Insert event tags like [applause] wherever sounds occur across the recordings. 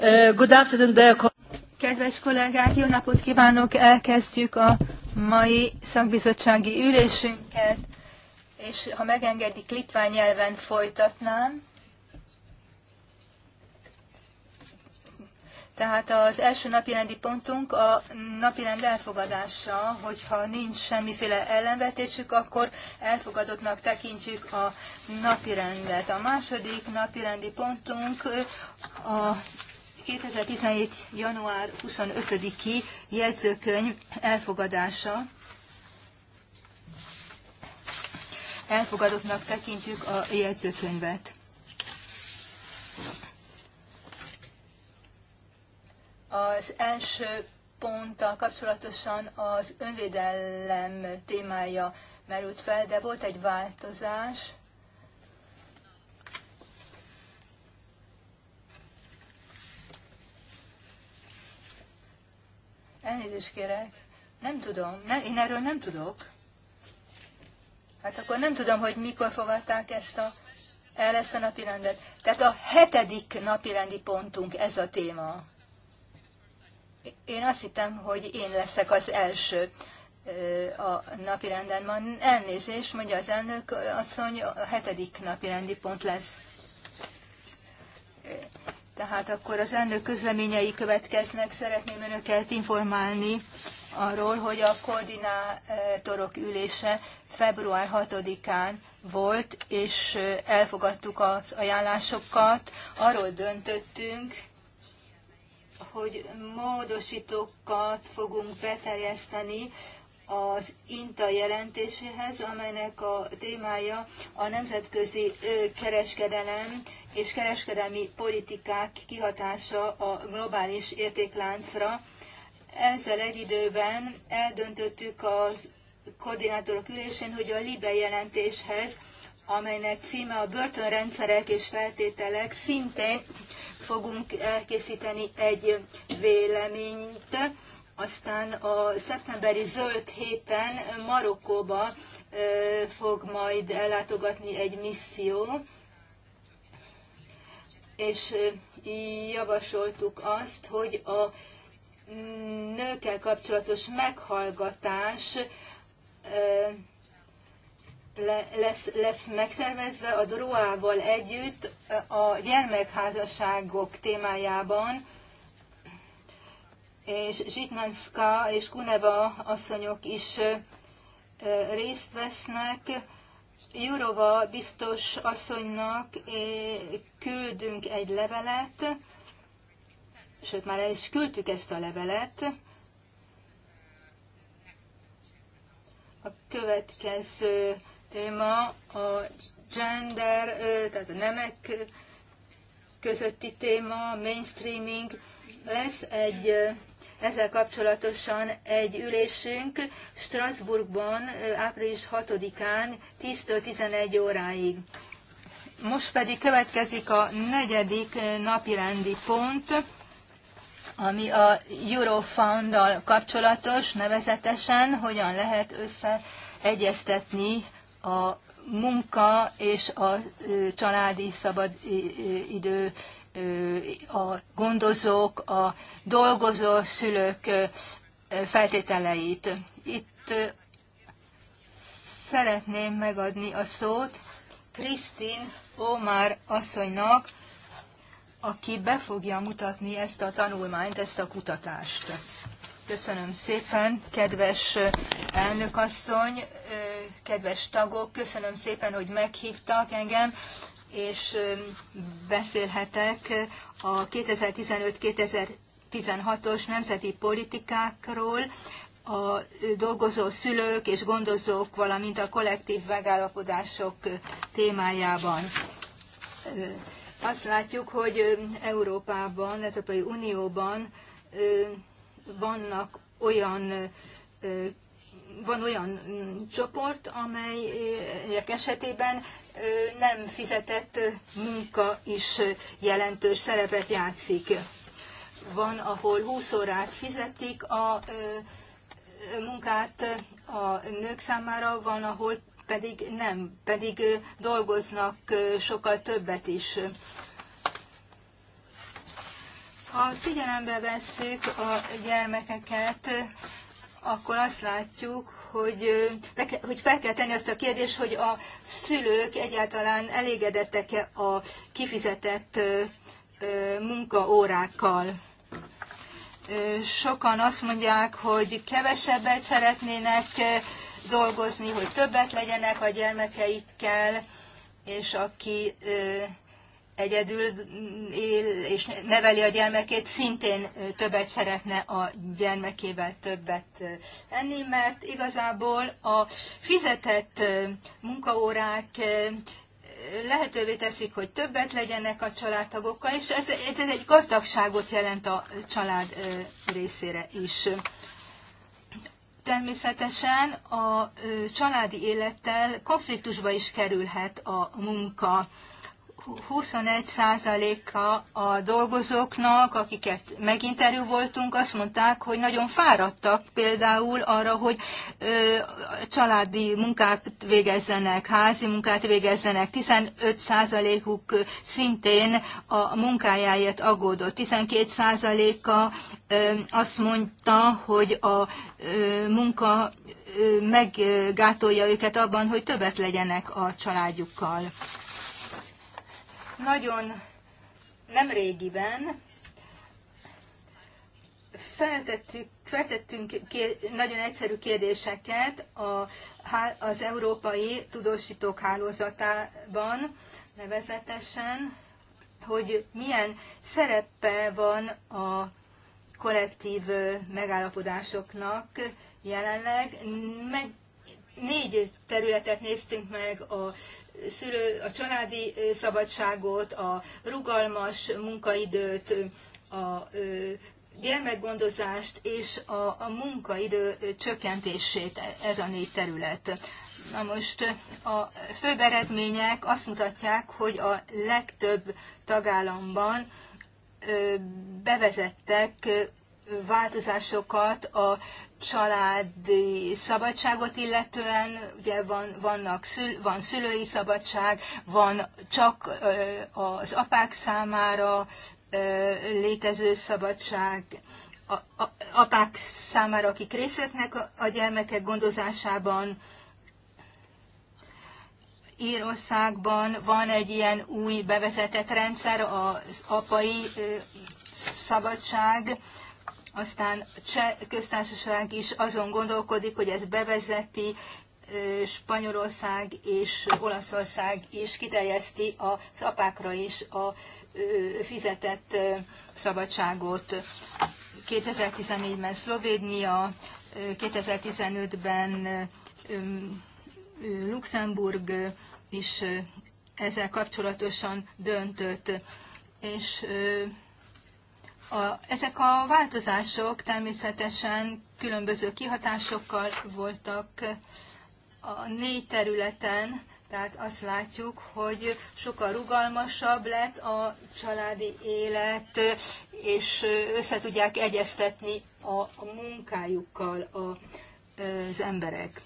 Good afternoon, dear Kedves kollégák, jó napot kívánok! Elkezdjük a mai szakbizottsági ülésünket, és ha megengedik, litván nyelven folytatnám. Tehát az első napirendi pontunk a napirend elfogadása, hogyha nincs semmiféle ellenvetésük, akkor elfogadottnak tekintjük a napirendet. A második napirendi pontunk a 2017. január 25-i jegyzőkönyv elfogadása. Elfogadottnak tekintjük a jegyzőkönyvet. Az első ponttal kapcsolatosan az önvédelem témája merült fel, de volt egy változás. Elnézést kérek. Nem tudom. Ne, én erről nem tudok. Hát akkor nem tudom, hogy mikor fogadták ezt a, el ezt a napirendet. Tehát a hetedik napirendi pontunk ez a téma. Én azt hittem, hogy én leszek az első a napirenden. Ma elnézést, mondja az elnök mondja, a hetedik napirendi pont lesz. Tehát akkor az elnök közleményei következnek. Szeretném önöket informálni arról, hogy a koordinátorok ülése február 6-án volt, és elfogadtuk az ajánlásokat. Arról döntöttünk, hogy módosítókat fogunk beterjeszteni az INTA jelentéséhez, amelynek a témája a nemzetközi kereskedelem és kereskedelmi politikák kihatása a globális értékláncra. Ezzel egy időben eldöntöttük az koordinátorok ülésén, hogy a LIBE jelentéshez, amelynek címe a börtönrendszerek és feltételek, szintén fogunk elkészíteni egy véleményt. Aztán a szeptemberi zöld héten Marokkóba fog majd ellátogatni egy misszió, és javasoltuk azt, hogy a mm, nőkkel kapcsolatos meghallgatás lesz, lesz megszervezve a Droával együtt a gyermekházasságok témájában, és Zsitmanszka és Kuneva asszonyok is részt vesznek, Jurova biztos asszonynak küldünk egy levelet, sőt már el is küldtük ezt a levelet, a következő téma a gender, tehát a nemek közötti téma, mainstreaming. Lesz egy ezzel kapcsolatosan egy ülésünk Strasbourgban április 6-án 10-től 11 óráig. Most pedig következik a negyedik napirendi pont, ami a eurofound kapcsolatos, nevezetesen hogyan lehet összeegyeztetni a munka és a családi szabadidő a gondozók, a dolgozó szülők feltételeit. Itt szeretném megadni a szót Krisztin Omar asszonynak, aki be fogja mutatni ezt a tanulmányt, ezt a kutatást. Köszönöm szépen, kedves elnökasszony, kedves tagok, köszönöm szépen, hogy meghívtak engem és beszélhetek a 2015-2016-os nemzeti politikákról, a dolgozó szülők és gondozók, valamint a kollektív megállapodások témájában. Azt látjuk, hogy Európában, Európai Unióban vannak olyan van olyan mm, csoport, amelyek eh, esetében eh, nem fizetett munka is jelentős szerepet játszik. Van, ahol 20 órát fizetik eh, a munkát a nők számára, van, ahol pedig nem, pedig dolgoznak sokkal többet is. Ha figyelembe vesszük a gyermekeket, akkor azt látjuk, hogy, hogy fel kell tenni azt a kérdést, hogy a szülők egyáltalán elégedettek-e a kifizetett munkaórákkal. Sokan azt mondják, hogy kevesebbet szeretnének dolgozni, hogy többet legyenek a gyermekeikkel, és aki egyedül mm, él és neveli a gyermekét, szintén többet szeretne a gyermekével többet enni, mert igazából a fizetett munkaórák lehetővé teszik, hogy többet legyenek a családtagokkal, és ez, ez egy gazdagságot jelent a család részére is. Természetesen a családi élettel konfliktusba is kerülhet a munka 21%-a a dolgozóknak, akiket voltunk, azt mondták, hogy nagyon fáradtak például arra, hogy ö, családi munkát végezzenek, házi munkát végezzenek. 15%-uk szintén a munkájáért aggódott. 12%-a azt mondta, hogy a ö, munka meggátolja őket abban, hogy többet legyenek a családjukkal nagyon nem régiben feltettük, feltettünk kér, nagyon egyszerű kérdéseket a, az Európai Tudósítók Hálózatában, nevezetesen, hogy milyen szerepe van a kollektív megállapodásoknak jelenleg. Meg négy területet néztünk meg, a szülő, a családi szabadságot, a rugalmas munkaidőt, a gyermekgondozást és a, a munkaidő csökkentését, e, ez a négy terület. Na most a főbb eredmények azt mutatják, hogy a legtöbb tagállamban bevezettek változásokat a családi szabadságot illetően, ugye van, vannak szül, van szülői szabadság, van csak az apák számára létező szabadság, a, a, apák számára, akik részt a, a gyermekek gondozásában. Írországban van egy ilyen új bevezetett rendszer, az apai szabadság, aztán Cseh köztársaság is azon gondolkodik, hogy ez bevezeti, Spanyolország és Olaszország is kiterjeszti az apákra is a fizetett szabadságot. 2014-ben Szlovénia, 2015-ben Luxemburg is ezzel kapcsolatosan döntött, és a, ezek a változások természetesen különböző kihatásokkal voltak a négy területen, tehát azt látjuk, hogy sokkal rugalmasabb lett a családi élet, és össze tudják egyeztetni a, a munkájukkal a, az emberek.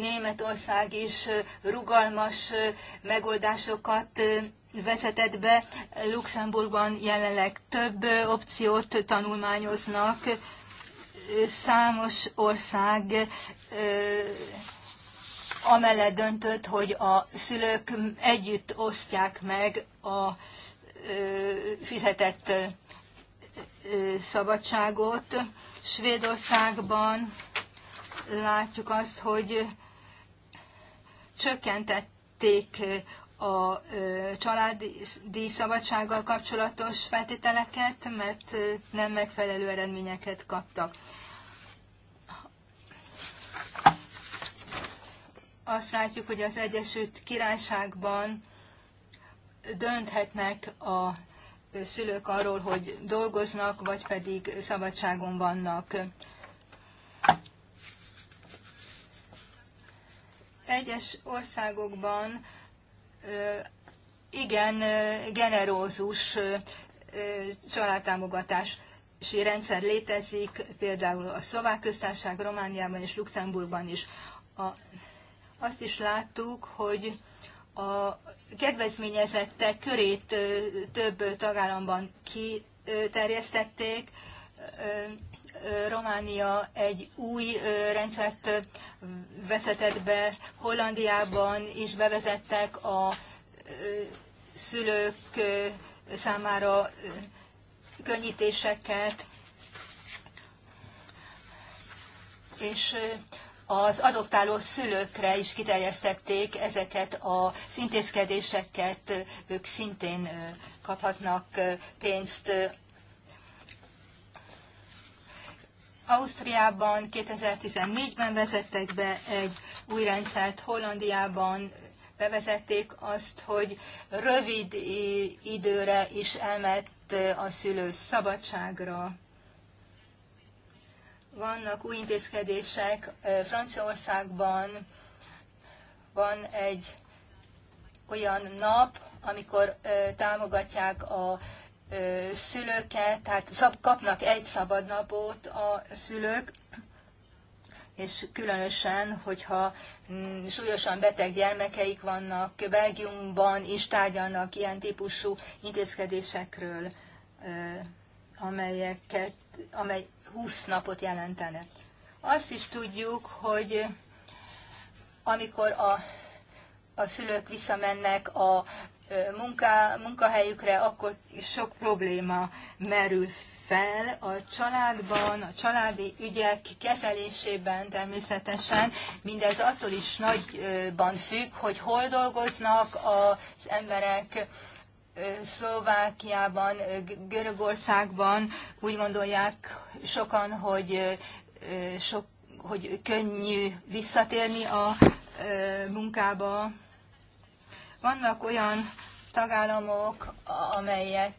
Németország is rugalmas megoldásokat vezetett be. Luxemburgban jelenleg több opciót tanulmányoznak. Számos ország amellett döntött, hogy a szülők együtt osztják meg a fizetett szabadságot. Svédországban látjuk azt, hogy csökkentették a családi szabadsággal kapcsolatos feltételeket, mert nem megfelelő eredményeket kaptak. Azt látjuk, hogy az Egyesült Királyságban dönthetnek a szülők arról, hogy dolgoznak, vagy pedig szabadságon vannak. Egyes országokban igen generózus családtámogatás rendszer létezik, például a Szlovák Köztársaság Romániában és Luxemburgban is. A, azt is láttuk, hogy a kedvezményezettek körét több tagállamban kiterjesztették, Románia egy új rendszert vezetett be, Hollandiában is bevezettek a szülők számára könnyítéseket, és az adoptáló szülőkre is kiterjesztették ezeket az intézkedéseket, ők szintén kaphatnak pénzt Ausztriában 2014-ben vezettek be egy új rendszert, Hollandiában bevezették azt, hogy rövid időre is elment a szülő szabadságra. Vannak új intézkedések Franciaországban, van egy olyan nap, amikor támogatják a szülőket, tehát szab, kapnak egy szabad napot a szülők, és különösen, hogyha mm, súlyosan beteg gyermekeik vannak, Belgiumban is tárgyalnak ilyen típusú intézkedésekről, amelyeket, amely 20 napot jelentene. Azt is tudjuk, hogy amikor a, a szülők visszamennek a munka munkahelyükre, akkor sok probléma merül fel a családban, a családi ügyek kezelésében természetesen. Mindez attól is nagyban függ, hogy hol dolgoznak az emberek, Szlovákiában, Görögországban úgy gondolják sokan, hogy, sok, hogy könnyű visszatérni a munkába, vannak olyan tagállamok, amelyek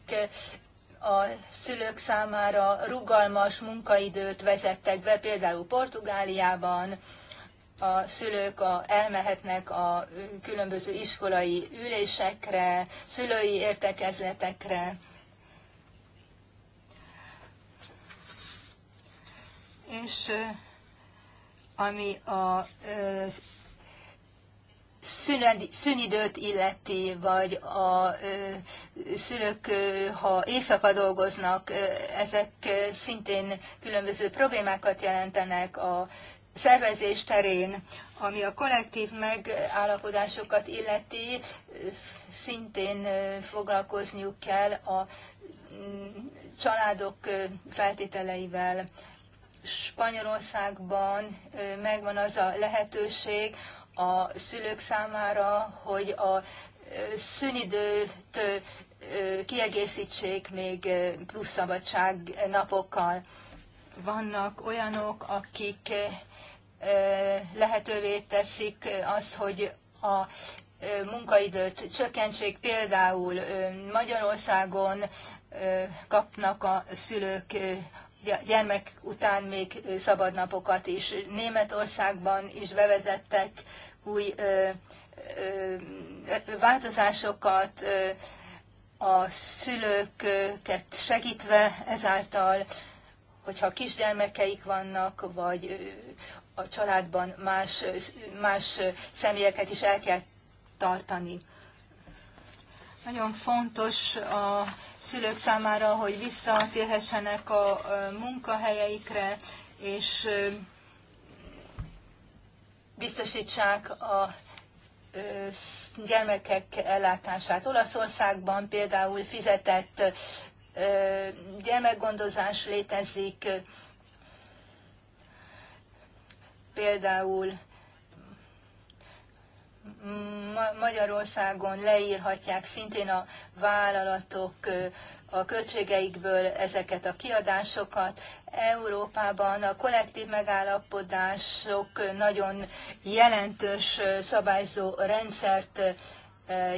a szülők számára rugalmas munkaidőt vezettek be, például Portugáliában a szülők a, elmehetnek a különböző iskolai ülésekre, szülői értekezletekre. És ami a, az szüned, szünidőt illeti, vagy a szülők, ha éjszaka dolgoznak, ezek szintén különböző problémákat jelentenek a szervezés terén, ami a kollektív megállapodásokat illeti, szintén foglalkozniuk kell a mm, családok feltételeivel. Spanyolországban megvan az a lehetőség, a szülők számára, hogy a szünidőt kiegészítsék még plusz szabadság napokkal. Vannak olyanok, akik lehetővé teszik azt, hogy a munkaidőt csökkentsék, például Magyarországon kapnak a szülők gyermek után még szabadnapokat is. Németországban is bevezettek új ö, ö, változásokat, ö, a szülőket segítve ezáltal, hogyha kisgyermekeik vannak, vagy a családban más, más személyeket is el kell tartani. Nagyon fontos a szülők számára, hogy visszatérhessenek a munkahelyeikre, és biztosítsák a gyermekek ellátását. Olaszországban például fizetett gyermekgondozás létezik, például Magyarországon leírhatják szintén a vállalatok a költségeikből ezeket a kiadásokat. Európában a kollektív megállapodások nagyon jelentős szabályzó rendszert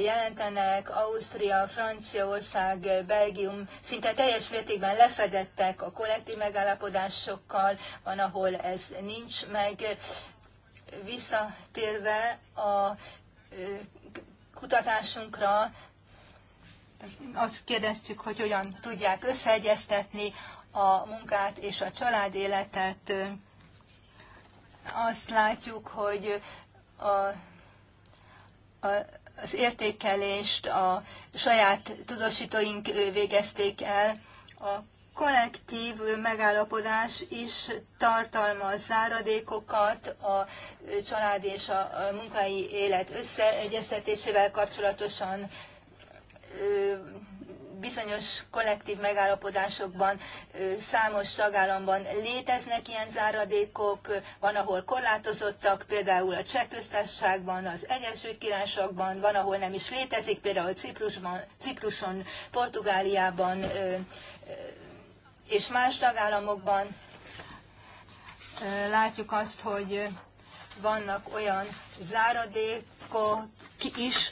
jelentenek, Ausztria, Franciaország, Belgium szinte teljes mértékben lefedettek a kollektív megállapodásokkal, van, ahol ez nincs meg, visszatérve a kutatásunkra, azt kérdeztük, hogy hogyan tudják összeegyeztetni a munkát és a család életet. Azt látjuk, hogy a, a, az értékelést a saját tudósítóink végezték el a kollektív megállapodás is tartalmaz záradékokat a család és a munkai élet összeegyeztetésével kapcsolatosan bizonyos kollektív megállapodásokban számos tagállamban léteznek ilyen záradékok, van, ahol korlátozottak, például a Cseh köztársaságban, az Egyesült Királyságban, van, ahol nem is létezik, például Ciprusban, Cipruson, Portugáliában, és más tagállamokban látjuk azt, hogy vannak olyan záradékok is,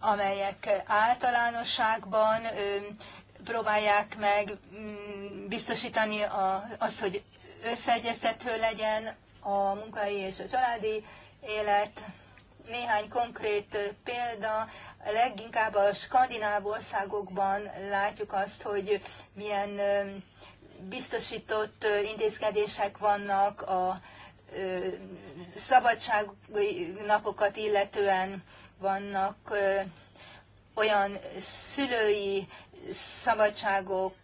amelyek általánosságban próbálják meg mm, biztosítani azt, hogy összeegyeztető legyen a munkai és a családi élet. Néhány konkrét példa, leginkább a skandináv országokban látjuk azt, hogy milyen biztosított intézkedések vannak a napokat illetően, vannak olyan szülői szabadságok,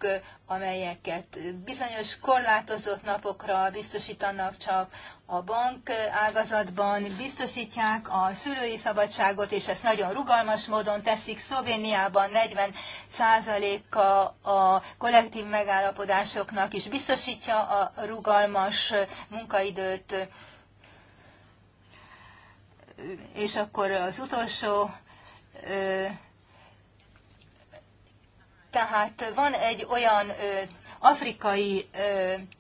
amelyeket bizonyos korlátozott napokra biztosítanak csak a bank ágazatban biztosítják a szülői szabadságot, és ezt nagyon rugalmas módon teszik. Szlovéniában 40%-a a kollektív megállapodásoknak is biztosítja a rugalmas munkaidőt. És akkor az utolsó tehát van egy olyan afrikai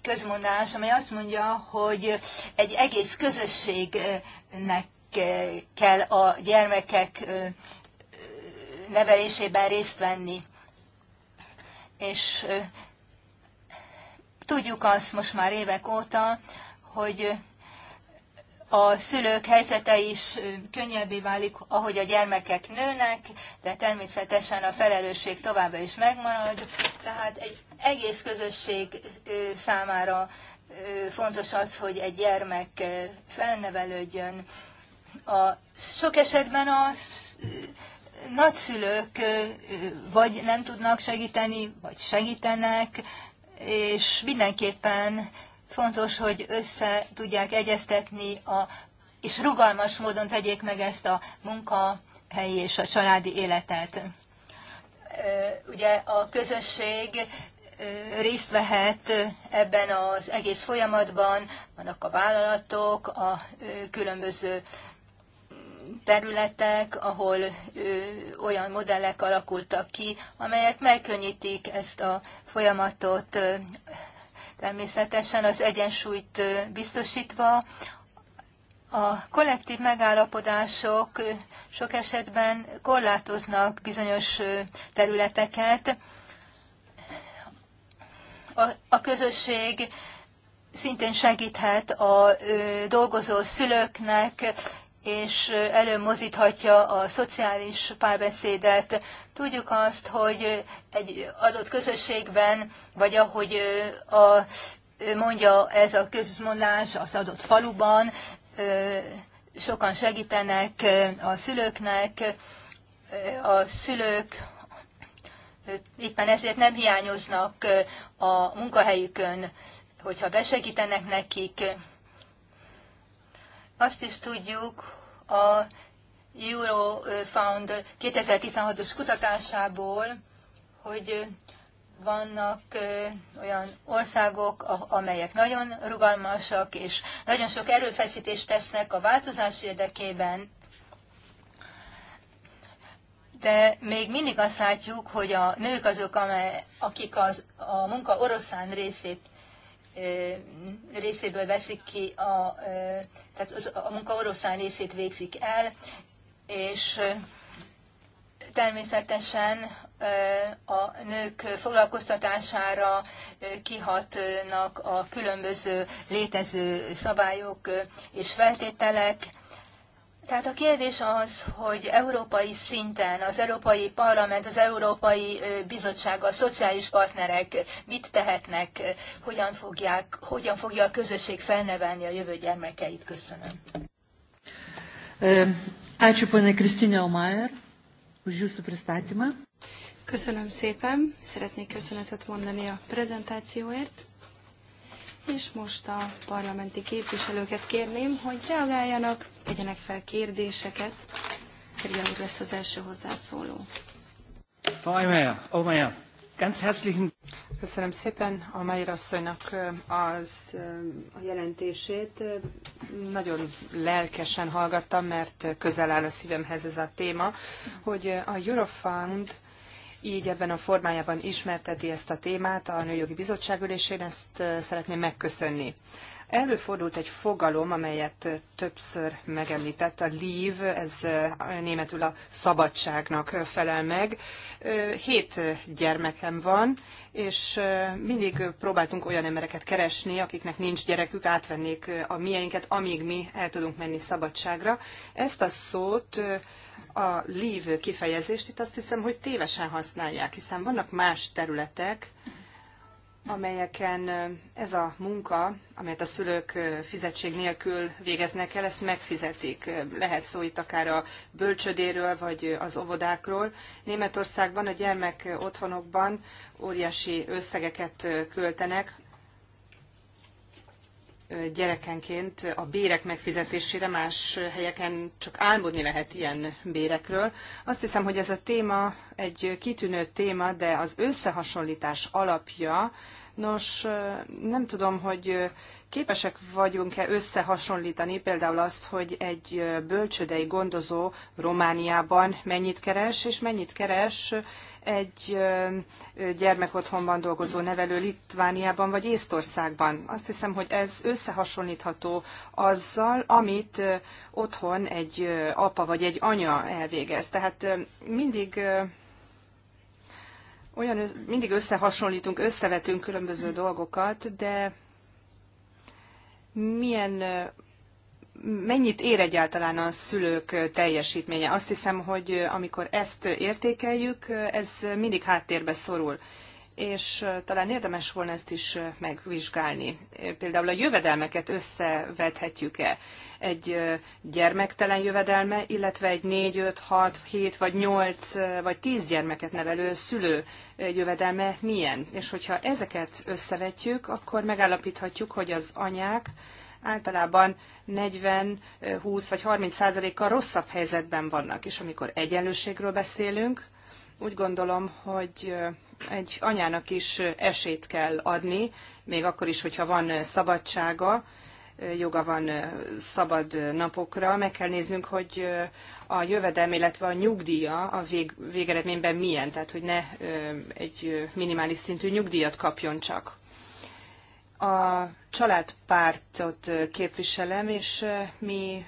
közmondás, amely azt mondja, hogy egy egész közösségnek kell a gyermekek nevelésében részt venni. És tudjuk azt most már évek óta, hogy a szülők helyzete is könnyebbé válik, ahogy a gyermekek nőnek, de természetesen a felelősség továbbra is megmarad. Tehát egy egész közösség számára fontos az, hogy egy gyermek felnevelődjön. A sok esetben a nagyszülők vagy nem tudnak segíteni, vagy segítenek, és mindenképpen Fontos, hogy össze tudják egyeztetni, a, és rugalmas módon tegyék meg ezt a munkahelyi és a családi életet. Ugye a közösség részt vehet ebben az egész folyamatban, vannak a vállalatok, a különböző területek, ahol olyan modellek alakultak ki, amelyek megkönnyítik ezt a folyamatot természetesen az egyensúlyt biztosítva. A kollektív megállapodások sok esetben korlátoznak bizonyos területeket. A, a közösség szintén segíthet a dolgozó szülőknek, és előmozdíthatja a szociális párbeszédet. Tudjuk azt, hogy egy adott közösségben, vagy ahogy a, mondja ez a közmondás az adott faluban, sokan segítenek a szülőknek, a szülők éppen ezért nem hiányoznak a munkahelyükön, hogyha besegítenek nekik, azt is tudjuk a Eurofound 2016-os kutatásából, hogy vannak olyan országok, amelyek nagyon rugalmasak, és nagyon sok erőfeszítést tesznek a változás érdekében, de még mindig azt látjuk, hogy a nők azok, amely, akik az, a munka oroszlán részét részéből veszik ki, a, tehát a munka oroszlán részét végzik el, és természetesen a nők foglalkoztatására kihatnak a különböző létező szabályok és feltételek, tehát a kérdés az, hogy európai szinten az Európai Parlament, az Európai Bizottság, a szociális partnerek mit tehetnek, hogyan, fogják, hogyan fogja a közösség felnevelni a jövő gyermekeit. Köszönöm. Köszönöm szépen, szeretnék köszönetet mondani a prezentációért. És most a parlamenti képviselőket kérném, hogy reagáljanak, tegyenek fel kérdéseket. Kriya úr lesz az első hozzászóló. Köszönöm szépen a Meyer asszonynak az, a jelentését. Nagyon lelkesen hallgattam, mert közel áll a szívemhez ez a téma, hogy a Eurofund így ebben a formájában ismerteti ezt a témát a Nőjogi Bizottság ülésén, ezt szeretném megköszönni. Előfordult egy fogalom, amelyet többször megemlített, a leave, ez németül a szabadságnak felel meg. Hét gyermekem van, és mindig próbáltunk olyan embereket keresni, akiknek nincs gyerekük, átvennék a mieinket, amíg mi el tudunk menni szabadságra. Ezt a szót a leave kifejezést itt azt hiszem, hogy tévesen használják, hiszen vannak más területek, amelyeken ez a munka, amelyet a szülők fizetség nélkül végeznek el, ezt megfizetik. Lehet szó itt akár a bölcsödéről, vagy az óvodákról. Németországban a gyermek otthonokban óriási összegeket költenek gyerekenként a bérek megfizetésére, más helyeken csak álmodni lehet ilyen bérekről. Azt hiszem, hogy ez a téma egy kitűnő téma, de az összehasonlítás alapja Nos, nem tudom, hogy képesek vagyunk-e összehasonlítani például azt, hogy egy bölcsödei gondozó Romániában mennyit keres, és mennyit keres egy gyermekotthonban dolgozó nevelő Litvániában vagy Észtországban. Azt hiszem, hogy ez összehasonlítható azzal, amit otthon egy apa vagy egy anya elvégez. Tehát mindig olyan, mindig összehasonlítunk, összevetünk különböző dolgokat, de milyen, mennyit ér egyáltalán a szülők teljesítménye? Azt hiszem, hogy amikor ezt értékeljük, ez mindig háttérbe szorul és talán érdemes volna ezt is megvizsgálni. Például a jövedelmeket összevethetjük-e egy gyermektelen jövedelme, illetve egy 4, 5, 6, 7 vagy 8 vagy 10 gyermeket nevelő szülő jövedelme milyen. És hogyha ezeket összevetjük, akkor megállapíthatjuk, hogy az anyák általában 40, 20 vagy 30 százalékkal rosszabb helyzetben vannak. És amikor egyenlőségről beszélünk, úgy gondolom, hogy egy anyának is esélyt kell adni, még akkor is, hogyha van szabadsága, joga van szabad napokra. Meg kell néznünk, hogy a jövedelme, illetve a nyugdíja a vég, végeredményben milyen, tehát hogy ne egy minimális szintű nyugdíjat kapjon csak. A családpártot képviselem, és mi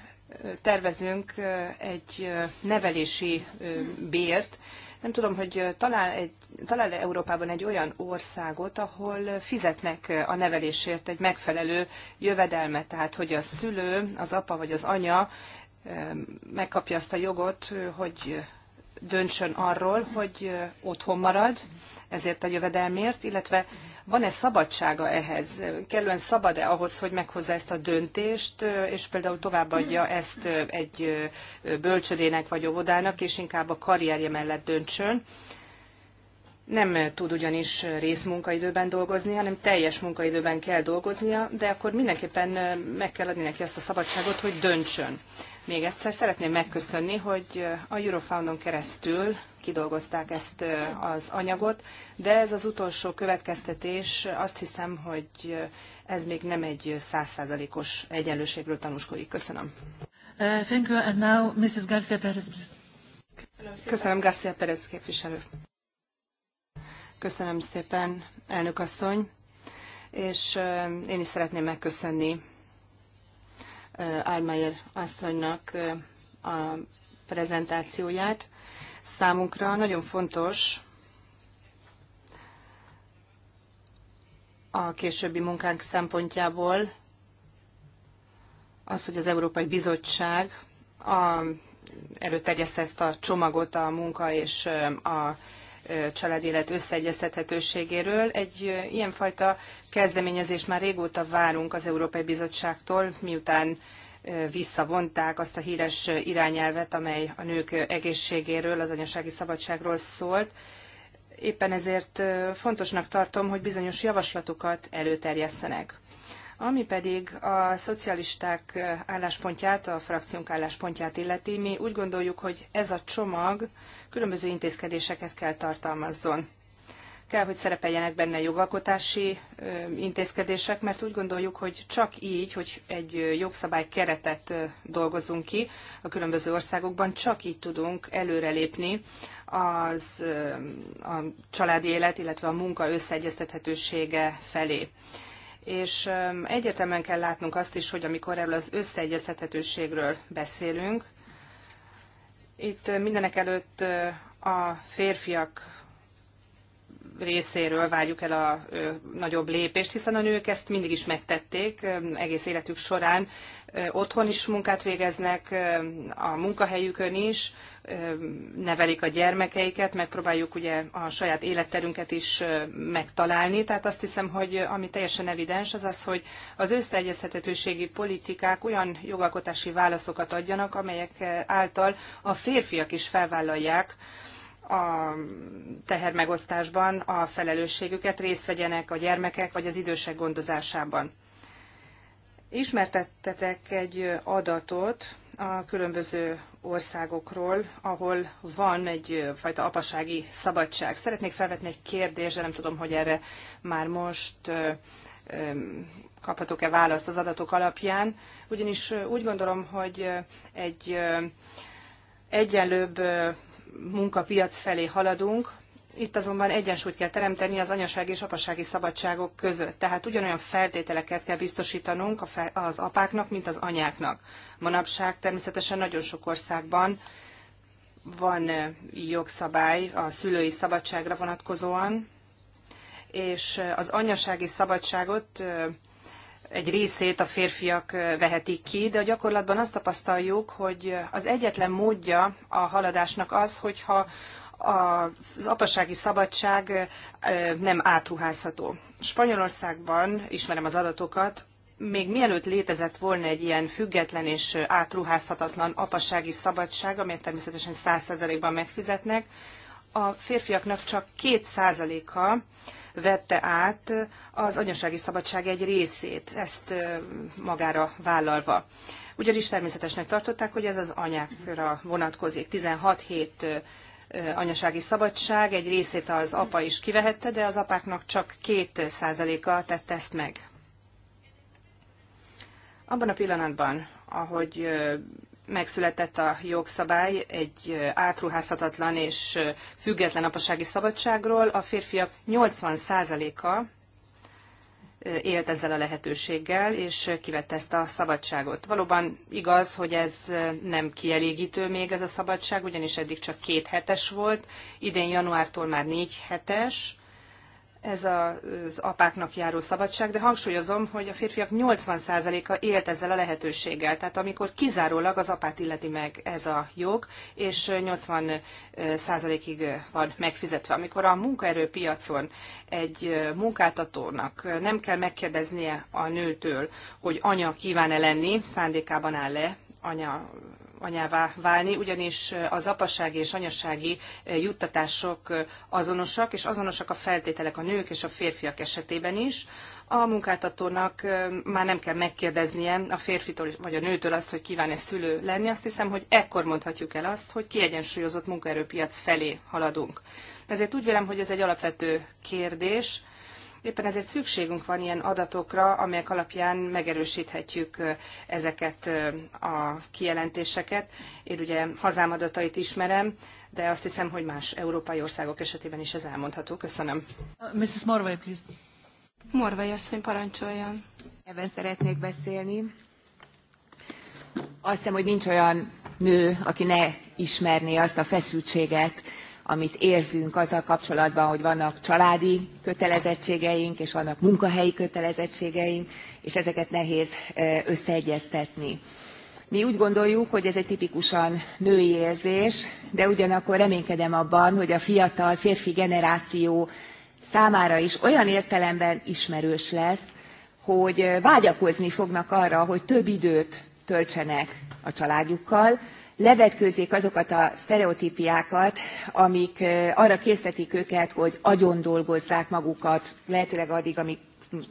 tervezünk egy nevelési bért, nem tudom, hogy talál, egy, talál -e Európában egy olyan országot, ahol fizetnek a nevelésért egy megfelelő jövedelmet, tehát hogy a szülő, az apa vagy az anya megkapja azt a jogot, hogy döntsön arról, hogy otthon marad ezért a jövedelmért, illetve van-e szabadsága ehhez? Kellően szabad-e ahhoz, hogy meghozza ezt a döntést, és például továbbadja ezt egy bölcsödének vagy óvodának, és inkább a karrierje mellett döntsön? nem tud ugyanis részmunkaidőben dolgozni, hanem teljes munkaidőben kell dolgoznia, de akkor mindenképpen meg kell adni neki azt a szabadságot, hogy döntsön. Még egyszer szeretném megköszönni, hogy eh, a Eurofoundon keresztül kidolgozták ezt eh, az anyagot, de ez az utolsó következtetés, azt hiszem, hogy eh, ez még nem egy százszázalékos egyenlőségről tanúskodik. Köszönöm. Uh, thank you. And now Mrs. Garcia Perez, please. Köszönöm, Köszönöm Garcia Perez képviselő. Köszönöm szépen, elnök asszony, és én is szeretném megköszönni Almayer asszonynak a prezentációját. Számunkra nagyon fontos a későbbi munkánk szempontjából az, hogy az Európai Bizottság a, előterjeszte ezt a csomagot a munka és a családélet összeegyeztethetőségéről. Egy ilyenfajta kezdeményezést már régóta várunk az Európai Bizottságtól, miután visszavonták azt a híres irányelvet, amely a nők egészségéről, az anyasági szabadságról szólt. Éppen ezért fontosnak tartom, hogy bizonyos javaslatokat előterjesztenek. Ami pedig a szocialisták álláspontját, a frakciónk álláspontját illeti, mi úgy gondoljuk, hogy ez a csomag különböző intézkedéseket kell tartalmazzon. Kell, hogy szerepeljenek benne jogalkotási intézkedések, mert úgy gondoljuk, hogy csak így, hogy egy jogszabály keretet dolgozunk ki a különböző országokban, csak így tudunk előrelépni az, a családi élet, illetve a munka összeegyeztethetősége felé és egyértelműen kell látnunk azt is, hogy amikor erről az összeegyeztethetőségről beszélünk, itt mindenek előtt a férfiak részéről várjuk el a nagyobb lépést, hiszen a nők ezt mindig is megtették, egész életük során otthon is munkát végeznek, a munkahelyükön is, nevelik a gyermekeiket, megpróbáljuk ugye a saját életterünket is megtalálni. Tehát azt hiszem, hogy ami teljesen evidens, az az, hogy az összeegyeztethetőségi politikák olyan jogalkotási válaszokat adjanak, amelyek által a férfiak is felvállalják, a tehermegosztásban a felelősségüket, részt vegyenek a gyermekek vagy az idősek gondozásában. Ismertettetek egy adatot a különböző országokról, ahol van egyfajta apasági szabadság. Szeretnék felvetni egy kérdést, de nem tudom, hogy erre már most kaphatok-e választ az adatok alapján, ugyanis úgy gondolom, hogy egy egyenlőbb munkapiac felé haladunk, itt azonban egyensúlyt kell teremteni az anyasági és apasági szabadságok között. Tehát ugyanolyan feltételeket kell biztosítanunk az apáknak, mint az anyáknak. Manapság természetesen nagyon sok országban van eh, jogszabály a szülői szabadságra vonatkozóan, és eh, az anyasági szabadságot eh, egy részét a férfiak vehetik ki, de a gyakorlatban azt tapasztaljuk, hogy az egyetlen módja a haladásnak az, hogyha az apasági szabadság nem átruházható. Spanyolországban, ismerem az adatokat, még mielőtt létezett volna egy ilyen független és átruházhatatlan apasági szabadság, amelyet természetesen 100%-ban megfizetnek, a férfiaknak csak 2%-a vette át az anyasági szabadság egy részét, ezt magára vállalva. Ugyanis természetesnek tartották, hogy ez az anyákra vonatkozik. 16 hét anyasági szabadság, egy részét az apa is kivehette, de az apáknak csak 2%-a tette ezt meg. Abban a pillanatban, ahogy megszületett a jogszabály egy átruházhatatlan és független apasági szabadságról. A férfiak 80%-a élt ezzel a lehetőséggel, és kivette ezt a szabadságot. Valóban igaz, hogy ez nem kielégítő még ez a szabadság, ugyanis eddig csak két hetes volt, idén januártól már négy hetes, ez az apáknak járó szabadság, de hangsúlyozom, hogy a férfiak 80%-a élt ezzel a lehetőséggel. Tehát amikor kizárólag az apát illeti meg ez a jog, és 80%-ig van megfizetve. Amikor a munkaerőpiacon egy munkáltatónak nem kell megkérdeznie a nőtől, hogy anya kíván-e lenni, szándékában áll-e anya anyává válni, ugyanis az apasági és anyasági eh, juttatások eh, azonosak, és azonosak a feltételek a nők és a férfiak esetében is. A munkáltatónak eh, már nem kell megkérdeznie a férfitől vagy a nőtől azt, hogy kíván-e szülő lenni. Azt hiszem, hogy ekkor mondhatjuk el azt, hogy kiegyensúlyozott munkaerőpiac felé haladunk. Ezért úgy vélem, hogy ez egy alapvető kérdés, Éppen ezért szükségünk van ilyen adatokra, amelyek alapján megerősíthetjük ezeket a kijelentéseket. Én ugye hazám adatait ismerem, de azt hiszem, hogy más európai országok esetében is ez elmondható. Köszönöm. Uh, Mrs. Morvai, please. Morvai asszony, parancsoljon. Ebben szeretnék beszélni. Azt hiszem, hogy nincs olyan nő, aki ne ismerné azt a feszültséget, amit érzünk azzal kapcsolatban, hogy vannak családi kötelezettségeink, és vannak munkahelyi kötelezettségeink, és ezeket nehéz összeegyeztetni. Mi úgy gondoljuk, hogy ez egy tipikusan női érzés, de ugyanakkor reménykedem abban, hogy a fiatal férfi generáció számára is olyan értelemben ismerős lesz, hogy vágyakozni fognak arra, hogy több időt töltsenek a családjukkal, Levetkőzik azokat a sztereotípiákat, amik arra késztetik őket, hogy agyon dolgozzák magukat, lehetőleg addig, amíg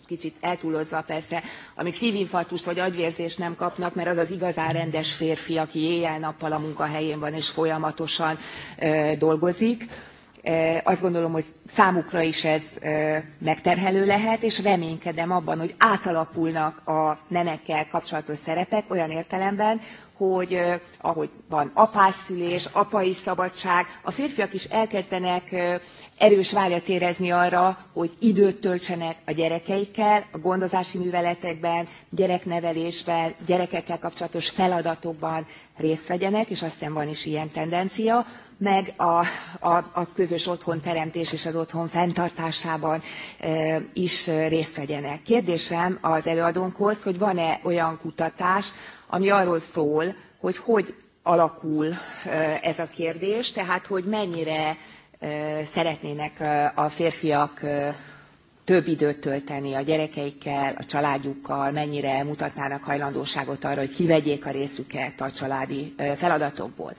kicsit eltúlozva persze, amíg szívinfarktus vagy agyvérzés nem kapnak, mert az az igazán rendes férfi, aki éjjel-nappal a munkahelyén van és folyamatosan dolgozik azt gondolom, hogy számukra is ez megterhelő lehet, és reménykedem abban, hogy átalakulnak a nemekkel kapcsolatos szerepek olyan értelemben, hogy ahogy van apás apai szabadság, a férfiak is elkezdenek erős vágyat érezni arra, hogy időt töltsenek a gyerekeikkel, a gondozási műveletekben, gyereknevelésben, gyerekekkel kapcsolatos feladatokban részt vegyenek, és hiszem van is ilyen tendencia, meg a, a, a közös otthon teremtés és az otthon fenntartásában e, is részt vegyenek. Kérdésem az előadónkhoz, hogy van-e olyan kutatás, ami arról szól, hogy hogy alakul ez a kérdés, tehát hogy mennyire szeretnének a férfiak több időt tölteni a gyerekeikkel, a családjukkal, mennyire mutatnának hajlandóságot arra, hogy kivegyék a részüket a családi feladatokból.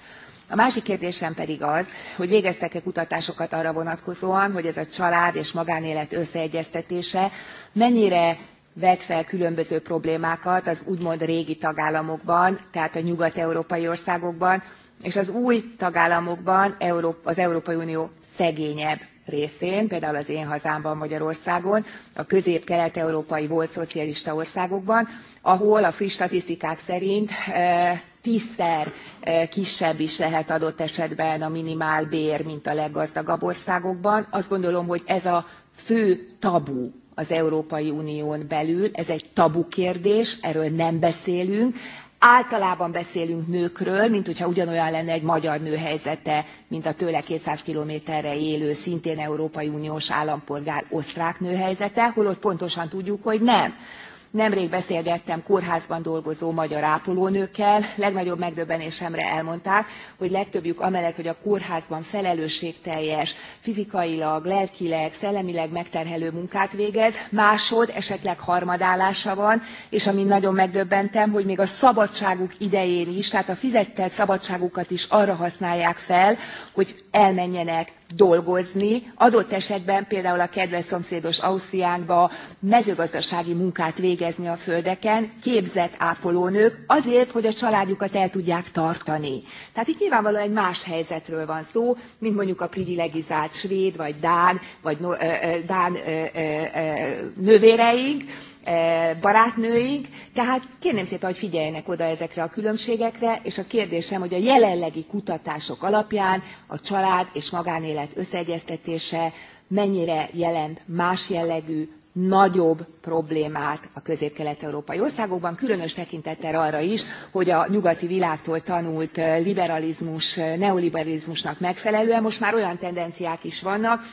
A másik kérdésem pedig az, hogy végeztek-e kutatásokat arra vonatkozóan, hogy ez a család és magánélet összeegyeztetése mennyire vet fel különböző problémákat az úgymond régi tagállamokban, tehát a nyugat-európai országokban, és az új tagállamokban az Európai Unió szegényebb részén, például az én hazámban Magyarországon, a közép-kelet-európai volt szocialista országokban, ahol a friss statisztikák szerint eh, tízszer eh, kisebb is lehet adott esetben a minimálbér, mint a leggazdagabb országokban. Azt gondolom, hogy ez a fő tabu az európai unión belül ez egy tabu kérdés erről nem beszélünk általában beszélünk nőkről, mint hogyha ugyanolyan lenne egy magyar nő helyzete, mint a tőle 200 kilométerre élő, szintén Európai Uniós állampolgár osztrák nő helyzete, holott pontosan tudjuk, hogy nem Nemrég beszélgettem kórházban dolgozó magyar ápolónőkkel, legnagyobb megdöbbenésemre elmondták, hogy legtöbbjük amellett, hogy a kórházban felelősségteljes, fizikailag, lelkileg, szellemileg megterhelő munkát végez, másod, esetleg harmadállása van, és amin nagyon megdöbbentem, hogy még a szabadságuk idején is, tehát a fizetett szabadságukat is arra használják fel, hogy elmenjenek dolgozni adott esetben például a kedves szomszédos ausztriánkban, mezőgazdasági munkát végezni a földeken képzett ápolónők azért hogy a családjukat el tudják tartani. tehát itt nyilvánvalóan egy más helyzetről van szó mint mondjuk a privilegizált svéd vagy dán vagy dán nővéreink E, barátnőink, tehát kérném szépen, hogy figyeljenek oda ezekre a különbségekre, és a kérdésem, hogy a jelenlegi kutatások alapján a család és magánélet összeegyeztetése mennyire jelent más jellegű, nagyobb problémát a közép-kelet-európai országokban, különös tekintettel arra is, hogy a nyugati világtól tanult e, liberalizmus, e, neoliberalizmusnak megfelelően most már olyan tendenciák is vannak,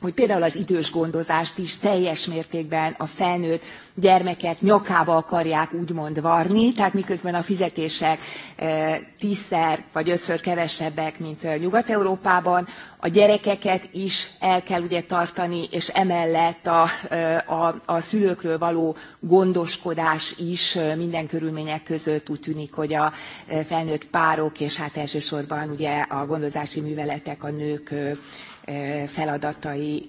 hogy például az idős gondozást is teljes mértékben a felnőtt gyermeket nyakába akarják úgymond varni, tehát miközben a fizetések e, tízszer vagy ötször kevesebbek, mint e, Nyugat-Európában, a gyerekeket is el kell ugye tartani, és emellett a, e, a, a szülőkről való gondoskodás is minden körülmények között úgy tűnik, hogy a felnőtt párok, és hát elsősorban ugye a gondozási műveletek a nők feladatai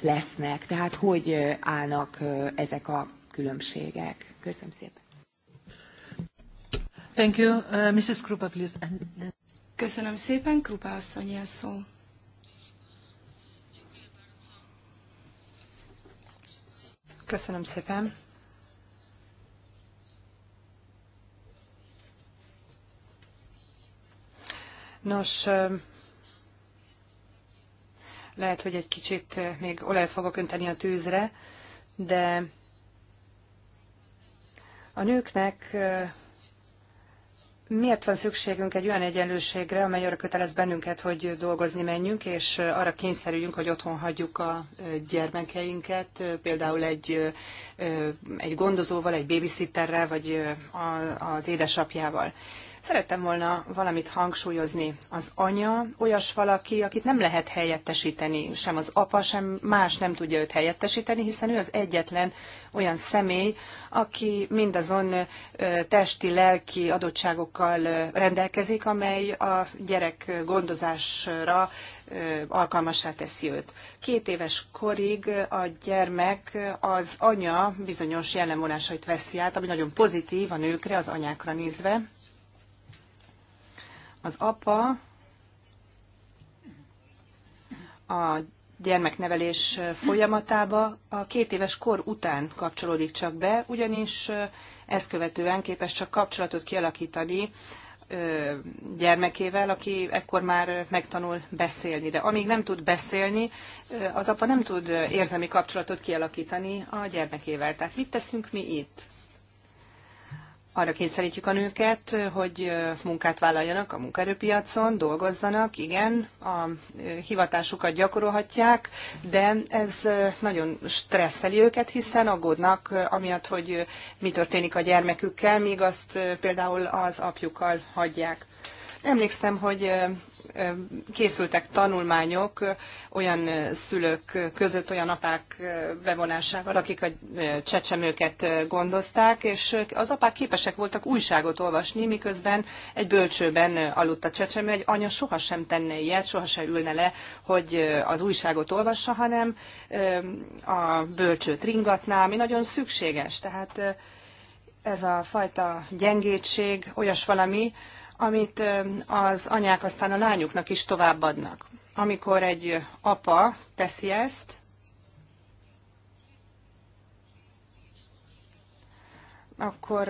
lesznek. Tehát hogy állnak ezek a különbségek? Köszönöm szépen. Thank you. Uh, Mrs. Krupa, please. Köszönöm szépen, Krupa asszony a szó. Köszönöm szépen. Nos, lehet, hogy egy kicsit még olajat fogok önteni a tűzre, de a nőknek miért van szükségünk egy olyan egyenlőségre, amely arra kötelez bennünket, hogy dolgozni menjünk, és arra kényszerüljünk, hogy otthon hagyjuk a gyermekeinket, például egy, egy gondozóval, egy babysitterrel, vagy az édesapjával. Szerettem volna valamit hangsúlyozni. Az anya olyas valaki, akit nem lehet helyettesíteni, sem az apa, sem más nem tudja őt helyettesíteni, hiszen ő az egyetlen olyan személy, aki mindazon testi, lelki adottságokkal rendelkezik, amely a gyerek gondozásra alkalmassá teszi őt. Két éves korig a gyermek az anya bizonyos jellemvonásait veszi át, ami nagyon pozitív a nőkre, az anyákra nézve, az apa a gyermeknevelés folyamatába a két éves kor után kapcsolódik csak be, ugyanis ezt követően képes csak kapcsolatot kialakítani gyermekével, aki ekkor már megtanul beszélni. De amíg nem tud beszélni, az apa nem tud érzelmi kapcsolatot kialakítani a gyermekével. Tehát mit teszünk mi itt? arra kényszerítjük a nőket, hogy munkát vállaljanak a munkaerőpiacon, dolgozzanak, igen, a hivatásukat gyakorolhatják, de ez nagyon stresszeli őket, hiszen aggódnak amiatt, hogy mi történik a gyermekükkel, míg azt például az apjukkal hagyják. Emlékszem, hogy készültek tanulmányok olyan szülők között, olyan apák bevonásával, akik a csecsemőket gondozták, és az apák képesek voltak újságot olvasni, miközben egy bölcsőben aludt a csecsemő, egy anya sohasem tenne ilyet, sohasem ülne le, hogy az újságot olvassa, hanem a bölcsőt ringatná, ami nagyon szükséges. Tehát ez a fajta gyengétség, olyas valami, amit az anyák aztán a lányuknak is továbbadnak. Amikor egy apa teszi ezt, akkor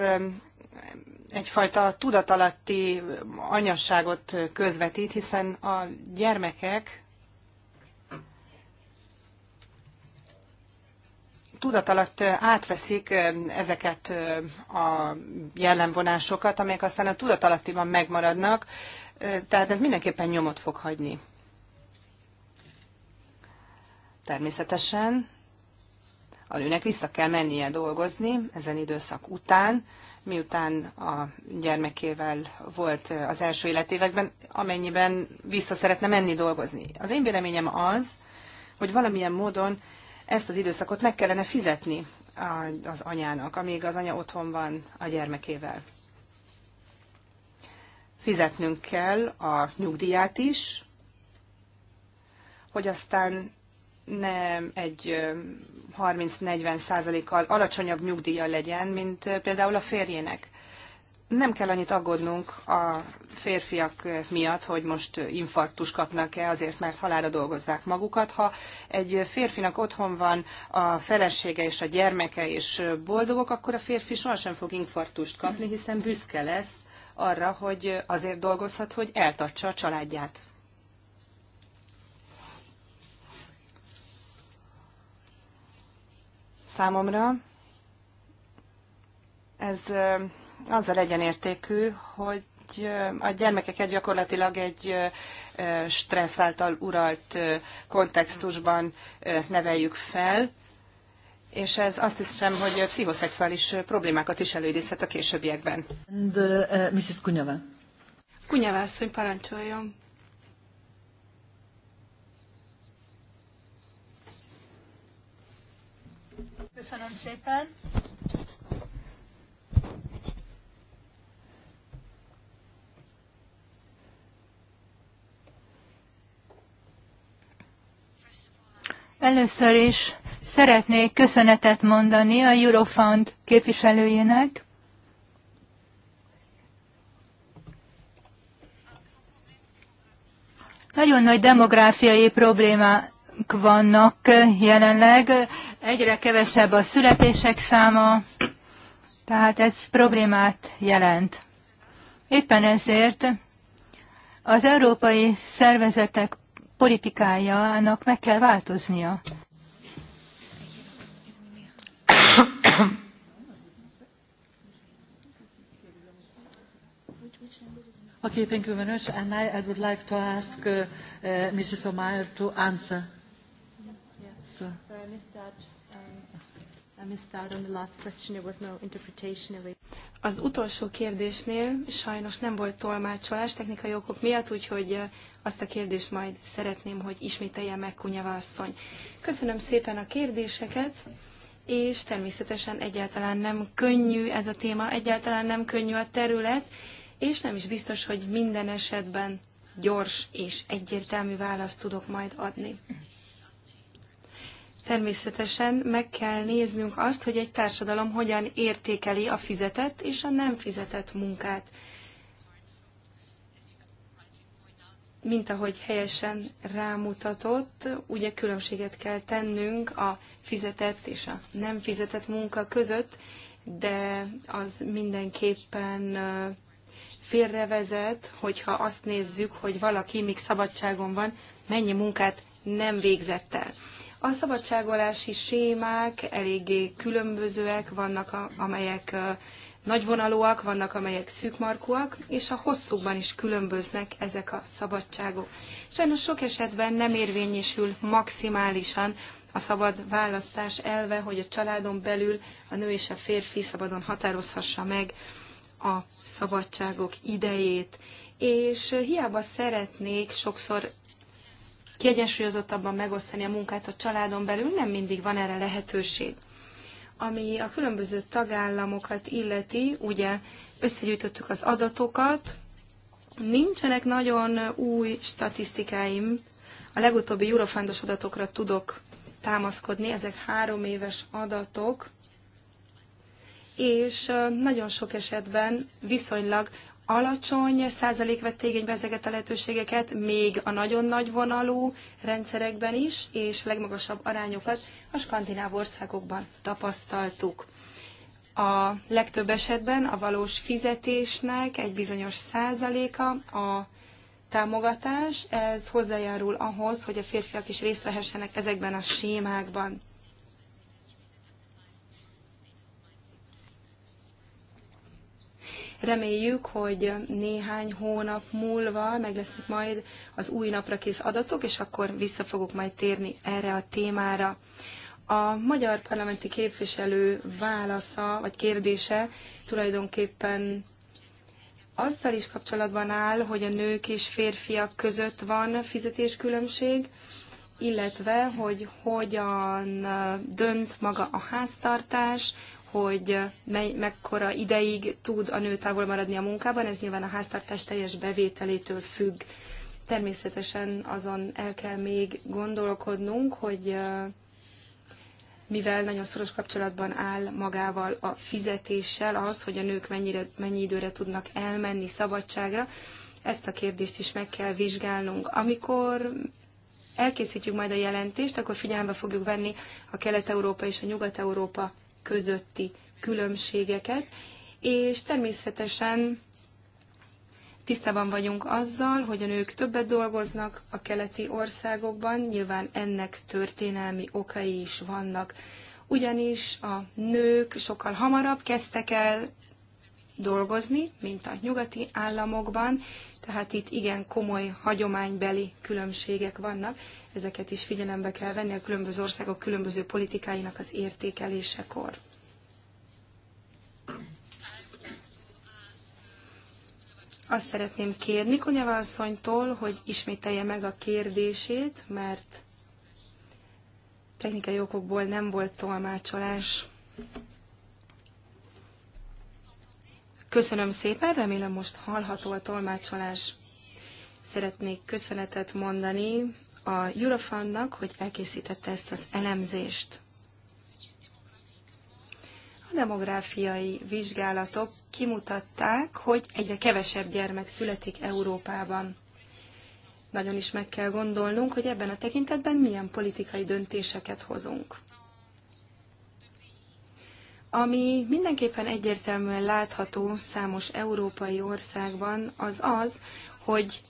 egyfajta tudatalatti anyasságot közvetít, hiszen a gyermekek tudat alatt átveszik ezeket a jellemvonásokat, amelyek aztán a tudat alattiban megmaradnak, tehát ez mindenképpen nyomot fog hagyni. Természetesen a nőnek vissza kell mennie dolgozni ezen időszak után, miután a gyermekével volt az első életévekben, amennyiben vissza szeretne menni dolgozni. Az én véleményem az, hogy valamilyen módon ezt az időszakot meg kellene fizetni az anyának, amíg az anya otthon van a gyermekével. Fizetnünk kell a nyugdíját is, hogy aztán nem egy 30-40 százalékkal alacsonyabb nyugdíja legyen, mint például a férjének nem kell annyit aggódnunk a férfiak miatt, hogy most infarktus kapnak-e azért, mert halára dolgozzák magukat. Ha egy férfinak otthon van a felesége és a gyermeke és boldogok, akkor a férfi sohasem fog infarktust kapni, hiszen büszke lesz arra, hogy azért dolgozhat, hogy eltartsa a családját. Számomra ez azzal egyenértékű, hogy a gyermekeket gyakorlatilag egy stressz által uralt kontextusban neveljük fel, és ez azt hiszem, hogy pszichoszexuális problémákat is előidézhet a későbbiekben. And, uh, Mrs. Kunyava. Kunyava asszony, parancsoljon. Köszönöm szépen. Először is szeretnék köszönetet mondani a Eurofund képviselőjének. Nagyon nagy demográfiai problémák vannak jelenleg, egyre kevesebb a születések száma, tehát ez problémát jelent. Éppen ezért az európai szervezetek politikájának meg kell változnia. Okay, thank you very much. And I, I would like to ask uh, uh, Mrs. O'Meara to answer. Az utolsó kérdésnél sajnos nem volt tolmácsolás technikai okok miatt, úgyhogy azt a kérdést majd szeretném, hogy ismételje meg Kunyava asszony. Köszönöm szépen a kérdéseket, és természetesen egyáltalán nem könnyű ez a téma, egyáltalán nem könnyű a terület, és nem is biztos, hogy minden esetben gyors és egyértelmű választ tudok majd adni. Természetesen meg kell néznünk azt, hogy egy társadalom hogyan értékeli a fizetett és a nem fizetett munkát. Mint ahogy helyesen rámutatott, ugye különbséget kell tennünk a fizetett és a nem fizetett munka között, de az mindenképpen félrevezet, hogyha azt nézzük, hogy valaki még szabadságon van, mennyi munkát nem végzett el. A szabadságolási sémák eléggé különbözőek, vannak a, amelyek nagyvonalúak, vannak amelyek szűkmarkúak, és a hosszúban is különböznek ezek a szabadságok. Sajnos sok esetben nem érvényesül maximálisan a szabad választás elve, hogy a családon belül a nő és a férfi szabadon határozhassa meg a szabadságok idejét. És hiába szeretnék sokszor kiegyensúlyozottabban megosztani a munkát a családon belül, nem mindig van erre lehetőség. Ami a különböző tagállamokat illeti, ugye összegyűjtöttük az adatokat, nincsenek nagyon új statisztikáim, a legutóbbi Eurofundos adatokra tudok támaszkodni, ezek három éves adatok, és nagyon sok esetben viszonylag alacsony százalék vette igénybe ezeket a lehetőségeket, még a nagyon nagy vonalú rendszerekben is, és legmagasabb arányokat a skandináv országokban tapasztaltuk. A legtöbb esetben a valós fizetésnek egy bizonyos százaléka a támogatás, ez hozzájárul ahhoz, hogy a férfiak is részt vehessenek ezekben a sémákban. Reméljük, hogy néhány hónap múlva meg lesznek majd az új napra kész adatok, és akkor vissza fogok majd térni erre a témára. A magyar parlamenti képviselő válasza, vagy kérdése tulajdonképpen azzal is kapcsolatban áll, hogy a nők és férfiak között van fizetéskülönbség, illetve hogy hogyan dönt maga a háztartás, hogy mely, mekkora ideig tud a nő távol maradni a munkában, ez nyilván a háztartás teljes bevételétől függ. Természetesen azon el kell még gondolkodnunk, hogy mivel nagyon szoros kapcsolatban áll magával a fizetéssel az, hogy a nők mennyire, mennyi időre tudnak elmenni szabadságra, ezt a kérdést is meg kell vizsgálnunk. Amikor elkészítjük majd a jelentést, akkor figyelembe fogjuk venni a Kelet-Európa és a Nyugat-Európa közötti különbségeket, és természetesen tisztában vagyunk azzal, hogy a nők többet dolgoznak a keleti országokban, nyilván ennek történelmi okai is vannak ugyanis a nők sokkal hamarabb kezdtek el dolgozni, mint a nyugati államokban, tehát itt igen komoly hagyománybeli különbségek vannak, ezeket is figyelembe kell venni a különböző országok különböző politikáinak az értékelésekor. Azt szeretném kérni Konyava asszonytól, hogy ismételje meg a kérdését, mert technikai okokból nem volt tolmácsolás. Köszönöm szépen, remélem most hallható a tolmácsolás. Szeretnék köszönetet mondani a Eurofundnak, hogy elkészítette ezt az elemzést. A demográfiai vizsgálatok kimutatták, hogy egyre kevesebb gyermek születik Európában. Nagyon is meg kell gondolnunk, hogy ebben a tekintetben milyen politikai döntéseket hozunk. Ami mindenképpen egyértelműen látható számos európai országban, az az, hogy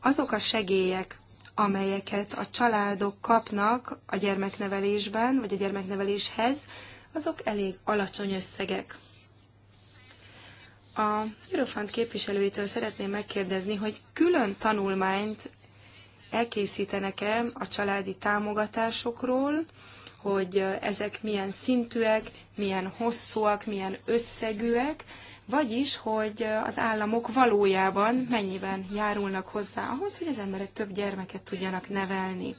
azok a segélyek, amelyeket a családok kapnak a gyermeknevelésben, vagy a gyermekneveléshez, azok elég alacsony összegek. A Eurofund képviselőitől szeretném megkérdezni, hogy külön tanulmányt elkészítenek-e a családi támogatásokról, hogy ezek milyen szintűek, milyen hosszúak, milyen összegűek, vagyis, hogy az államok valójában mennyiben járulnak hozzá ahhoz, hogy az emberek több gyermeket tudjanak nevelni.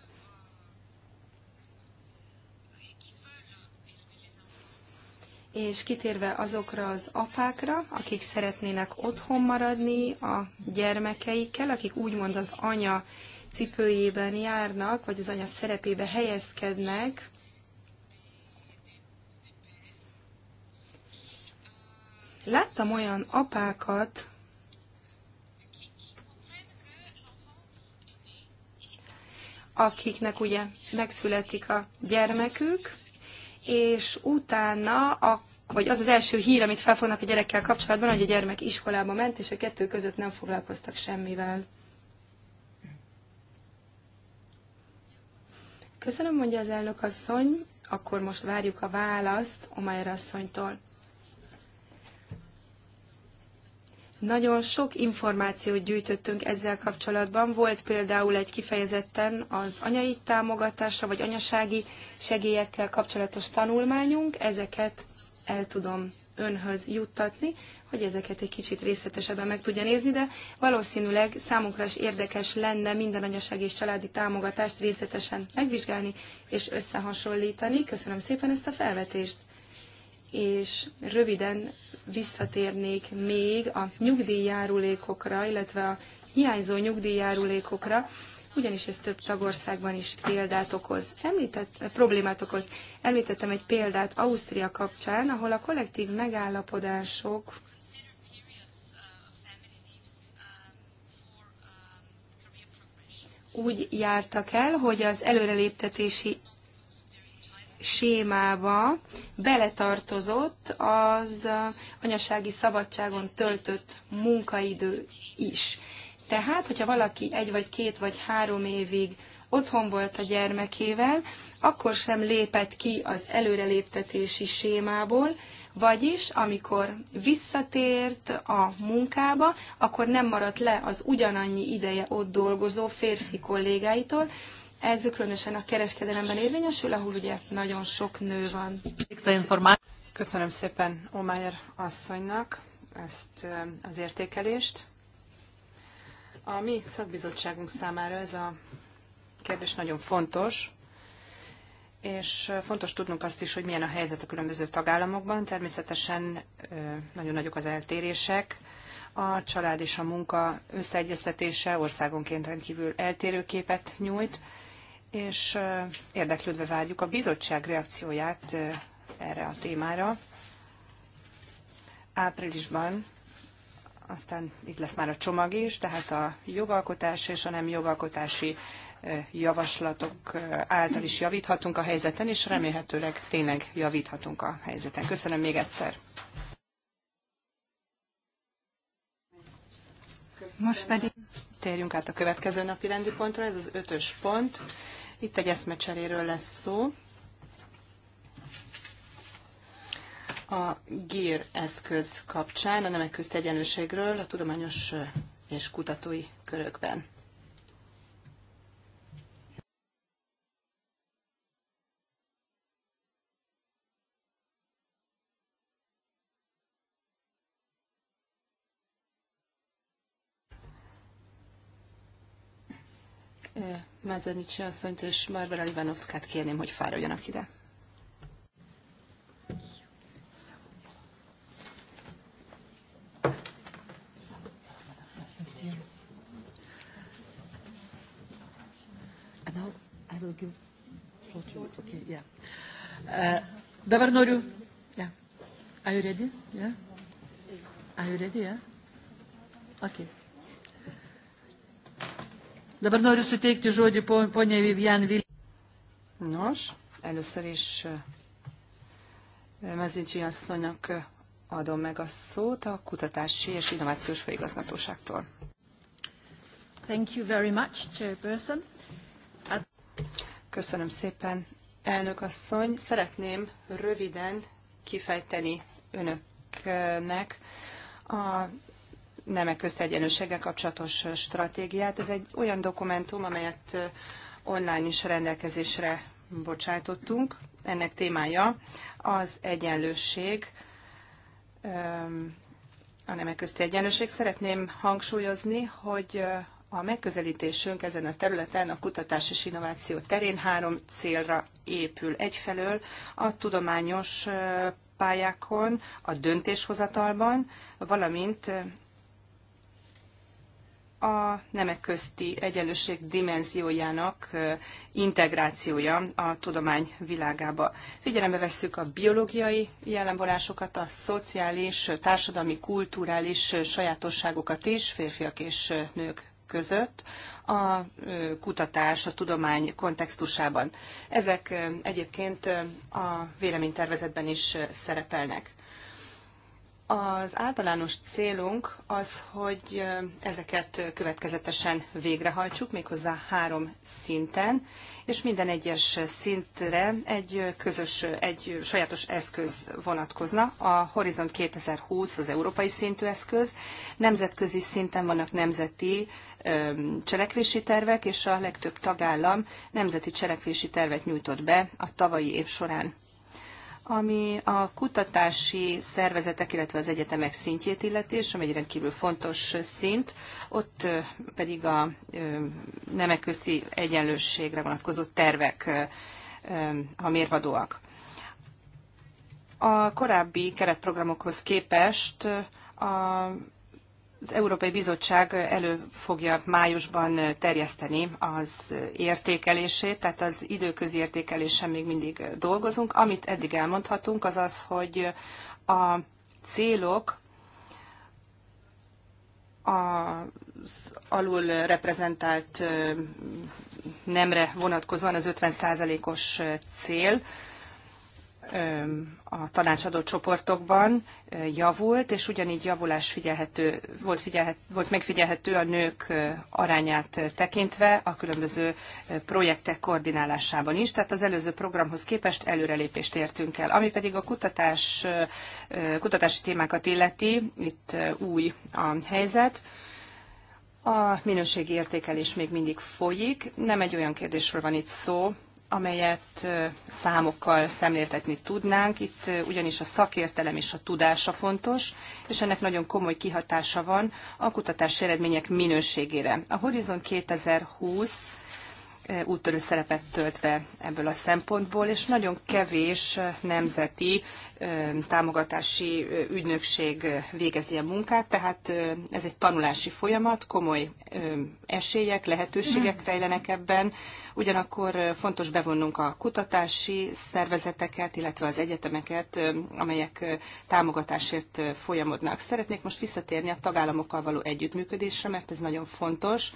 és kitérve azokra az apákra, akik szeretnének otthon maradni a gyermekeikkel, akik úgymond az anya cipőjében járnak, vagy az anya szerepébe helyezkednek, Láttam olyan apákat, akiknek ugye megszületik a gyermekük, és utána a vagy az az első hír, amit felfognak a gyerekkel kapcsolatban, hogy a gyermek iskolába ment, és a kettő között nem foglalkoztak semmivel. Köszönöm, mondja az elnök asszony, akkor most várjuk a választ Omaira asszonytól. Nagyon sok információt gyűjtöttünk ezzel kapcsolatban. Volt például egy kifejezetten az anyai támogatásra vagy anyasági segélyekkel kapcsolatos tanulmányunk. Ezeket el tudom önhöz juttatni, hogy ezeket egy kicsit részletesebben meg tudja nézni, de valószínűleg számunkra is érdekes lenne minden anyaság és családi támogatást részletesen megvizsgálni és összehasonlítani. Köszönöm szépen ezt a felvetést. És röviden visszatérnék még a nyugdíjjárulékokra, illetve a hiányzó nyugdíjjárulékokra, ugyanis ez több tagországban is példát okoz, említett, problémát okoz. Említettem egy példát Ausztria kapcsán, ahol a kollektív megállapodások úgy jártak el, hogy az előreléptetési sémába beletartozott az anyasági szabadságon töltött munkaidő is. Tehát, hogyha valaki egy vagy két vagy három évig otthon volt a gyermekével, akkor sem lépett ki az előreléptetési sémából, vagyis amikor visszatért a munkába, akkor nem maradt le az ugyanannyi ideje ott dolgozó férfi kollégáitól, ez különösen a kereskedelemben érvényesül, ahol ugye nagyon sok nő van. Köszönöm szépen Omaier asszonynak ezt az értékelést. A mi szakbizottságunk számára ez a kérdés nagyon fontos, és fontos tudnunk azt is, hogy milyen a helyzet a különböző tagállamokban. Természetesen nagyon nagyok az eltérések. A család és a munka összeegyeztetése országonként rendkívül eltérő képet nyújt, és érdeklődve várjuk a bizottság reakcióját erre a témára. Áprilisban aztán itt lesz már a csomag is, tehát a jogalkotás és a nem jogalkotási javaslatok által is javíthatunk a helyzeten, és remélhetőleg tényleg javíthatunk a helyzeten. Köszönöm még egyszer. Most pedig térjünk át a következő napi rendi pontra, ez az ötös pont. Itt egy eszmecseréről lesz szó. A GIR eszköz kapcsán a nemek közt egyenlőségről a tudományos és kutatói körökben. Mázernicsi asszonyt és Barbara Ivanovszkát kérném, hogy fáradjanak ide. Uh, Dabar Yeah. Are you ready? Yeah. Are you ready? Yeah. Okay. Dabar noriu suteikti žodį ponė Vivian Vil. Nos, először is eh, Meznicsi asszonynak adom meg a szót a Kutatási és Innovációs Főigazgatóságtól. Thank you very much, Chairperson. Köszönöm szépen, elnök asszony. Szeretném röviden kifejteni önöknek a nemek közt egyenlőséggel kapcsolatos stratégiát. Ez egy olyan dokumentum, amelyet online is rendelkezésre bocsátottunk. Ennek témája az egyenlőség, a nemek közti egyenlőség. Szeretném hangsúlyozni, hogy a megközelítésünk ezen a területen a kutatás és innováció terén három célra épül. Egyfelől a tudományos pályákon, a döntéshozatalban, valamint a nemek közti egyenlőség dimenziójának integrációja a tudomány világába. Figyelembe vesszük a biológiai jelenvonásokat, a szociális, társadalmi, kulturális sajátosságokat is, férfiak és nők között a kutatás, a tudomány kontextusában. Ezek egyébként a véleménytervezetben is szerepelnek. Az általános célunk az, hogy ezeket következetesen végrehajtsuk, méghozzá három szinten, és minden egyes szintre egy közös, egy sajátos eszköz vonatkozna. A Horizont 2020 az európai szintű eszköz, nemzetközi szinten vannak nemzeti cselekvési tervek, és a legtöbb tagállam nemzeti cselekvési tervet nyújtott be a tavalyi év során ami a kutatási szervezetek, illetve az egyetemek szintjét illeti, és ami egy rendkívül fontos szint, ott pedig a nemek közti egyenlősségre vonatkozó tervek a mérvadóak. A korábbi keretprogramokhoz képest a az Európai Bizottság elő fogja májusban terjeszteni az értékelését, tehát az időközi értékelésen még mindig dolgozunk. Amit eddig elmondhatunk, az az, hogy a célok az alul reprezentált nemre vonatkozóan az 50%-os cél, a tanácsadó csoportokban javult, és ugyanígy javulás figyelhető, volt, figyelhet, volt megfigyelhető a nők arányát tekintve a különböző projektek koordinálásában is, tehát az előző programhoz képest előrelépést értünk el. Ami pedig a kutatás, kutatási témákat illeti, itt új a helyzet. A minőségi értékelés még mindig folyik, nem egy olyan kérdésről van itt szó, amelyet számokkal szemléltetni tudnánk. Itt ugyanis a szakértelem és a tudása fontos, és ennek nagyon komoly kihatása van a kutatási eredmények minőségére. A Horizon 2020 úttörő szerepet tölt be ebből a szempontból, és nagyon kevés nemzeti támogatási ügynökség végezi a munkát, tehát ez egy tanulási folyamat, komoly esélyek, lehetőségek mm. rejlenek ebben, ugyanakkor fontos bevonnunk a kutatási szervezeteket, illetve az egyetemeket, amelyek támogatásért folyamodnak. Szeretnék most visszatérni a tagállamokkal való együttműködésre, mert ez nagyon fontos.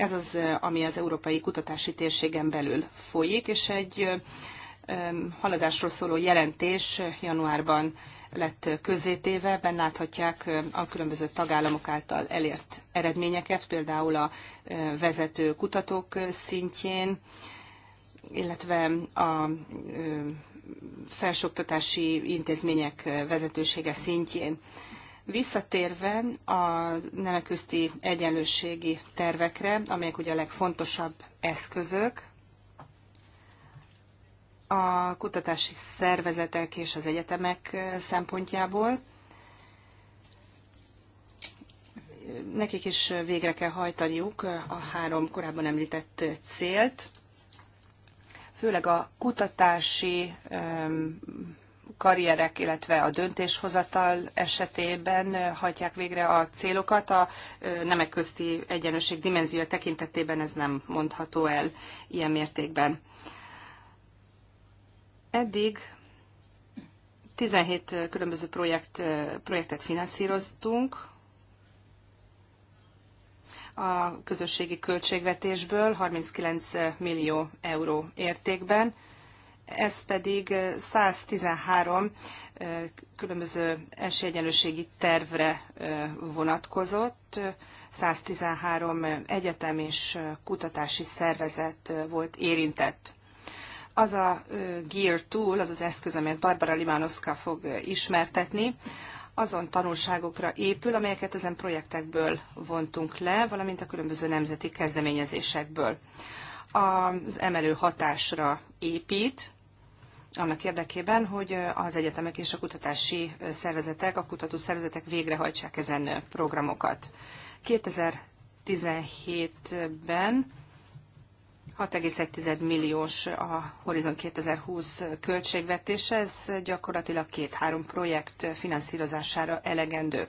Ez az, ami az európai kutatási térségen belül folyik, és egy haladásról szóló jelentés januárban lett közzétéve, ben láthatják a különböző tagállamok által elért eredményeket, például a vezető kutatók szintjén, illetve a felsőoktatási intézmények vezetősége szintjén. Visszatérve a nemeközti egyenlőségi tervekre, amelyek ugye a legfontosabb eszközök, a kutatási szervezetek és az egyetemek szempontjából. Nekik is végre kell hajtaniuk a három korábban említett célt, főleg a kutatási karrierek, illetve a döntéshozatal esetében hajtják végre a célokat. A nemek közti egyenlőség dimenziója tekintetében ez nem mondható el ilyen mértékben. Eddig 17 különböző projekt, projektet finanszíroztunk, a közösségi költségvetésből 39 millió euró értékben ez pedig 113 különböző esélyegyenlőségi tervre vonatkozott. 113 egyetem és kutatási szervezet volt érintett. Az a Gear Tool, az az eszköz, amelyet Barbara Limanowska fog ismertetni, azon tanulságokra épül, amelyeket ezen projektekből vontunk le, valamint a különböző nemzeti kezdeményezésekből. Az emelő hatásra épít, annak érdekében, hogy az egyetemek és a kutatási szervezetek, a kutató szervezetek végrehajtsák ezen programokat. 2017-ben 6,1 milliós a Horizon 2020 költségvetése, ez gyakorlatilag két-három projekt finanszírozására elegendő.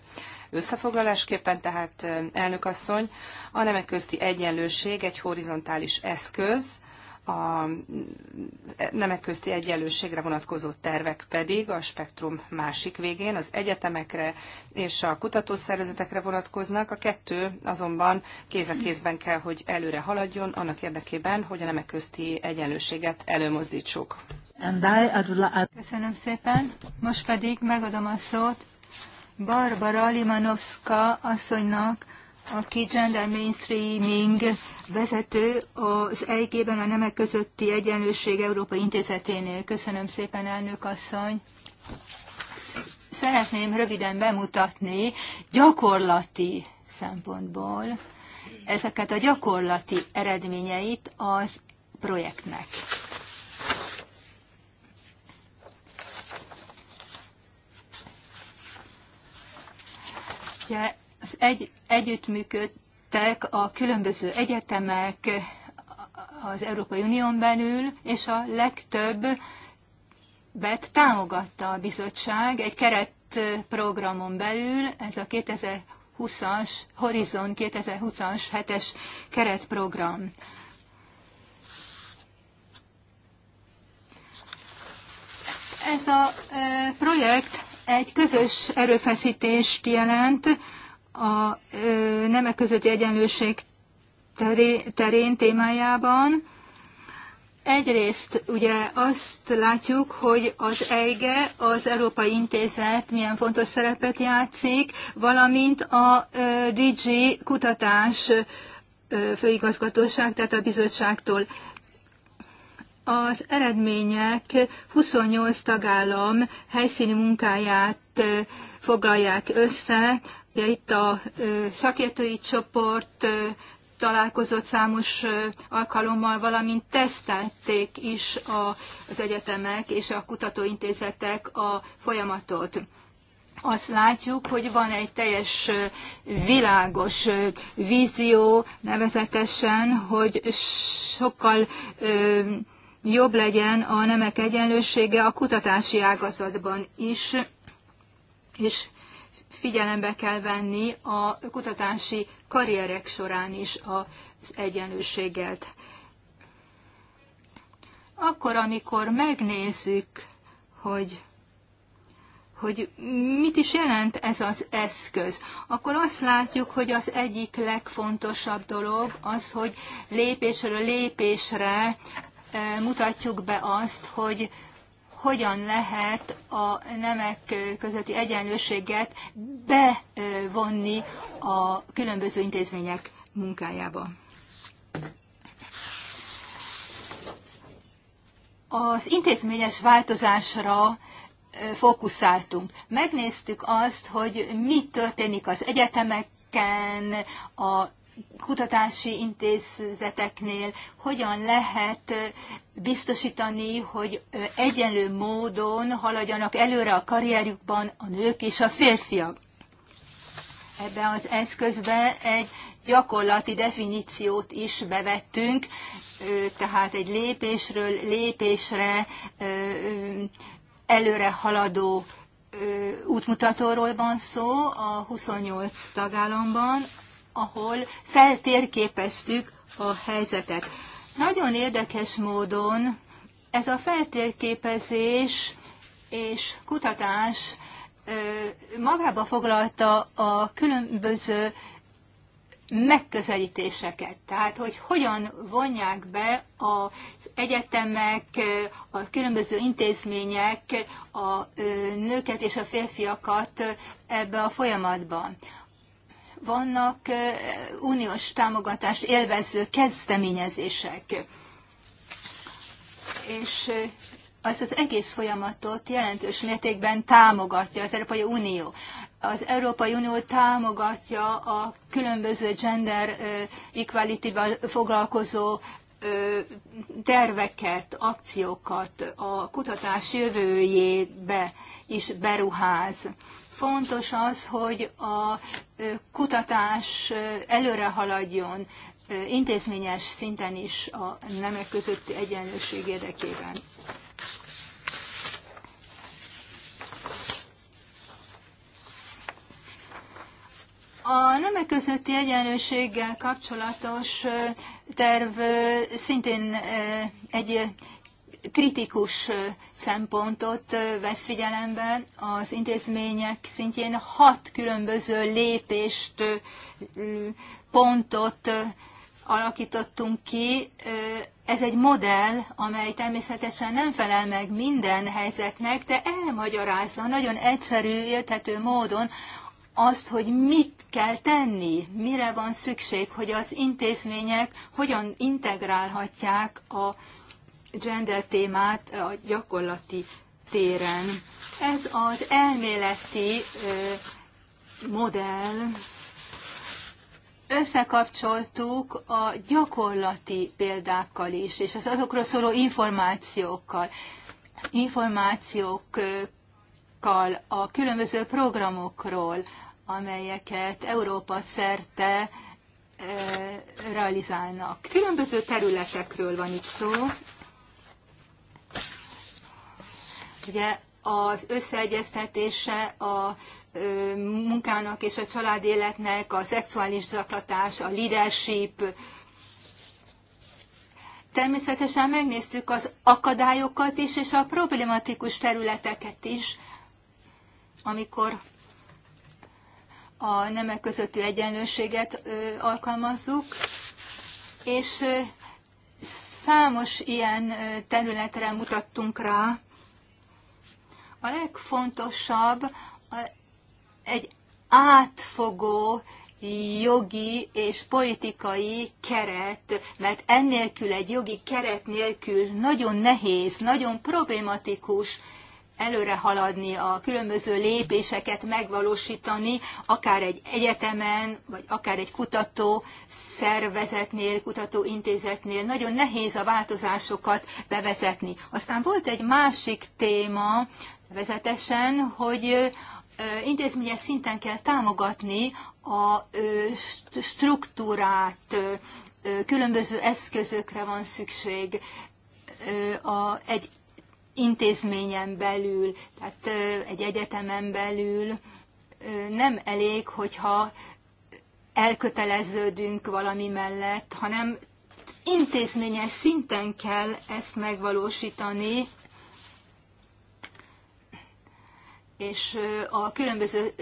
Összefoglalásképpen tehát elnökasszony, a nemek közti egyenlőség egy horizontális eszköz, a nemek közti egyenlőségre vonatkozó tervek pedig a spektrum másik végén az egyetemekre és a kutatószervezetekre vonatkoznak. A kettő azonban kéz a kézben kell, hogy előre haladjon annak érdekében, hogy a nemek közti egyenlőséget előmozdítsuk. Köszönöm szépen. Most pedig megadom a szót Barbara Limanovska asszonynak, aki gender mainstreaming vezető az EIG-ben a Nemek Közötti Egyenlőség Európai Intézeténél. Köszönöm szépen, elnök asszony! Szeretném röviden bemutatni gyakorlati szempontból ezeket a gyakorlati eredményeit az projektnek. Ugye egy, együttműködtek a különböző egyetemek az Európai Unión belül, és a legtöbb bet támogatta a bizottság egy keretprogramon belül, ez a 2020-as, Horizon 2020-as hetes keretprogram. Ez a projekt egy közös erőfeszítést jelent a nemek közötti egyenlőség terén témájában. Egyrészt ugye azt látjuk, hogy az EIGE, az Európai Intézet milyen fontos szerepet játszik, valamint a DG kutatás főigazgatóság, tehát a bizottságtól. Az eredmények 28 tagállam helyszíni munkáját foglalják össze, Ugye itt a szakértői csoport találkozott számos alkalommal, valamint tesztelték is a, az egyetemek és a kutatóintézetek a folyamatot. Azt látjuk, hogy van egy teljes világos vízió, nevezetesen, hogy sokkal jobb legyen a nemek egyenlősége a kutatási ágazatban is, és figyelembe kell venni a kutatási karrierek során is az egyenlőséget. Akkor, amikor megnézzük, hogy hogy mit is jelent ez az eszköz, akkor azt látjuk, hogy az egyik legfontosabb dolog az, hogy lépésről lépésre eh, mutatjuk be azt, hogy hogyan lehet a nemek közötti egyenlőséget bevonni a különböző intézmények munkájába. Az intézményes változásra fókuszáltunk. Megnéztük azt, hogy mi történik az egyetemeken, a kutatási intézeteknél hogyan lehet biztosítani, hogy egyenlő módon haladjanak előre a karrierjükben a nők és a férfiak. Ebben az eszközben egy gyakorlati definíciót is bevettünk, tehát egy lépésről lépésre előre haladó útmutatóról van szó a 28 tagállamban, ahol feltérképeztük a helyzetet. Nagyon érdekes módon ez a feltérképezés és kutatás magába foglalta a különböző megközelítéseket. Tehát, hogy hogyan vonják be az egyetemek, a különböző intézmények a nőket és a férfiakat ebbe a folyamatba vannak uniós támogatást élvező kezdeményezések. És az az egész folyamatot jelentős mértékben támogatja az Európai Unió. Az Európai Unió támogatja a különböző gender equality-val foglalkozó terveket, akciókat, a kutatás jövőjébe is beruház. Fontos az, hogy a kutatás előre haladjon intézményes szinten is a nemek közötti egyenlőség érdekében. A nemek közötti egyenlőséggel kapcsolatos terv szintén egy kritikus szempontot vesz figyelembe az intézmények szintjén. Hat különböző lépést, pontot alakítottunk ki. Ez egy modell, amely természetesen nem felel meg minden helyzetnek, de elmagyarázza nagyon egyszerű, érthető módon azt, hogy mit kell tenni, mire van szükség, hogy az intézmények hogyan integrálhatják a gender témát a gyakorlati téren. Ez az elméleti modell összekapcsoltuk a gyakorlati példákkal is, és az azokról szóló információkkal. Információkkal a különböző programokról, amelyeket Európa szerte realizálnak. Különböző területekről van itt szó, ugye az összeegyeztetése a munkának és a család életnek, a szexuális zaklatás, a leadership. Természetesen megnéztük az akadályokat is, és a problematikus területeket is, amikor a nemek közötti egyenlőséget alkalmazzuk, és számos ilyen területre mutattunk rá, a legfontosabb egy átfogó jogi és politikai keret, mert ennélkül egy jogi keret nélkül nagyon nehéz, nagyon problematikus előre haladni, a különböző lépéseket megvalósítani, akár egy egyetemen, vagy akár egy kutató szervezetnél, kutatóintézetnél. Nagyon nehéz a változásokat bevezetni. Aztán volt egy másik téma, nevezetesen, hogy intézményes szinten kell támogatni a struktúrát, különböző eszközökre van szükség a, egy intézményen belül, tehát egy egyetemen belül. Nem elég, hogyha elköteleződünk valami mellett, hanem intézményes szinten kell ezt megvalósítani, és a különböző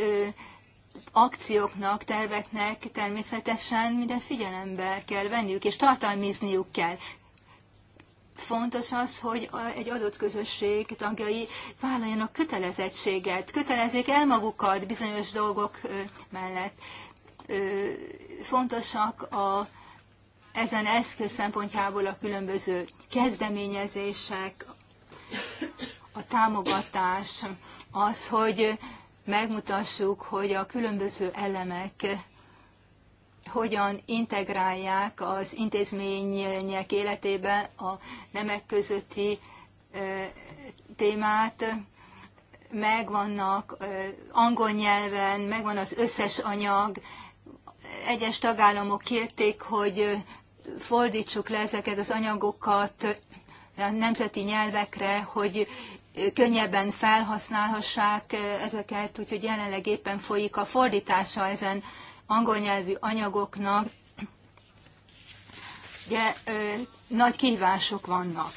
akcióknak, terveknek természetesen mindent figyelembe kell venniük, és tartalmizniuk kell. Fontos az, hogy egy adott közösség tagjai vállaljanak kötelezettséget, kötelezzék el magukat bizonyos dolgok mellett. Fontosak a, ezen eszköz szempontjából a különböző kezdeményezések, a támogatás, az, hogy megmutassuk, hogy a különböző elemek hogyan integrálják az intézmények életében a nemek közötti témát, megvannak angol nyelven, megvan az összes anyag. Egyes tagállamok kérték, hogy fordítsuk le ezeket az anyagokat a nemzeti nyelvekre, hogy könnyebben felhasználhassák eh, ezeket, úgyhogy jelenleg éppen folyik a fordítása ezen angol nyelvű anyagoknak. Ugye nagy kihívások vannak,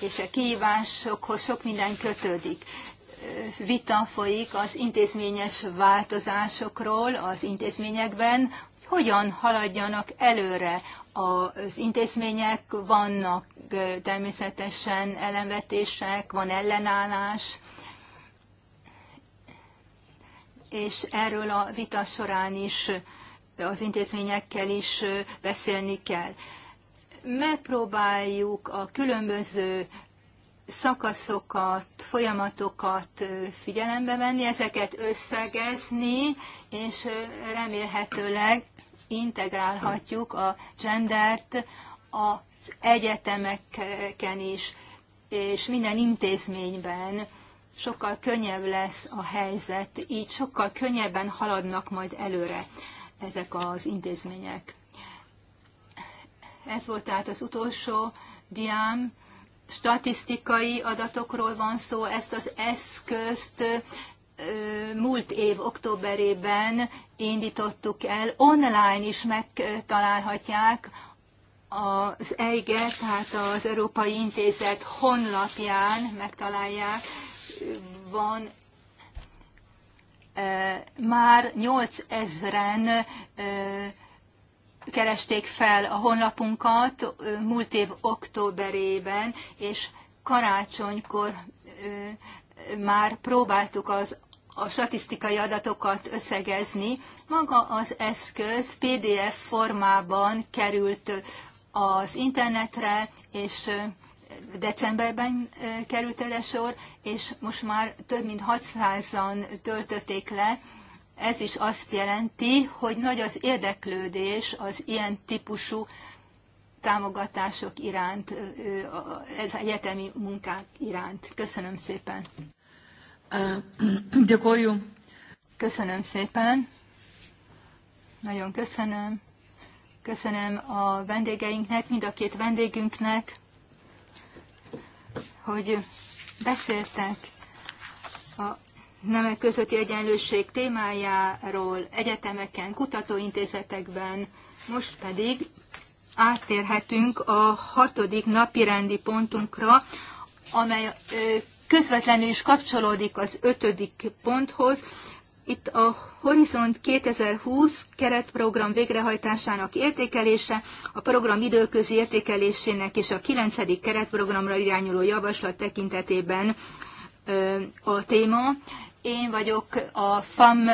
és a kihívásokhoz sok minden kötődik vita folyik az intézményes változásokról az intézményekben, hogy hogyan haladjanak előre az intézmények vannak természetesen ellenvetések, van ellenállás, és erről a vita során is az intézményekkel is beszélni kell. Megpróbáljuk a különböző szakaszokat, folyamatokat figyelembe venni, ezeket összegezni, és remélhetőleg integrálhatjuk a gendert az egyetemeken is, és minden intézményben sokkal könnyebb lesz a helyzet, így sokkal könnyebben haladnak majd előre ezek az intézmények. Ez volt tehát az utolsó diám. Statisztikai adatokról van szó, ezt az eszközt múlt év októberében indítottuk el, online is megtalálhatják az EIGE, tehát az Európai Intézet honlapján megtalálják, van már 8000-en keresték fel a honlapunkat múlt év októberében, és karácsonykor már próbáltuk az a statisztikai adatokat összegezni. Maga az eszköz PDF formában került az internetre, és decemberben került el sor, és most már több mint 600-an töltötték le. Ez is azt jelenti, hogy nagy az érdeklődés az ilyen típusú támogatások iránt, ez egyetemi munkák iránt. Köszönöm szépen! [clears throat] Gyakorljunk. Köszönöm szépen. Nagyon köszönöm. Köszönöm a vendégeinknek, mind a két vendégünknek, hogy beszéltek a nemek közötti egyenlőség témájáról egyetemeken, kutatóintézetekben. Most pedig áttérhetünk a hatodik napi rendi pontunkra, amely közvetlenül is kapcsolódik az ötödik ponthoz. Itt a Horizont 2020 keretprogram végrehajtásának értékelése, a program időközi értékelésének és a 9. keretprogramra irányuló javaslat tekintetében a téma. Én vagyok a FAM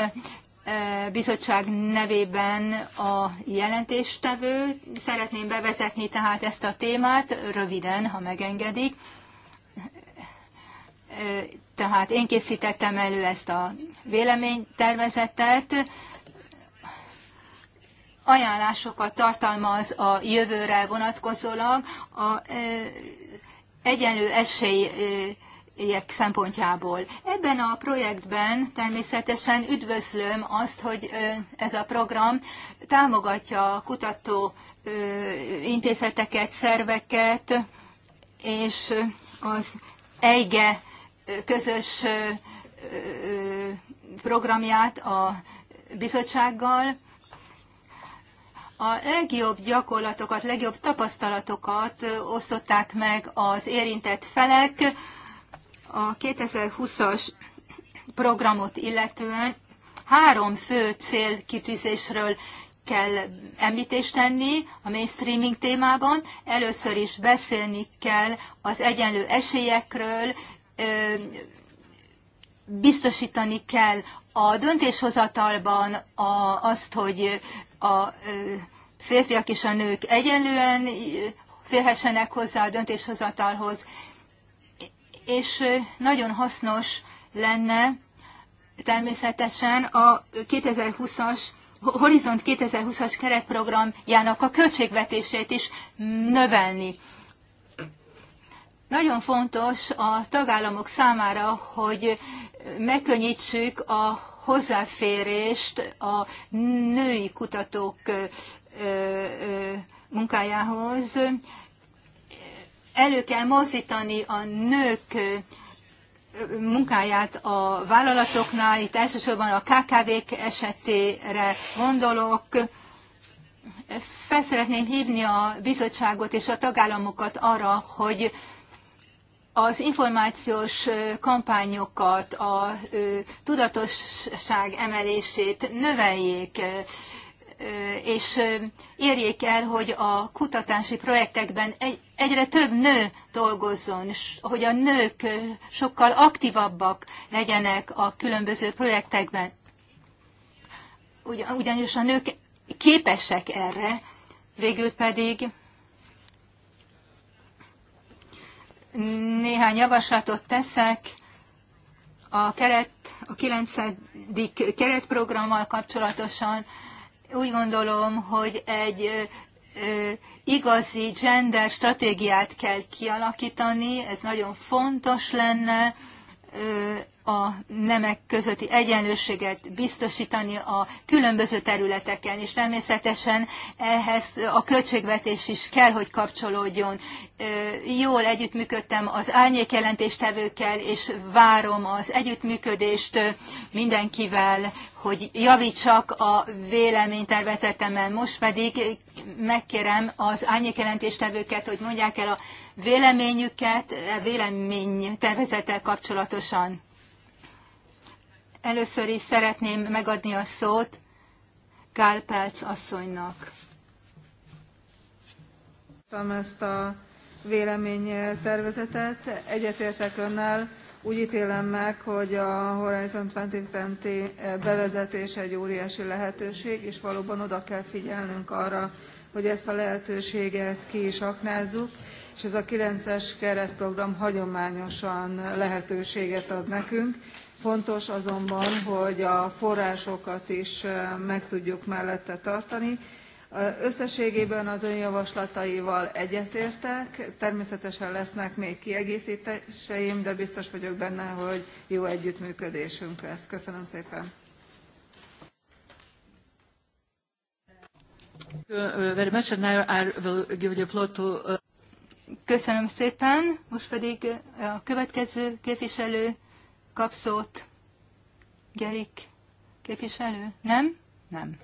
bizottság nevében a jelentéstevő. Szeretném bevezetni tehát ezt a témát röviden, ha megengedik tehát én készítettem elő ezt a véleménytervezetet. Ajánlásokat tartalmaz a jövőre vonatkozólag a egyenlő esély szempontjából. Ebben a projektben természetesen üdvözlöm azt, hogy ez a program támogatja a kutató intézeteket, szerveket, és az EIGE közös programját a bizottsággal. A legjobb gyakorlatokat, legjobb tapasztalatokat osztották meg az érintett felek a 2020-as programot illetően. Három fő célkitűzésről kell említést tenni a mainstreaming témában. Először is beszélni kell az egyenlő esélyekről, biztosítani kell a döntéshozatalban a, azt, hogy a férfiak és a nők egyenlően férhessenek hozzá a döntéshozatalhoz, és nagyon hasznos lenne természetesen a 2020-as Horizont 2020-as keretprogramjának a költségvetését is növelni. Nagyon fontos a tagállamok számára, hogy megkönnyítsük a hozzáférést a női kutatók munkájához. Elő kell mozdítani a nők munkáját a vállalatoknál, itt elsősorban a KKV-k esetére gondolok. Felszeretném hívni a bizottságot és a tagállamokat arra, hogy az információs kampányokat, a tudatosság emelését növeljék, és érjék el, hogy a kutatási projektekben egyre több nő dolgozzon, hogy a nők sokkal aktívabbak legyenek a különböző projektekben. Ugyanis a nők képesek erre, végül pedig Néhány javaslatot teszek a, keret, a 9. keretprogrammal kapcsolatosan. Úgy gondolom, hogy egy igazi gender stratégiát kell kialakítani, ez nagyon fontos lenne, a nemek közötti egyenlőséget biztosítani a különböző területeken, és természetesen ehhez a költségvetés is kell, hogy kapcsolódjon. Jól együttműködtem az árnyékjelentéstevőkkel, és várom az együttműködést mindenkivel, hogy javítsak a véleménytervezetemen. Most pedig megkérem az árnyékjelentéstevőket, hogy mondják el a véleményüket, a e, véleménytervezettel kapcsolatosan. Először is szeretném megadni a szót Gál Pelc asszonynak. Ezt a véleménytervezetet egyetértek önnel, úgy ítélem meg, hogy a Horizon 2020 bevezetése egy óriási lehetőség, és valóban oda kell figyelnünk arra, hogy ezt a lehetőséget ki is aknázzuk, és ez a 9-es keretprogram hagyományosan lehetőséget ad nekünk, Fontos azonban, hogy a forrásokat is meg tudjuk mellette tartani. Összességében az ön javaslataival egyetértek, természetesen lesznek még kiegésztéseim de biztos vagyok benne, hogy jó együttműködésünk lesz. Köszönöm szépen! Uh, uh, Köszönöm szépen, most pedig uh, a következő képviselő kapszót Gerik képviselő? Nem? Nem.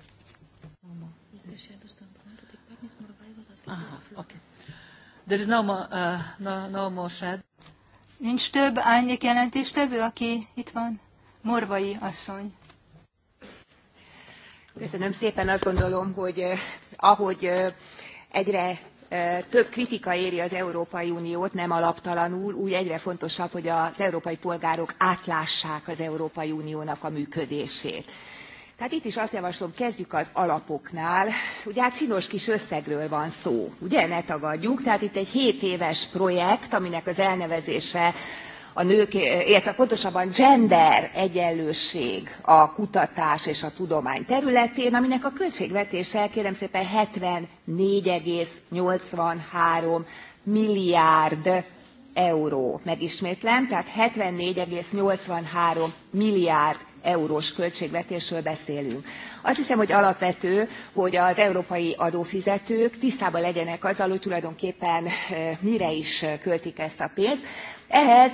Aha, okay. There is no more, uh, no, no more shed. Nincs több árnyék jelentéstevő, aki itt van? Morvai asszony. Köszönöm szépen, azt gondolom, hogy eh, ahogy eh, egyre több kritika éri az európai uniót nem alaptalanul úgy egyre fontosabb hogy az európai polgárok átlássák az európai uniónak a működését. tehát itt is azt javaslom kezdjük az alapoknál ugye hát csinos kis összegről van szó ugye ne tagadjuk tehát itt egy hétéves projekt aminek az elnevezése a nők, illetve pontosabban gender egyenlőség a kutatás és a tudomány területén, aminek a költségvetése kérem szépen 74,83 milliárd euró. Megismétlem, tehát 74,83 milliárd eurós költségvetésről beszélünk. Azt hiszem, hogy alapvető, hogy az európai adófizetők tisztában legyenek azzal, hogy tulajdonképpen eh, mire is eh, költik ezt a pénzt ehhez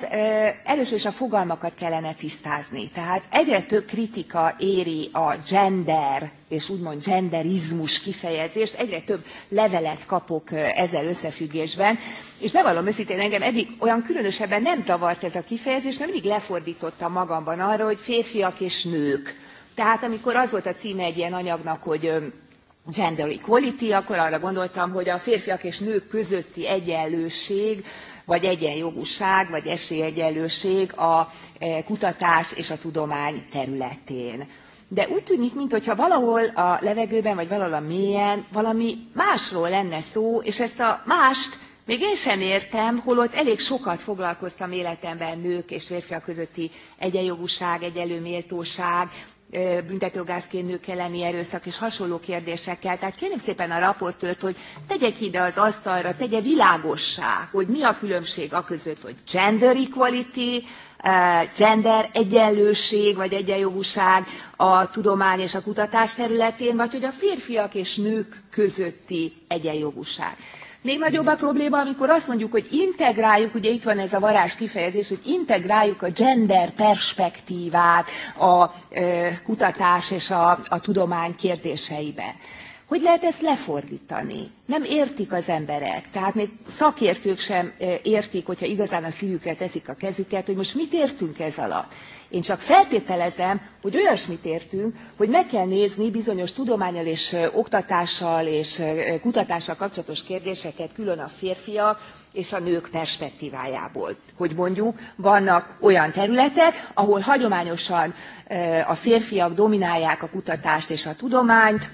először is a fogalmakat kellene tisztázni tehát egyre több kritika éri a gender és úgymond genderizmus kifejezést egyre több levelet kapok ezzel összefüggésben és bevallom őszintén engem eddig olyan különösebben nem zavart ez a kifejezés mert mindig lefordítottam magamban arra hogy férfiak és nők. tehát amikor az volt a címe egy ilyen anyagnak hogy gender equality akkor arra gondoltam hogy a férfiak és nők közötti egyenlőség vagy egyenjogúság, vagy esélyegyenlőség a e, kutatás és a tudomány területén. De úgy tűnik, mintha valahol a levegőben, vagy valahol a mélyen valami másról lenne szó, és ezt a mást még én sem értem, holott elég sokat foglalkoztam életemben nők és férfiak közötti egyenjogúság, egyenlő méltóság, büntetőjogászként nők elleni erőszak és hasonló kérdésekkel. Tehát kérem szépen a raportőrt, hogy tegye ki ide az asztalra, tegye világossá, hogy mi a különbség a között, hogy gender equality, gender egyenlőség vagy egyenjogúság a tudomány és a kutatás területén, vagy hogy a férfiak és nők közötti egyenjogúság még nagyobb a probléma, amikor azt mondjuk, hogy integráljuk, ugye itt van ez a varázs kifejezés, hogy integráljuk a gender perspektívát a ö, kutatás és a, a tudomány kérdéseibe. Hogy lehet ezt lefordítani? Nem értik az emberek, tehát még szakértők sem értik, hogyha igazán a szívükre teszik a kezüket, hogy most mit értünk ez alatt. Én csak feltételezem, hogy olyasmit értünk, hogy meg kell nézni bizonyos tudományal és oktatással és kutatással kapcsolatos kérdéseket külön a férfiak és a nők perspektívájából. Hogy mondjuk vannak olyan területek, ahol hagyományosan a férfiak dominálják a kutatást és a tudományt,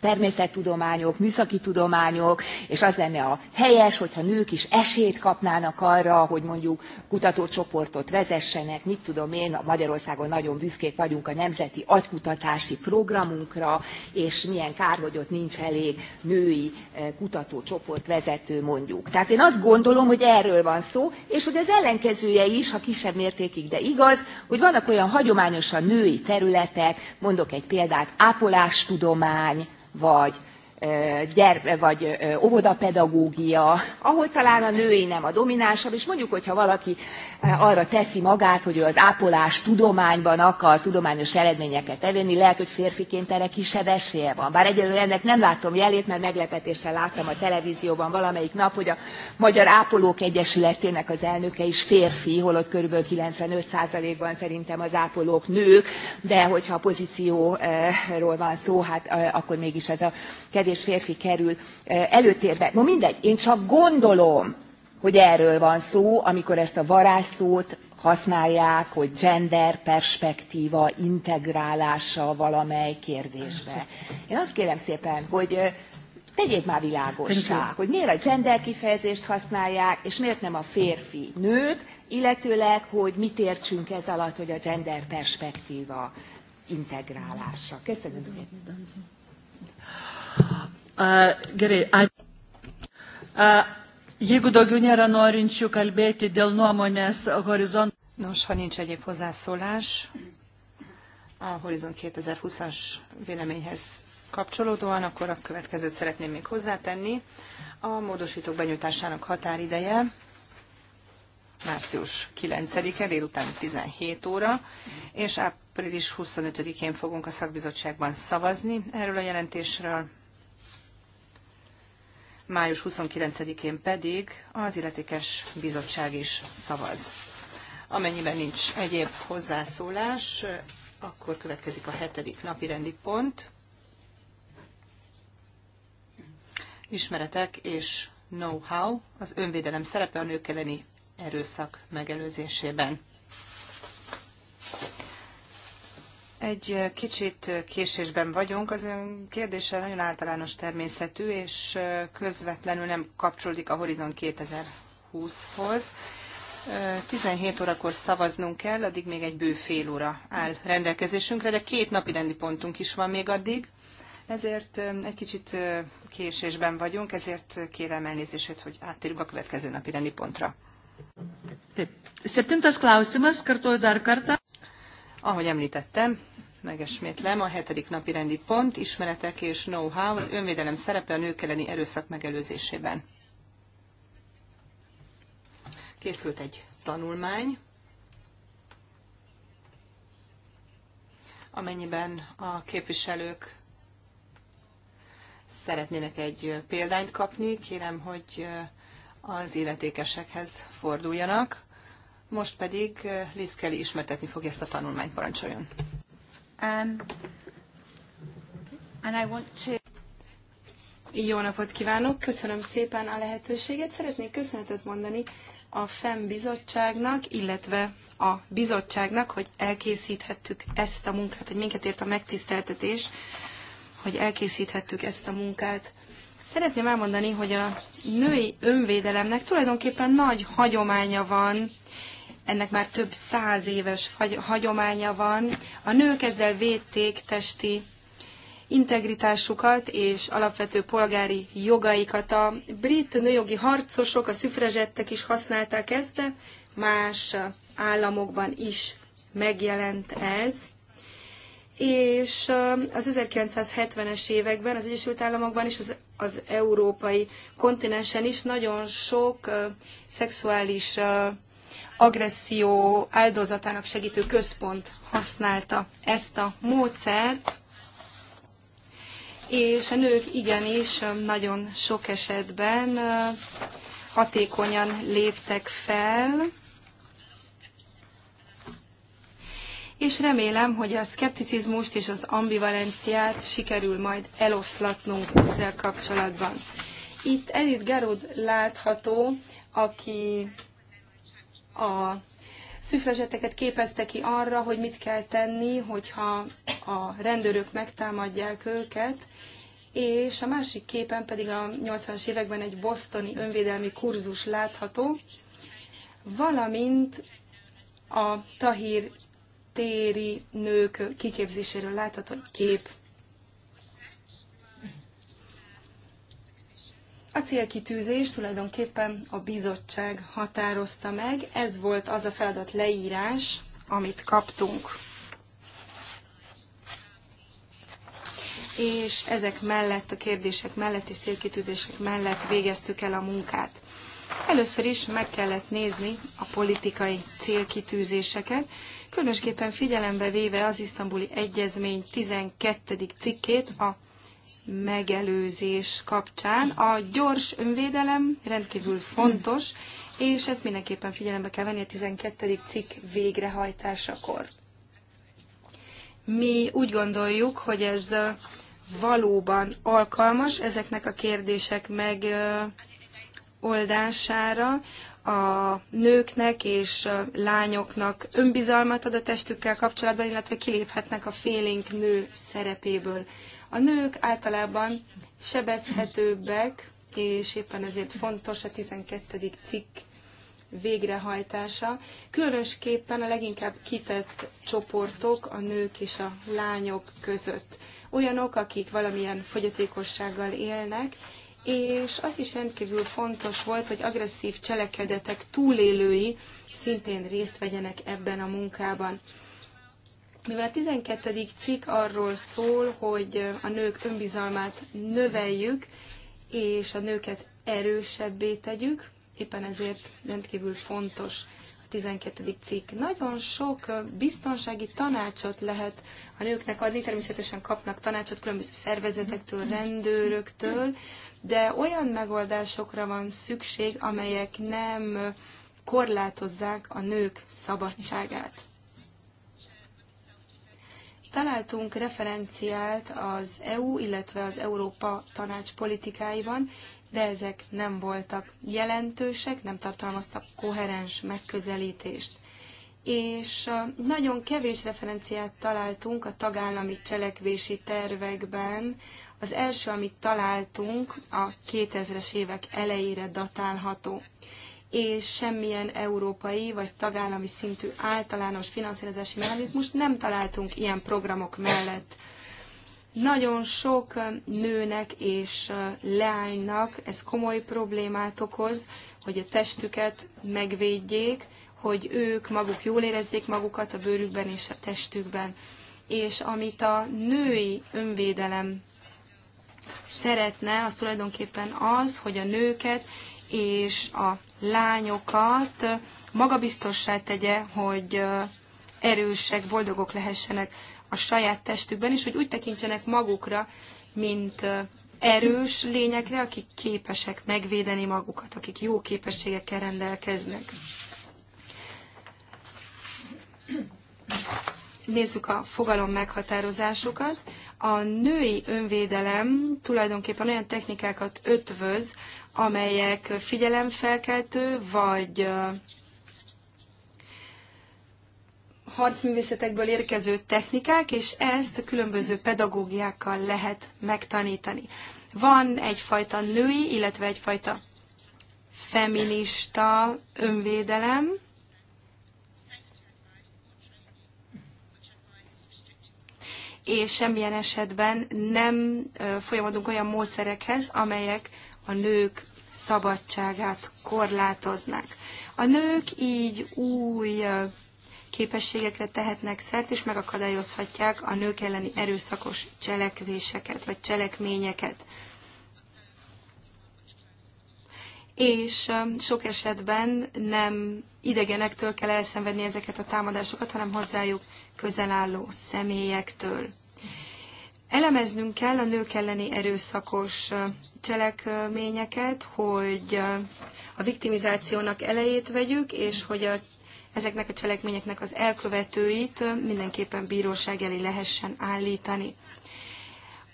természettudományok műszaki tudományok és az lenne a helyes hogyha nők is esélyt kapnának arra hogy mondjuk kutatócsoportot vezessenek mit tudom én magyarországon nagyon büszkék vagyunk a nemzeti agykutatási programunkra és milyen kár hogy ott nincs elég női eh, kutatócsoportvezető mondjuk. tehát én azt gondolom hogy erről van szó és hogy az ellenkezője is ha kisebb mértékig de igaz hogy vannak olyan hagyományosan női területek mondok egy példát ápolástudomány vagy gyerme, vagy óvodapedagógia, ahol talán a női nem a dominánsabb, és mondjuk, hogyha valaki arra teszi magát, hogy ő az ápolás tudományban akar tudományos eredményeket elérni, lehet, hogy férfiként erre kisebb esélye van. Bár egyelőre ennek nem látom jelét, mert meglepetéssel láttam a televízióban valamelyik nap, hogy a Magyar Ápolók Egyesületének az elnöke is férfi, holott kb. 95%-ban szerintem az ápolók nők, de hogyha a pozícióról van szó, hát akkor mégis ez a kevés férfi kerül előtérbe. No mindegy, én csak gondolom, hogy erről van szó, amikor ezt a varázsszót használják, hogy gender perspektíva integrálása valamely kérdésbe. Én azt kérem szépen, hogy tegyék már világossá, hogy miért a gender kifejezést használják, és miért nem a férfi nőt, illetőleg, hogy mit értsünk ez alatt, hogy a gender perspektíva integrálása. Köszönöm. Uh, Geri, I, uh, Jeigu daugiau nėra norinčių kalbėti dėl nuomonės horizont... Nos, ha nincs egyéb hozzászólás a Horizon 2020-as véleményhez kapcsolódóan, akkor a következőt szeretném még hozzátenni. A módosítók benyújtásának határideje március 9-e, délután 17 óra, és április 25-én fogunk a szakbizottságban szavazni erről a jelentésről, május 29-én pedig az illetékes bizottság is szavaz. Amennyiben nincs egyéb hozzászólás, akkor következik a hetedik napi rendi pont. Ismeretek és know-how, az önvédelem szerepe a nők elleni erőszak megelőzésében. Egy kicsit késésben vagyunk. Az ön kérdése nagyon általános természetű, és közvetlenül nem kapcsolódik a Horizon 2020-hoz. 17 órakor szavaznunk kell, addig még egy bő fél óra áll rendelkezésünkre, de két napi rendi pontunk is van még addig. Ezért egy kicsit késésben vagyunk, ezért kérem elnézését, hogy áttérünk a következő napi rendi pontra. Septintas klausimas, kartuoju dar kartą. Ahogy említettem, megesmétlem, a hetedik napi rendi pont, ismeretek és know-how az önvédelem szerepe a nők elleni erőszak megelőzésében. Készült egy tanulmány, amennyiben a képviselők szeretnének egy példányt kapni, kérem, hogy az illetékesekhez forduljanak. Most pedig eh, Liz Kelly ismertetni fogja ezt a tanulmányt, parancsoljon. Um, and I want to... Jó napot kívánok, köszönöm szépen a lehetőséget. Szeretnék köszönetet mondani a FEM bizottságnak, illetve a bizottságnak, hogy elkészíthettük ezt a munkát, hogy minket ért a megtiszteltetés, hogy elkészíthettük ezt a munkát. Szeretném elmondani, hogy a női önvédelemnek tulajdonképpen nagy hagyománya van, ennek már több száz éves hagyománya van. A nők ezzel védték testi integritásukat és alapvető polgári jogaikat. A brit nőjogi harcosok, a szüfrezettek is használták ezt, de más államokban is megjelent ez. És az 1970-es években az Egyesült Államokban is az, az európai kontinensen is nagyon sok uh, szexuális uh, agresszió áldozatának segítő központ használta ezt a módszert, és a nők igenis nagyon sok esetben hatékonyan léptek fel, és remélem, hogy a szkepticizmust és az ambivalenciát sikerül majd eloszlatnunk ezzel kapcsolatban. Itt Edith gerud látható, aki a szüfrezseteket képezte ki arra, hogy mit kell tenni, hogyha a rendőrök megtámadják őket, és a másik képen pedig a 80-as években egy bosztoni önvédelmi kurzus látható, valamint a Tahir téri nők kiképzéséről látható kép. A célkitűzés tulajdonképpen a bizottság határozta meg, ez volt az a feladat leírás, amit kaptunk. És ezek mellett, a kérdések mellett és célkitűzések mellett végeztük el a munkát. Először is meg kellett nézni a politikai célkitűzéseket, különösképpen figyelembe véve az isztambuli egyezmény 12. cikkét, a megelőzés kapcsán. A gyors önvédelem rendkívül fontos, és ezt mindenképpen figyelembe kell venni a 12. cikk végrehajtásakor. Mi úgy gondoljuk, hogy ez valóban alkalmas ezeknek a kérdések megoldására, a nőknek és lányoknak önbizalmat ad a testükkel kapcsolatban, illetve kiléphetnek a félénk nő szerepéből. A nők általában sebezhetőbbek, és éppen ezért fontos a 12. cikk végrehajtása. Különösképpen a leginkább kitett csoportok a nők és a lányok között. Olyanok, akik valamilyen fogyatékossággal élnek, és az is rendkívül fontos volt, hogy agresszív cselekedetek túlélői szintén részt vegyenek ebben a munkában. Mivel a 12. cikk arról szól, hogy a nők önbizalmát növeljük, és a nőket erősebbé tegyük, éppen ezért rendkívül fontos a 12. cikk. Nagyon sok biztonsági tanácsot lehet a nőknek adni, természetesen kapnak tanácsot különböző szervezetektől, rendőröktől, de olyan megoldásokra van szükség, amelyek nem korlátozzák a nők szabadságát. Találtunk referenciát az EU, illetve az Európa tanács politikáiban, de ezek nem voltak jelentősek, nem tartalmaztak koherens megközelítést. És nagyon kevés referenciát találtunk a tagállami cselekvési tervekben. Az első, amit találtunk, a 2000-es évek elejére datálható és semmilyen európai vagy tagállami szintű általános finanszírozási mechanizmust nem találtunk ilyen programok mellett. Nagyon sok nőnek és leánynak ez komoly problémát okoz, hogy a testüket megvédjék, hogy ők maguk jól érezzék magukat a bőrükben és a testükben. És amit a női önvédelem szeretne, az tulajdonképpen az, hogy a nőket és a lányokat magabiztossá tegye, hogy erősek, boldogok lehessenek a saját testükben, és hogy úgy tekintsenek magukra, mint erős lényekre, akik képesek megvédeni magukat, akik jó képességekkel rendelkeznek. Nézzük a fogalom meghatározásokat. A női önvédelem tulajdonképpen olyan technikákat ötvöz, amelyek figyelemfelkeltő, vagy harcművészetekből érkező technikák, és ezt különböző pedagógiákkal lehet megtanítani. Van egyfajta női, illetve egyfajta feminista önvédelem, és semmilyen esetben nem folyamodunk olyan módszerekhez, amelyek a nők szabadságát korlátoznák. A nők így új képességekre tehetnek szert, és megakadályozhatják a nők elleni erőszakos cselekvéseket, vagy cselekményeket. És sok esetben nem idegenektől kell elszenvedni ezeket a támadásokat, hanem hozzájuk közel álló személyektől. Elemeznünk kell a nők elleni erőszakos cselekményeket, hogy a viktimizációnak elejét vegyük, és hogy a, ezeknek a cselekményeknek az elkövetőit mindenképpen bíróság elé lehessen állítani.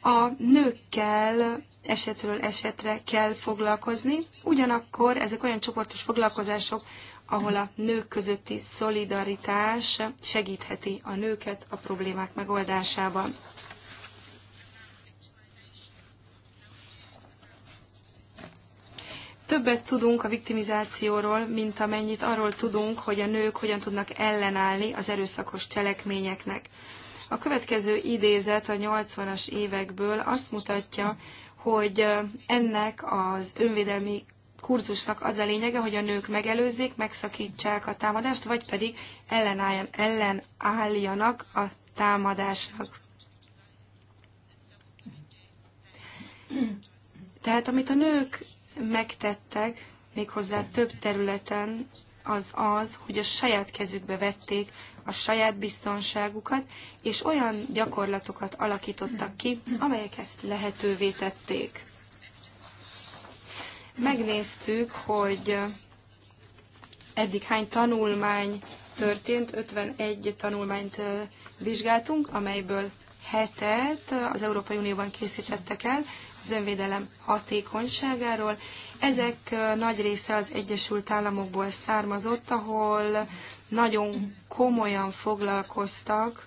A nőkkel esetről esetre kell foglalkozni, ugyanakkor ezek olyan csoportos foglalkozások, ahol a nők közötti szolidaritás segítheti a nőket a problémák megoldásában. többet tudunk a viktimizációról, mint amennyit arról tudunk, hogy a nők hogyan tudnak ellenállni az erőszakos cselekményeknek. A következő idézet a 80-as évekből azt mutatja, hogy ennek az önvédelmi kurzusnak az a lényege, hogy a nők megelőzzék, megszakítsák a támadást, vagy pedig ellenálljanak a támadásnak. Tehát amit a nők megtettek méghozzá több területen, az az, hogy a saját kezükbe vették a saját biztonságukat, és olyan gyakorlatokat alakítottak ki, amelyek ezt lehetővé tették. Megnéztük, hogy eddig hány tanulmány történt, 51 tanulmányt vizsgáltunk, amelyből hetet az Európai Unióban készítettek el, az önvédelem hatékonyságáról. Ezek nagy része az Egyesült Államokból származott, ahol nagyon komolyan foglalkoztak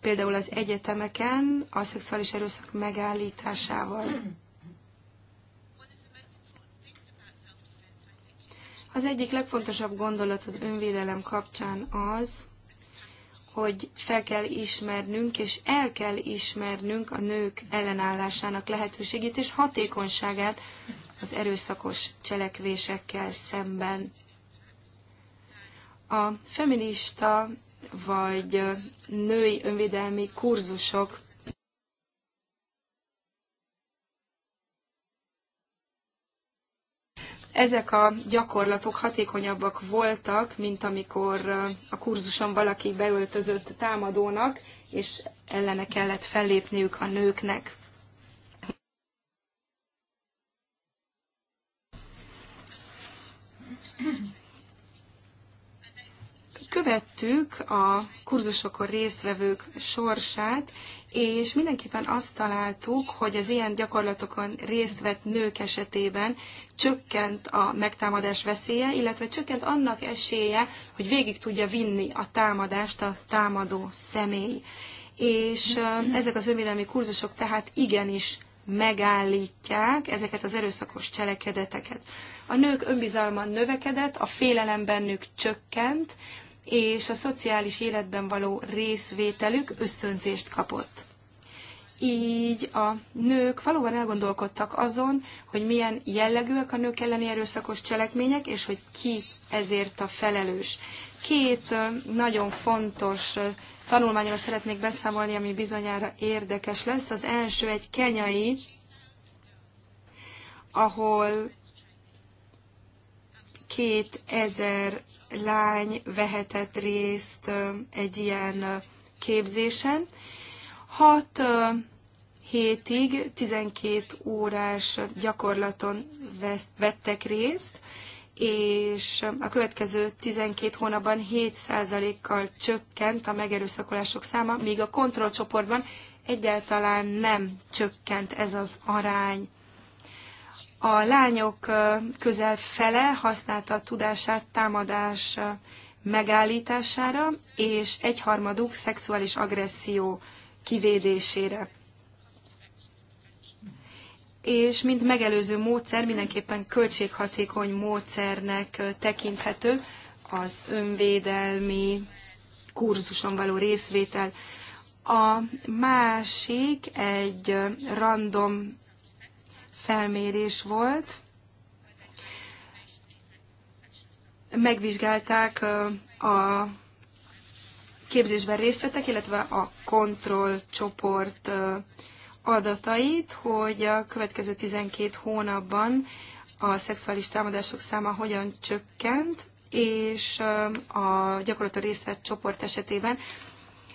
például az egyetemeken a szexuális erőszak megállításával. Az egyik legfontosabb gondolat az önvédelem kapcsán az, hogy fel kell ismernünk, és el kell ismernünk a nők ellenállásának lehetőségét és hatékonyságát az erőszakos cselekvésekkel szemben. A feminista vagy női önvédelmi kurzusok ezek a gyakorlatok hatékonyabbak voltak, mint amikor a kurzuson valaki beöltözött támadónak, és ellene kellett fellépniük a nőknek. Követtük a kurzusokon résztvevők sorsát, és mindenképpen azt találtuk, hogy az ilyen gyakorlatokon részt vett nők esetében csökkent a megtámadás veszélye, illetve csökkent annak esélye, hogy végig tudja vinni a támadást a támadó személy. És ezek az önvédelmi kurzusok tehát igenis megállítják ezeket az erőszakos cselekedeteket. A nők önbizalma növekedett, a félelem bennük csökkent, és a szociális életben való részvételük ösztönzést kapott. Így a nők valóban elgondolkodtak azon, hogy milyen jellegűek a nők elleni erőszakos cselekmények, és hogy ki ezért a felelős. Két nagyon fontos tanulmányról szeretnék beszámolni, ami bizonyára érdekes lesz. Az első egy kenyai, ahol 2000 lány vehetett részt egy ilyen képzésen. 6 hétig 12 órás gyakorlaton vettek részt, és a következő 12 hónapban 7%-kal csökkent a megerőszakolások száma, míg a kontrollcsoportban egyáltalán nem csökkent ez az arány. A lányok közel fele használta a tudását támadás megállítására, és egyharmaduk szexuális agresszió kivédésére. És mint megelőző módszer mindenképpen költséghatékony módszernek tekinthető az önvédelmi kurzuson való részvétel. A másik egy random felmérés volt. Megvizsgálták a képzésben részt vettek, illetve a kontrollcsoport adatait, hogy a következő 12 hónapban a szexuális támadások száma hogyan csökkent, és a gyakorlatilag részt vett csoport esetében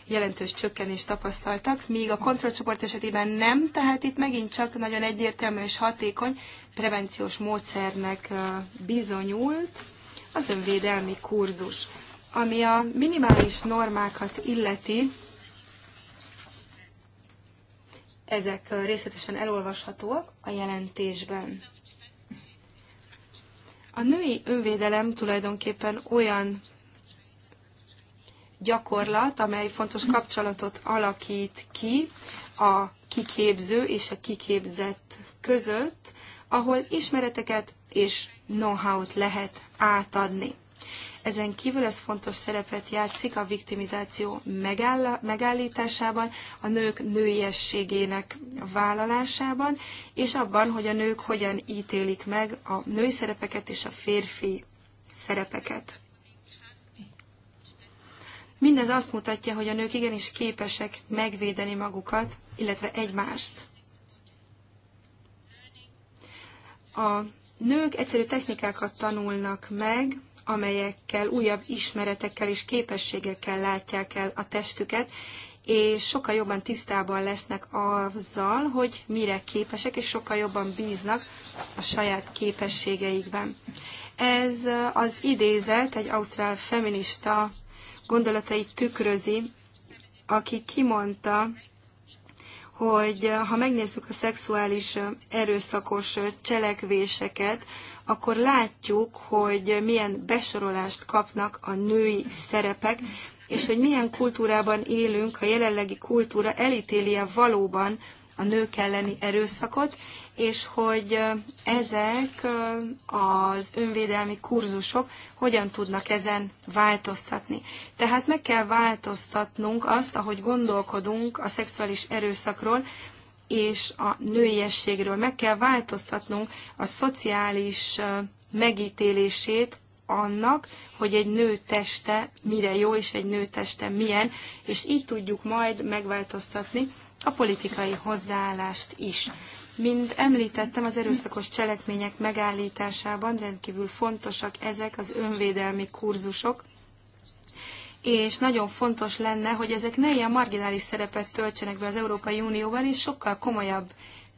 jelentős csökkenést tapasztaltak, míg a kontrollcsoport esetében nem, tehát itt megint csak nagyon egyértelmű és hatékony prevenciós módszernek bizonyult az önvédelmi kurzus. Ami a minimális normákat illeti, ezek részletesen elolvashatóak a jelentésben. A női önvédelem tulajdonképpen olyan gyakorlat, amely fontos kapcsolatot alakít ki a kiképző és a kiképzett között, ahol ismereteket és know-how-t lehet átadni. Ezen kívül ez fontos szerepet játszik a viktimizáció megállításában, a nők nőiességének vállalásában, és abban, hogy a nők hogyan ítélik meg a női szerepeket és a férfi szerepeket. Mindez azt mutatja, hogy a nők igenis képesek megvédeni magukat, illetve egymást. A nők egyszerű technikákat tanulnak meg, amelyekkel újabb ismeretekkel és képességekkel látják el a testüket, és sokkal jobban tisztában lesznek azzal, hogy mire képesek, és sokkal jobban bíznak a saját képességeikben. Ez az idézet egy ausztrál feminista gondolatait tükrözi, aki kimondta, hogy ha megnézzük a szexuális erőszakos cselekvéseket, akkor látjuk, hogy milyen besorolást kapnak a női szerepek, és hogy milyen kultúrában élünk, a jelenlegi kultúra elítéli -e valóban a nők elleni erőszakot, és hogy ezek az önvédelmi kurzusok hogyan tudnak ezen változtatni. Tehát meg kell változtatnunk azt, ahogy gondolkodunk a szexuális erőszakról, és a nőiességről. Meg kell változtatnunk a szociális megítélését annak, hogy egy nő teste mire jó, és egy nő teste milyen, és így tudjuk majd megváltoztatni a politikai hozzáállást is. Mint említettem, az erőszakos cselekmények megállításában rendkívül fontosak ezek az önvédelmi kurzusok, és nagyon fontos lenne, hogy ezek ne ilyen marginális szerepet töltsenek be az Európai Unióban, és sokkal komolyabb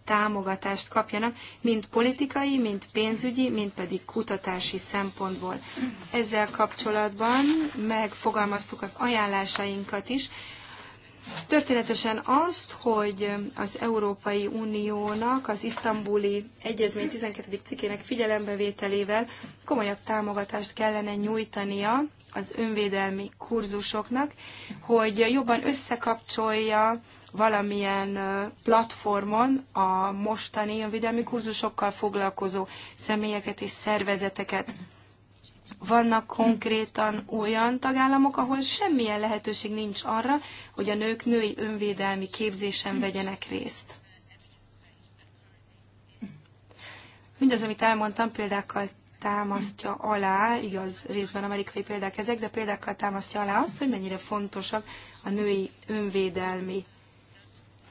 támogatást kapjanak, mint politikai, mint pénzügyi, mint pedig kutatási szempontból. Ezzel kapcsolatban megfogalmaztuk az ajánlásainkat is, Történetesen azt, hogy az Európai Uniónak az isztambuli egyezmény 12. cikkének figyelembevételével komolyabb támogatást kellene nyújtania az önvédelmi kurzusoknak, hogy jobban összekapcsolja valamilyen platformon a mostani önvédelmi kurzusokkal foglalkozó személyeket és szervezeteket. Vannak konkrétan olyan tagállamok, ahol semmilyen lehetőség nincs arra, hogy a nők női önvédelmi képzésen vegyenek részt. Mindaz, amit elmondtam, példákkal támasztja alá, igaz, részben amerikai példák ezek, de példákkal támasztja alá azt, hogy mennyire fontosak a női önvédelmi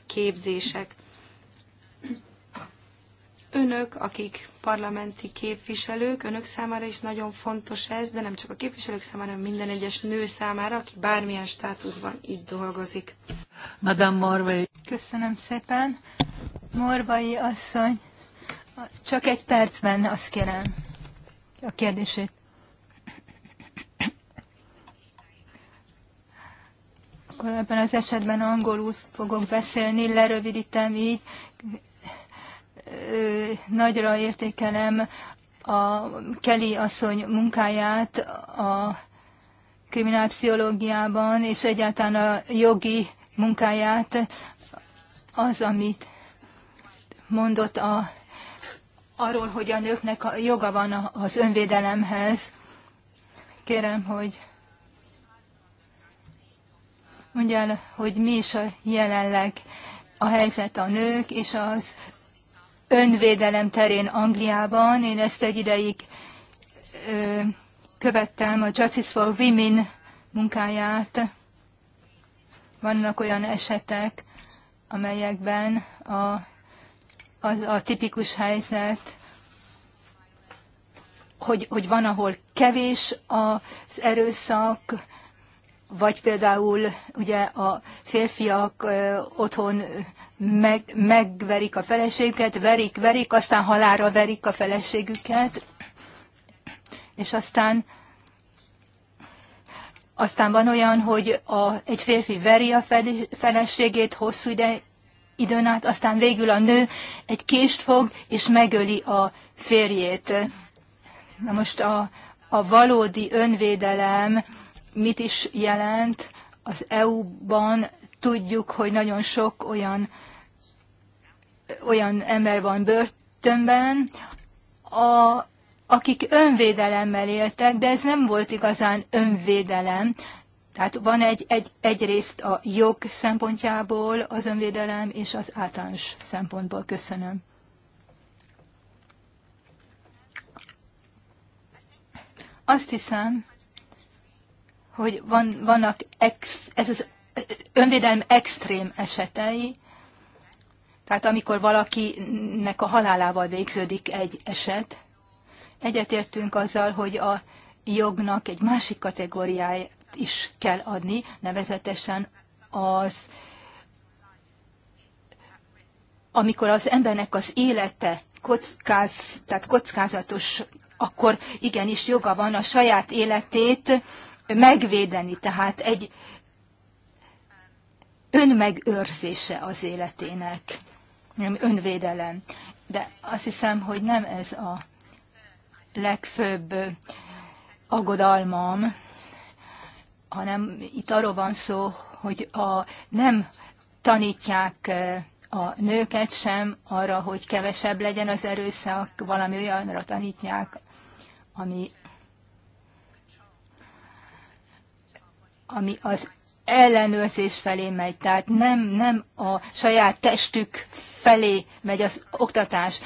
képzések. Önök, akik parlamenti képviselők, önök számára is nagyon fontos ez, de nem csak a képviselők számára, hanem minden egyes nő számára, aki bármilyen státuszban itt dolgozik. Madame Morvai. Köszönöm szépen. Morvai asszony, csak egy percben azt kérem a kérdését. akkor ebben az esetben angolul fogok beszélni, lerövidítem így, nagyra értékelem a Kelly asszony munkáját a kriminálpszichológiában, és egyáltalán a jogi munkáját, az, amit mondott a, arról, hogy a nőknek a joga van az önvédelemhez. Kérem, hogy mondjál, hogy mi is a jelenleg a helyzet a nők és az önvédelem terén Angliában. Én ezt egy ideig ö, követtem a Justice for Women munkáját. Vannak olyan esetek, amelyekben a, a, a tipikus helyzet, hogy, hogy van, ahol kevés az erőszak, vagy például ugye a férfiak otthon meg, megverik a feleségüket, verik, verik, aztán halára verik a feleségüket, és aztán aztán van olyan, hogy a, egy férfi veri a feleségét hosszú ide, időn át, aztán végül a nő egy kést fog, és megöli a férjét. Na most a, a valódi önvédelem mit is jelent? Az EU-ban tudjuk, hogy nagyon sok olyan olyan ember van börtönben, a, akik önvédelemmel éltek, de ez nem volt igazán önvédelem. Tehát van egy, egy, egyrészt a jog szempontjából az önvédelem, és az általános szempontból. Köszönöm. Azt hiszem, hogy van, vannak ex, ez az önvédelem extrém esetei, tehát amikor valakinek a halálával végződik egy eset, egyetértünk azzal, hogy a jognak egy másik kategóriáját is kell adni, nevezetesen az, amikor az embernek az élete kockáz, tehát kockázatos, akkor igenis joga van a saját életét megvédeni, tehát egy önmegőrzése az életének önvédelem. De azt hiszem, hogy nem ez a legfőbb aggodalmam, hanem itt arról van szó, hogy a, nem tanítják eh, a nőket sem arra, hogy kevesebb legyen az erőszak, valami olyanra tanítják, ami, ami az ellenőrzés felé megy, tehát nem, nem a saját testük felé megy az oktatás.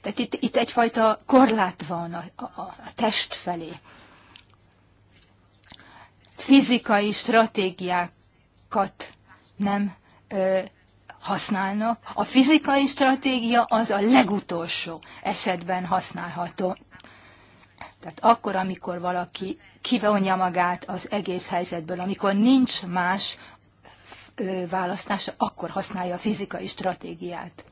Tehát itt, itt egyfajta korlát van a, a, a test felé. Fizikai stratégiákat nem ö, használnak. A fizikai stratégia az a legutolsó esetben használható. Tehát akkor, amikor valaki kivonja magát az egész helyzetből, amikor nincs más választása, akkor használja a fizikai stratégiát.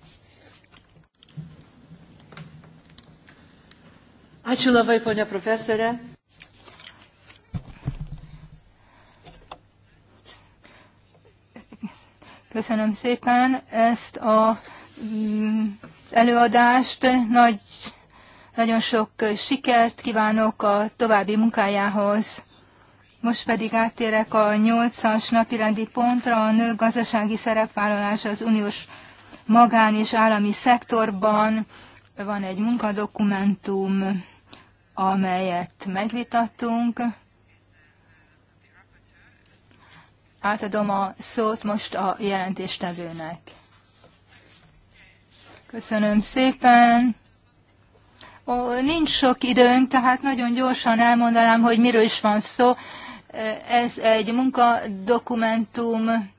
Köszönöm szépen ezt a mm, előadást. Nagy, nagyon sok sikert kívánok a további munkájához. Most pedig áttérek a 8-as napirendi pontra, a nők gazdasági szerepvállalása az uniós magán és állami szektorban. Van egy munkadokumentum, amelyet megvitattunk. Átadom a szót most a jelentéstevőnek. Köszönöm szépen. Ó, nincs sok időnk, tehát nagyon gyorsan elmondanám, hogy miről is van szó. Ez egy munkadokumentum,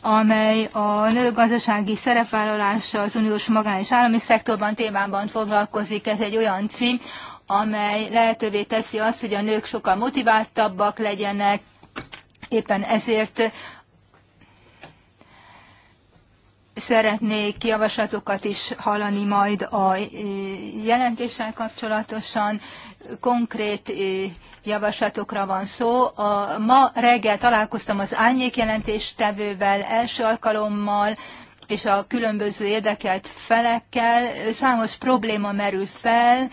amely a nőgazdasági szerepvállalása az uniós magán és állami szektorban témában foglalkozik. Ez egy olyan cím, amely lehetővé teszi azt, hogy a nők sokkal motiváltabbak legyenek, éppen ezért szeretnék javaslatokat is hallani majd a jelentéssel kapcsolatosan, konkrét javaslatokra van szó. A, ma reggel találkoztam az árnyék jelentéstevővel első alkalommal, és a különböző érdekelt felekkel számos probléma merül fel,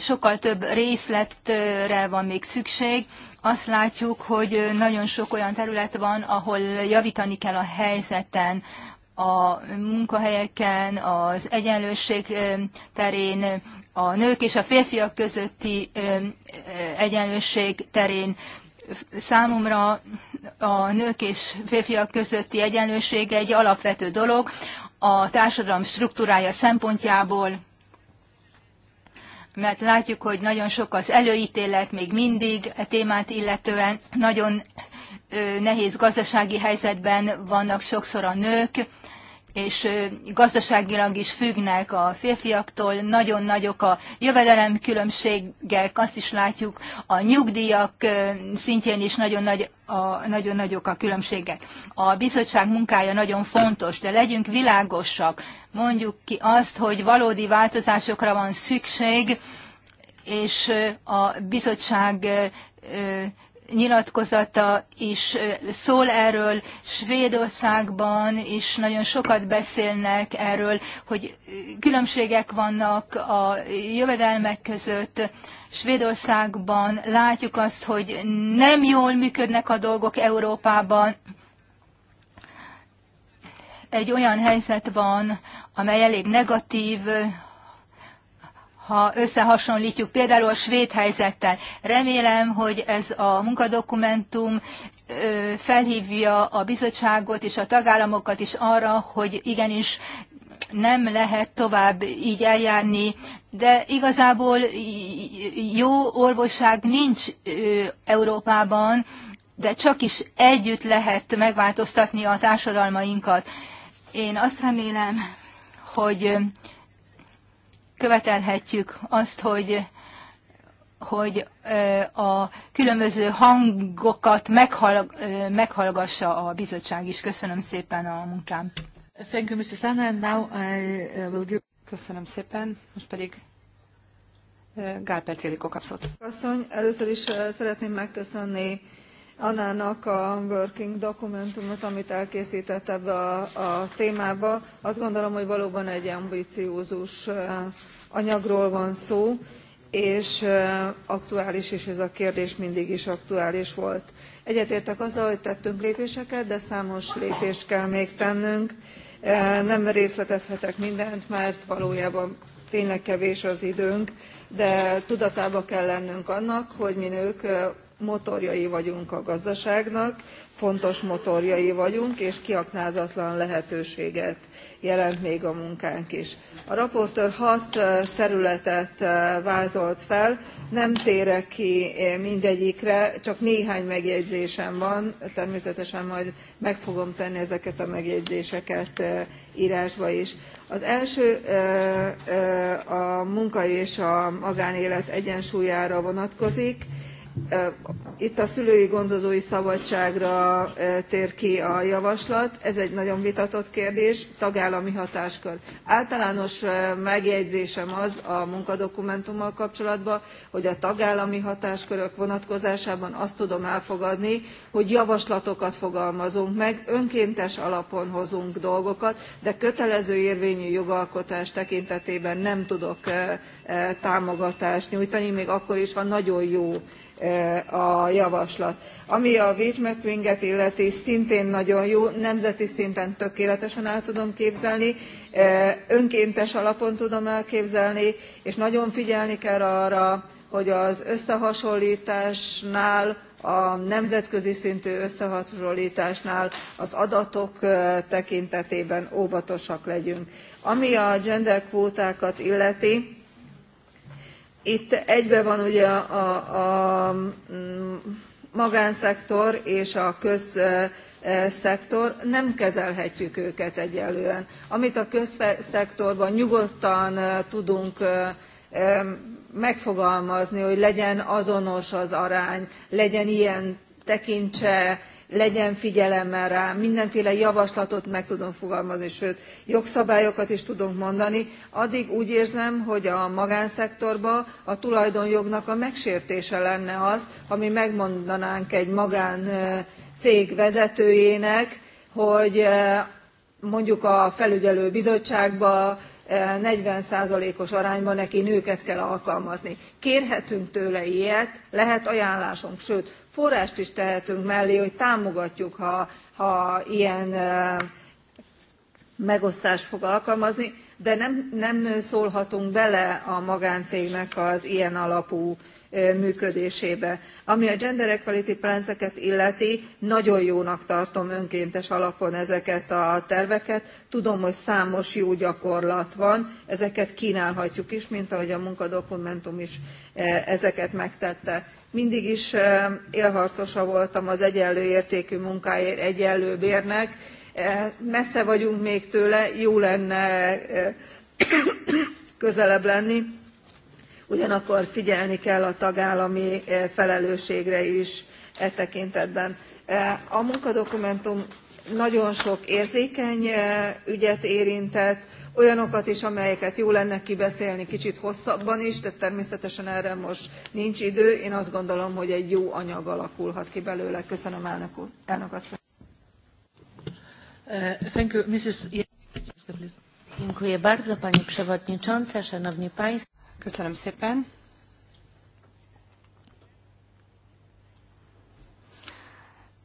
sokkal több részletre van még szükség. Azt látjuk, hogy nagyon sok olyan terület van, ahol javítani kell a helyzeten, a munkahelyeken, az egyenlőség terén, a nők és a férfiak közötti egyenlőség terén számomra a nők és férfiak közötti egyenlőség egy alapvető dolog a társadalom struktúrája szempontjából, mert látjuk, hogy nagyon sok az előítélet még mindig a e témát illetően, nagyon nehéz gazdasági helyzetben vannak sokszor a nők, és gazdaságilag is függnek a férfiaktól, nagyon nagyok a jövedelemkülönbségek, azt is látjuk, a nyugdíjak szintjén is nagyon, nagy a, nagyon nagyok a különbségek. A bizottság munkája nagyon fontos, de legyünk világosak, mondjuk ki azt, hogy valódi változásokra van szükség, és a bizottság nyilatkozata is szól erről, Svédországban is nagyon sokat beszélnek erről, hogy különbségek vannak a jövedelmek között. Svédországban látjuk azt, hogy nem jól működnek a dolgok Európában. Egy olyan helyzet van, amely elég negatív ha összehasonlítjuk például a svéd helyzettel. Remélem, hogy ez a munkadokumentum felhívja a bizottságot és a tagállamokat is arra, hogy igenis nem lehet tovább így eljárni, de igazából jó orvosság nincs Európában, de csak is együtt lehet megváltoztatni a társadalmainkat. Én azt remélem, hogy követelhetjük azt, hogy hogy a különböző hangokat meghall, meghallgassa a bizottság is. Köszönöm szépen a munkám. Thank you, Mr. and now I uh, will give... Köszönöm szépen, most pedig Gál Percélikó kapszott. köszönöm először is szeretném megköszönni annának a working dokumentumot amit elkésztett ebbe a, a témába azt gondolom hogy valóban egy ambiciózus anyagról van szó és aktuális is ez a kérdés mindig is aktuális volt. egyetértek azzal hogy tettünk lépéseket de számos lépést kell még tennünk nem részletezhetek mindent mert valójában tényleg kevés az időnk de tudatában kell lennünk annak hogy mi nők motorjai vagyunk a gazdaságnak fontos motorjai vagyunk és kiaknázatlan lehetőséget jelent még a munkánk is. a raportőr hat területet vázolt fel nem térek ki mindegyikre csak néhány megjegyzésem van természetesen majd meg fogom tenni ezeket a megjegyzéseket rásba is. az első a munka és a magánélet egyensúlyára vonatkozik itt a szülői gondozói szabadságra tér ki a javaslat ez egy nagyon vitatott kérdés tagállami hatáskör. általános megjegyzésem az a munkadokumentummal kapcsolatban hogy a tagállami hatáskörök vonatkozásában azt tudom elfogadni hogy javaslatokat fogalmazunk meg önkéntes alapon hozunk dolgokat de kötelező érvényű jogalkotás tekintetében nem tudok támogatást nyújtani még akkor is ha nagyon jó a javaslat. ami a wage illeti szintén nagyon jó nemzeti szinten tökéletesen el tudom képzelni önkéntes alapon tudom elképzelni és nagyon figyelni kell arra hogy az összehasonltásnál a nemzetközi szintű összehasonltásnál az adatok tekintetében óvatosak legyünk. ami a gender kvótákat illeti itt egybe van ugye a, a, a mm, magánszektor és a közszektor nem kezelhetjük őket egyelően. amit a közszektorban nyugodtan tudunk megfogalmazni hogy legyen azonos az arány legyen ilyen tekintse legyen figyelemmel rá mindenféle javaslatot meg tudunk fogalmazni sőt jogszabályokat is tudunk mondani addig úgy érzem hogy a magánszektorban a tulajdonjognak a megsértése lenne az ha mi megmondanánk egy magáncég vezetőjének hogy mondjuk a felügyelő bizottságba forty os arányban neki nőket kell alkalmazni. kérhetünk tőle ilyet lehet ajánlásunk sőt forrást is tehetünk mellé hogy támogatjuk ha, ha ilyen megosztást fog alkalmazni de nem, nem szólhatunk bele a magáncégnek az ilyen alapú működésébe. ami a gender equality plánceket illeti nagyon jónak tartom önkéntes alapon ezeket a terveket tudom hogy számos jó gyakorlat van ezeket kínálhatjuk is mint ahogy a munkadokumentum is ezeket megtette mindig is élharcosa voltam az egyenlő értékű munkáért egyenlő bérnek messze vagyunk még tőle jó lenne [coughs] közelebb lenni ugyanakkor figyelni kell a tagállami felelősségre is e tekintetben. a munkadokumentum nagyon sok érzékeny ügyet érintett olyanokat is amelyeket jó lenne kibeszélni kicsit hosszabban is de természetesen erre most nincs idő én azt gondolom hogy egy jó anyag alakulhat ki belőle. köszönöm elnök, úr, elnök asszony! Eh, köszönöm szépen.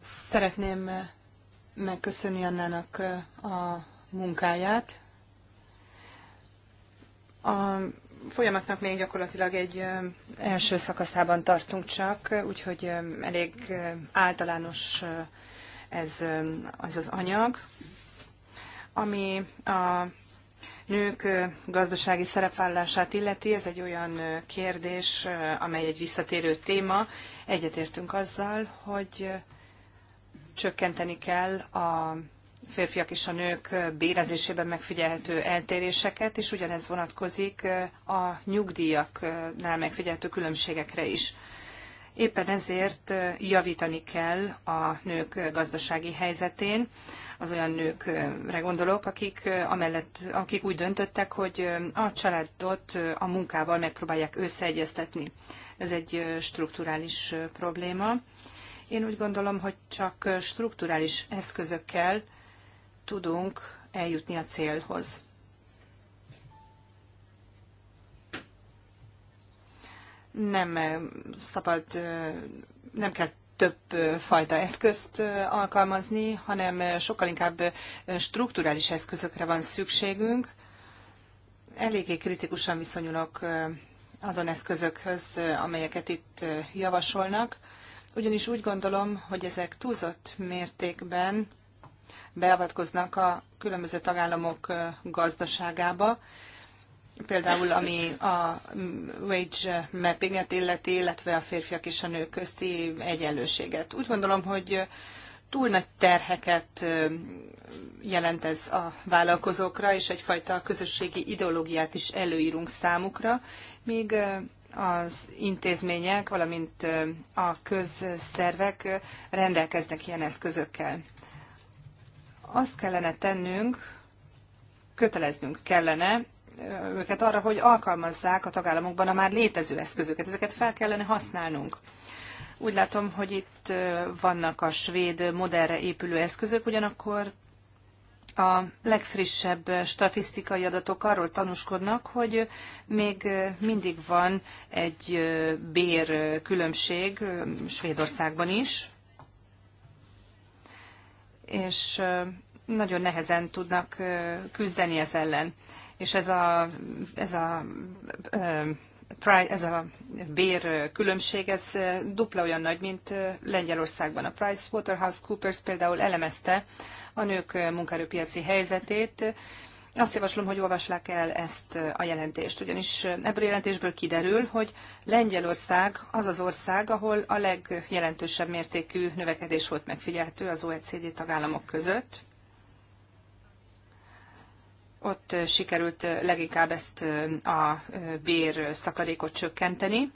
Szeretném megköszönni Annának eh, a munkáját, a folyamatnak még gyakorlatilag egy első szakaszában tartunk csak, úgyhogy elég általános ez az az anyag, ami a nők gazdasági szerepvállását illeti, ez egy olyan kérdés, amely egy visszatérő téma. Egyetértünk azzal, hogy csökkenteni kell a férfiak és a nők bérezésében megfigyelhető eltéréseket, és ugyanez vonatkozik a nyugdíjaknál megfigyelhető különbségekre is. Éppen ezért javítani kell a nők gazdasági helyzetén, az olyan nőkre gondolok, akik, amellett, akik úgy döntöttek, hogy a családot a munkával megpróbálják összeegyeztetni. Ez egy strukturális probléma. Én úgy gondolom, hogy csak strukturális eszközökkel tudunk eljutni a célhoz. Nem eh, szabad, eh, nem kell több eh, fajta eszközt alkalmazni, hanem sokkal inkább strukturális eszközökre van szükségünk. Eléggé kritikusan viszonyulok azon eszközökhöz, amelyeket itt javasolnak, ugyanis úgy gondolom, hogy ezek túlzott mértékben beavatkoznak a különböző tagállamok gazdaságába, például ami a wage mappinget illeti, illetve a férfiak és a nők közti egyenlőséget. Úgy gondolom, hogy túl nagy terheket jelent ez a vállalkozókra, és egyfajta közösségi ideológiát is előírunk számukra, míg az intézmények, valamint a közszervek rendelkeznek ilyen eszközökkel azt kellene tennünk, köteleznünk kellene őket arra, hogy alkalmazzák a tagállamokban a már létező eszközöket. Ezeket fel kellene használnunk. Úgy látom, hogy itt vannak a svéd modellre épülő eszközök, ugyanakkor a legfrissebb statisztikai adatok arról tanúskodnak, hogy még mindig van egy bérkülönbség Svédországban is, és nagyon nehezen tudnak küzdeni ez ellen. És ez a, ez a ez a bér különbség, ez dupla olyan nagy, mint Lengyelországban. A Price Waterhouse Coopers például elemezte a nők munkaerőpiaci helyzetét, azt javaslom, hogy olvaslák el ezt a jelentést, ugyanis ebből a jelentésből kiderül, hogy Lengyelország az az ország, ahol a legjelentősebb mértékű növekedés volt megfigyelhető az OECD tagállamok között. Ott sikerült leginkább ezt a bér szakadékot csökkenteni,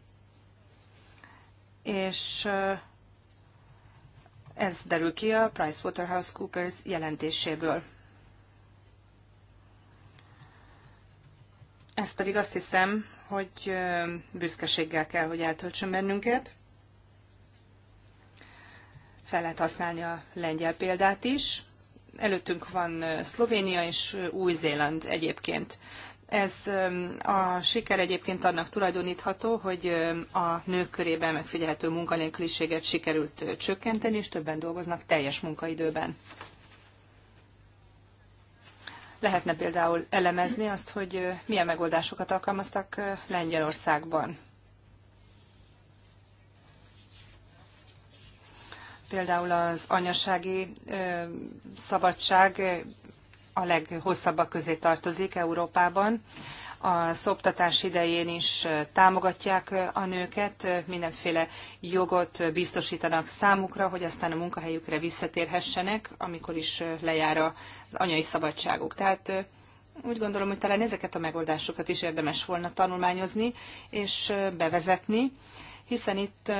és ez derül ki a PricewaterhouseCoopers jelentéséből. Ez pedig azt hiszem, hogy büszkeséggel kell, hogy eltöltsön bennünket. Fel lehet használni a lengyel példát is. Előttünk van Szlovénia és Új-Zéland egyébként. Ez a siker egyébként annak tulajdonítható, hogy a nők körében megfigyelhető munkanélküliséget sikerült csökkenteni, és többen dolgoznak teljes munkaidőben. Lehetne például elemezni azt, hogy milyen megoldásokat alkalmaztak Lengyelországban. Például az anyasági szabadság a leghosszabbak közé tartozik Európában a szoptatás idején is támogatják a nőket, mindenféle jogot biztosítanak számukra, hogy aztán a munkahelyükre visszatérhessenek, amikor is lejár az anyai szabadságuk. Tehát úgy gondolom, hogy talán ezeket a megoldásokat is érdemes volna tanulmányozni és bevezetni, hiszen itt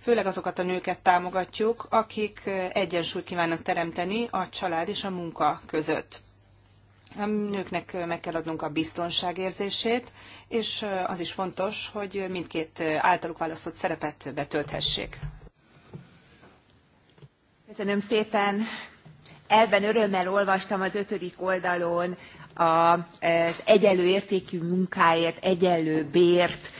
főleg azokat a nőket támogatjuk, akik egyensúlyt kívánnak teremteni a család és a munka között. A nőknek meg kell adnunk a biztonságérzését, és az is fontos, hogy mindkét általuk választott szerepet betölthessék. Köszönöm szépen. Elben örömmel olvastam az ötödik oldalon az egyenlő értékű munkáért, egyenlő bért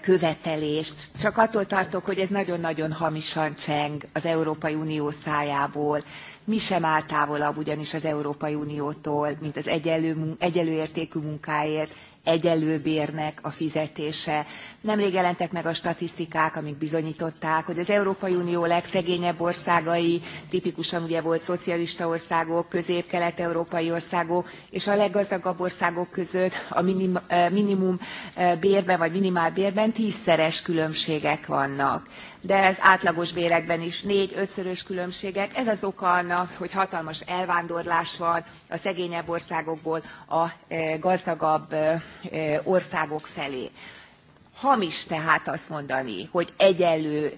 követelést. Csak attól tartok, hogy ez nagyon-nagyon hamisan cseng az Európai Unió szájából mi sem áll távolabb ugyanis az Európai Uniótól, mint az egyenlő, egyenlő értékű munkáért, egyenlő bérnek a fizetése. Nemrég jelentek meg a statisztikák, amik bizonyították, hogy az Európai Unió legszegényebb országai, tipikusan ugye volt szocialista országok, közép-kelet-európai országok, és a leggazdagabb országok között a minim, eh, minimum eh, bérben vagy minimál bérben tízszeres különbségek vannak de ez átlagos bérekben is négy ötszörös különbségek ez az oka annak hogy hatalmas elvándorlás van a szegényebb országokból a e, gazdagabb e, e, országok felé. Hamis tehát azt mondani, hogy egyenlő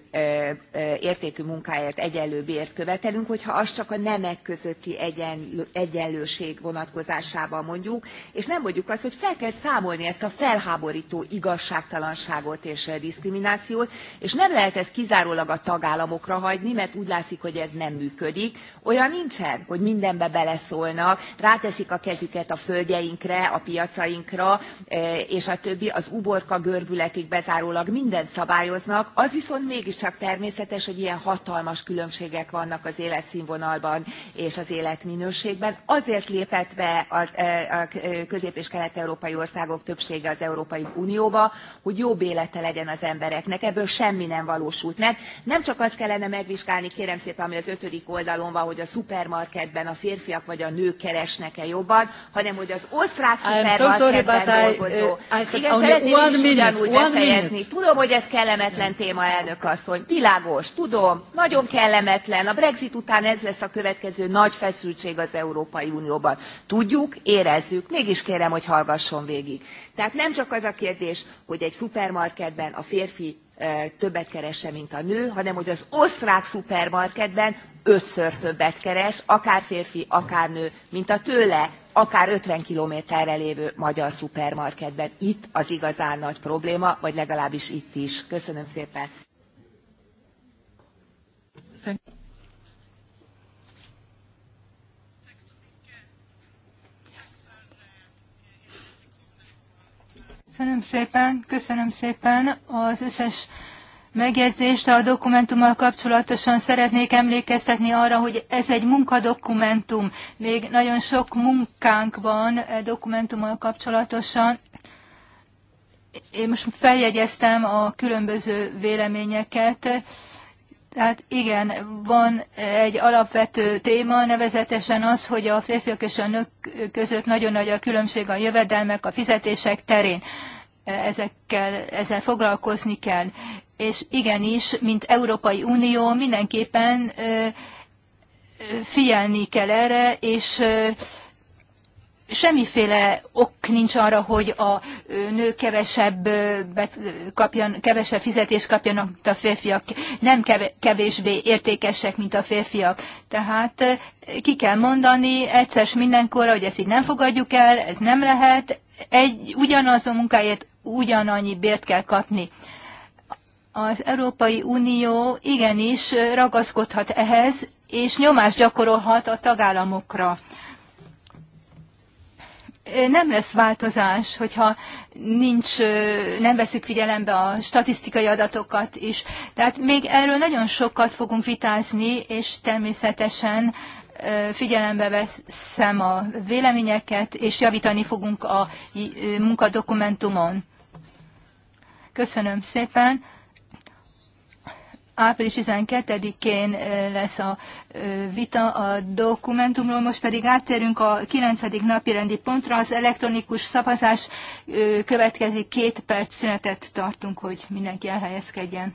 értékű munkáért egyenlő bért követelünk, hogyha azt csak a nemek közötti egyenlő, egyenlőség vonatkozásában mondjuk, és nem mondjuk azt, hogy fel kell számolni ezt a felháborító igazságtalanságot és diszkriminációt, és nem lehet ezt kizárólag a tagállamokra hagyni, mert úgy látszik, hogy ez nem működik. Olyan nincsen, hogy mindenbe beleszólnak, ráteszik a kezüket a földjeinkre, a piacainkra, és a többi, az uborka görbület területig bezárólag mindent szabályoznak az viszont mégiscsak természetes hogy ilyen hatalmas különbségek vannak az életszínvonalban és az életminőségben azért lépett be a, e, a közép és kelet európai országok többsége az európai unióba hogy jobb élete legyen az embereknek ebből semmi nem valósult meg. nem csak azt kellene megvizsgálni kérem szépen ami az ötödik oldalon van hogy a szupermarketben a férfiak vagy a nők keresnek e jobban hanem hogy az osztrák szupermarketben dolgozó uh, igen szeretném is ugyanúgy befejezni. Tudom, hogy ez kellemetlen téma, elnök asszony. Világos, tudom, nagyon kellemetlen. A Brexit után ez lesz a következő nagy feszültség az Európai Unióban. Tudjuk, érezzük, mégis kérem, hogy hallgasson végig. Tehát nem csak az a kérdés, hogy egy szupermarketben a férfi többet keresse, mint a nő, hanem hogy az osztrák szupermarketben ötször többet keres, akár férfi, akár nő, mint a tőle akár 50 kilométerre lévő magyar szupermarketben. Itt az igazán nagy probléma, vagy legalábbis itt is. Köszönöm szépen. Köszönöm szépen, köszönöm szépen az összes megjegyzést a dokumentummal kapcsolatosan szeretnék emlékeztetni arra, hogy ez egy munkadokumentum. Még nagyon sok munkánk van e dokumentummal kapcsolatosan. Én most feljegyeztem a különböző véleményeket. Tehát igen, van egy alapvető téma, nevezetesen az, hogy a férfiak és a nők között nagyon nagy a különbség a jövedelmek, a fizetések terén. Ezekkel, ezzel foglalkozni kell és igenis, mint Európai Unió mindenképpen figyelni kell erre, és semmiféle ok nincs arra, hogy a nők kevesebb, kapjan, kevesebb fizetést kapjanak, mint a férfiak, nem kevésbé értékesek, mint a férfiak. Tehát ki kell mondani egyszer s mindenkorra, hogy ezt így nem fogadjuk el, ez nem lehet, egy ugyanaz a munkáért ugyanannyi bért kell kapni az Európai Unió igenis ragaszkodhat ehhez, és nyomást gyakorolhat a tagállamokra. Nem lesz változás, hogyha nincs, nem veszük figyelembe a statisztikai adatokat is. Tehát még erről nagyon sokat fogunk vitázni, és természetesen figyelembe veszem a véleményeket, és javítani fogunk a munkadokumentumon. Köszönöm szépen április 12-én lesz a vita a dokumentumról, most pedig áttérünk a 9. napi rendi pontra, az elektronikus szavazás következik, két perc szünetet tartunk, hogy mindenki elhelyezkedjen.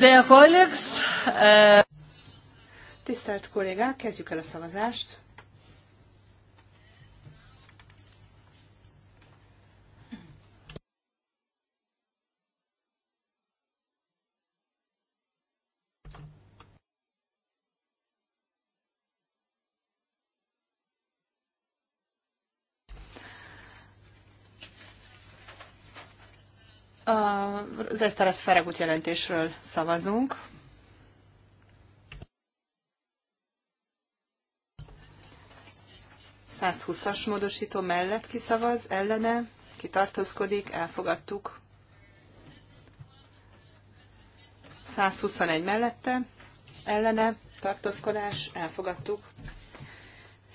De a uh... Tisztelt kollégák, kezdjük el a szavazást. az Eszteres Feregut jelentésről szavazunk. as módosító mellett kiszavaz, ellene, kitartózkodik, elfogadtuk. 121 mellette, ellene, tartózkodás, elfogadtuk.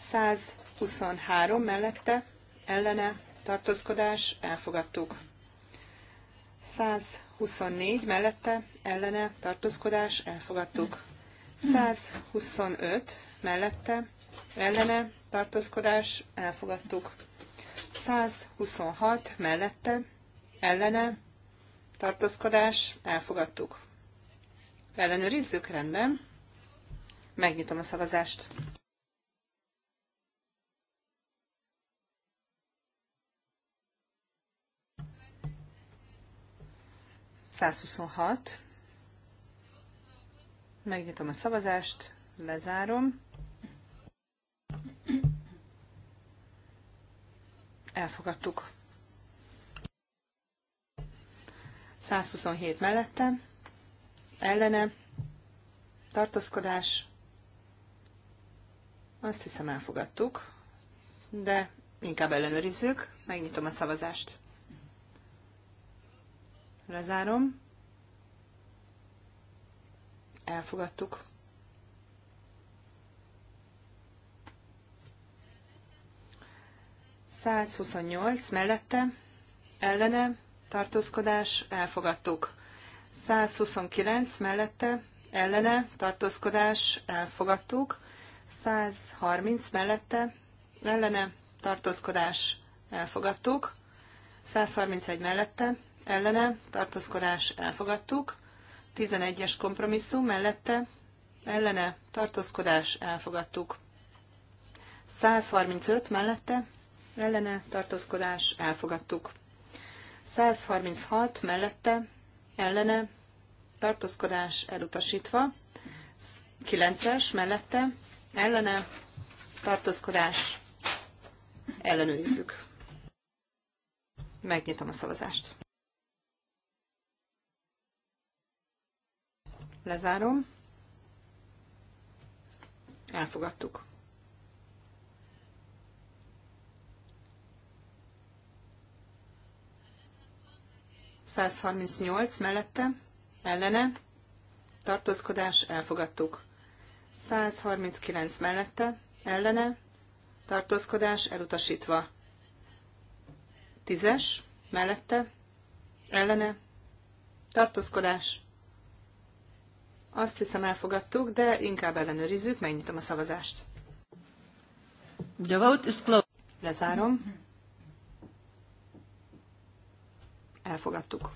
123 mellette, ellene, tartózkodás, elfogadtuk. 124 mellette ellene tartózkodás elfogadtuk. 125 mellette ellene tartózkodás elfogadtuk. 126 mellette ellene tartózkodás elfogadtuk. Ellenőrizzük rendben. Megnyitom a szavazást. 126. Megnyitom a szavazást, lezárom. Elfogadtuk. 127 mellette, ellene, tartózkodás, azt hiszem elfogadtuk, de inkább ellenőrizzük, megnyitom a szavazást. Lezárom. Elfogadtuk. huszonnyolc mellette, ellene, tartózkodás, elfogadtuk. 129 mellette, ellene, tartózkodás, elfogadtuk. 130 mellette, ellene, tartózkodás, elfogadtuk. 131 mellette, ellene, tartózkodás elfogadtuk. 11-es kompromisszum mellette, ellene, tartózkodás elfogadtuk. 135 mellette, ellene, tartózkodás elfogadtuk. 136 mellette, ellene, tartózkodás elutasítva. 9-es mellette, ellene, tartózkodás ellenőrizzük. Megnyitom a szavazást. Lezárom. Elfogadtuk. Százharmincnyolc mellette, ellene, tartózkodás, elfogadtuk. 139 mellette, ellene, tartózkodás, elutasítva. 10 mellette, ellene, tartózkodás, azt hiszem elfogadtuk, de inkább ellenőrizzük, megnyitom a szavazást. The vote is closed. Lezárom. Elfogadtuk.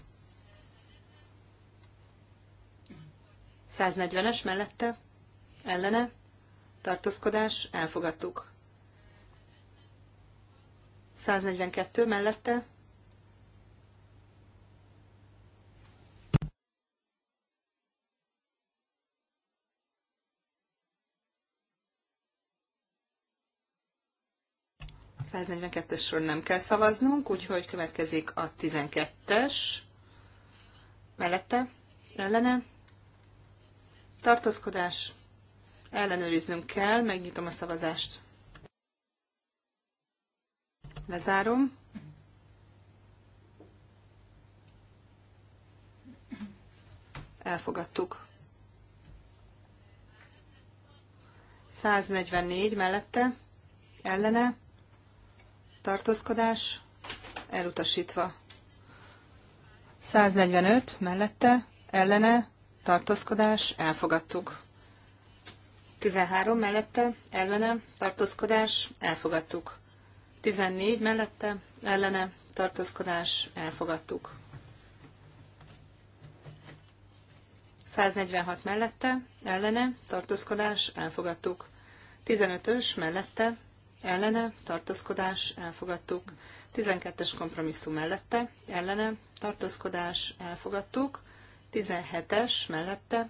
140-es mellette, ellene, tartózkodás, elfogadtuk. 142 mellette, 142-esről nem kell szavaznunk, úgyhogy következik a 12-es. Mellette, ellene, tartózkodás, ellenőriznünk kell, megnyitom a szavazást. Lezárom. Elfogadtuk. 144 mellette, ellene, tartózkodás elutasítva. 145 mellette, ellene, tartózkodás, elfogadtuk. 13 mellette, ellene, tartózkodás, elfogadtuk. 14 mellette, ellene, tartózkodás, elfogadtuk. 146 mellette, ellene, tartózkodás, elfogadtuk. 15-ös mellette, ellene, tartózkodás, elfogadtuk. 12-es kompromisszum mellette, ellene, tartózkodás, elfogadtuk. 17-es mellette,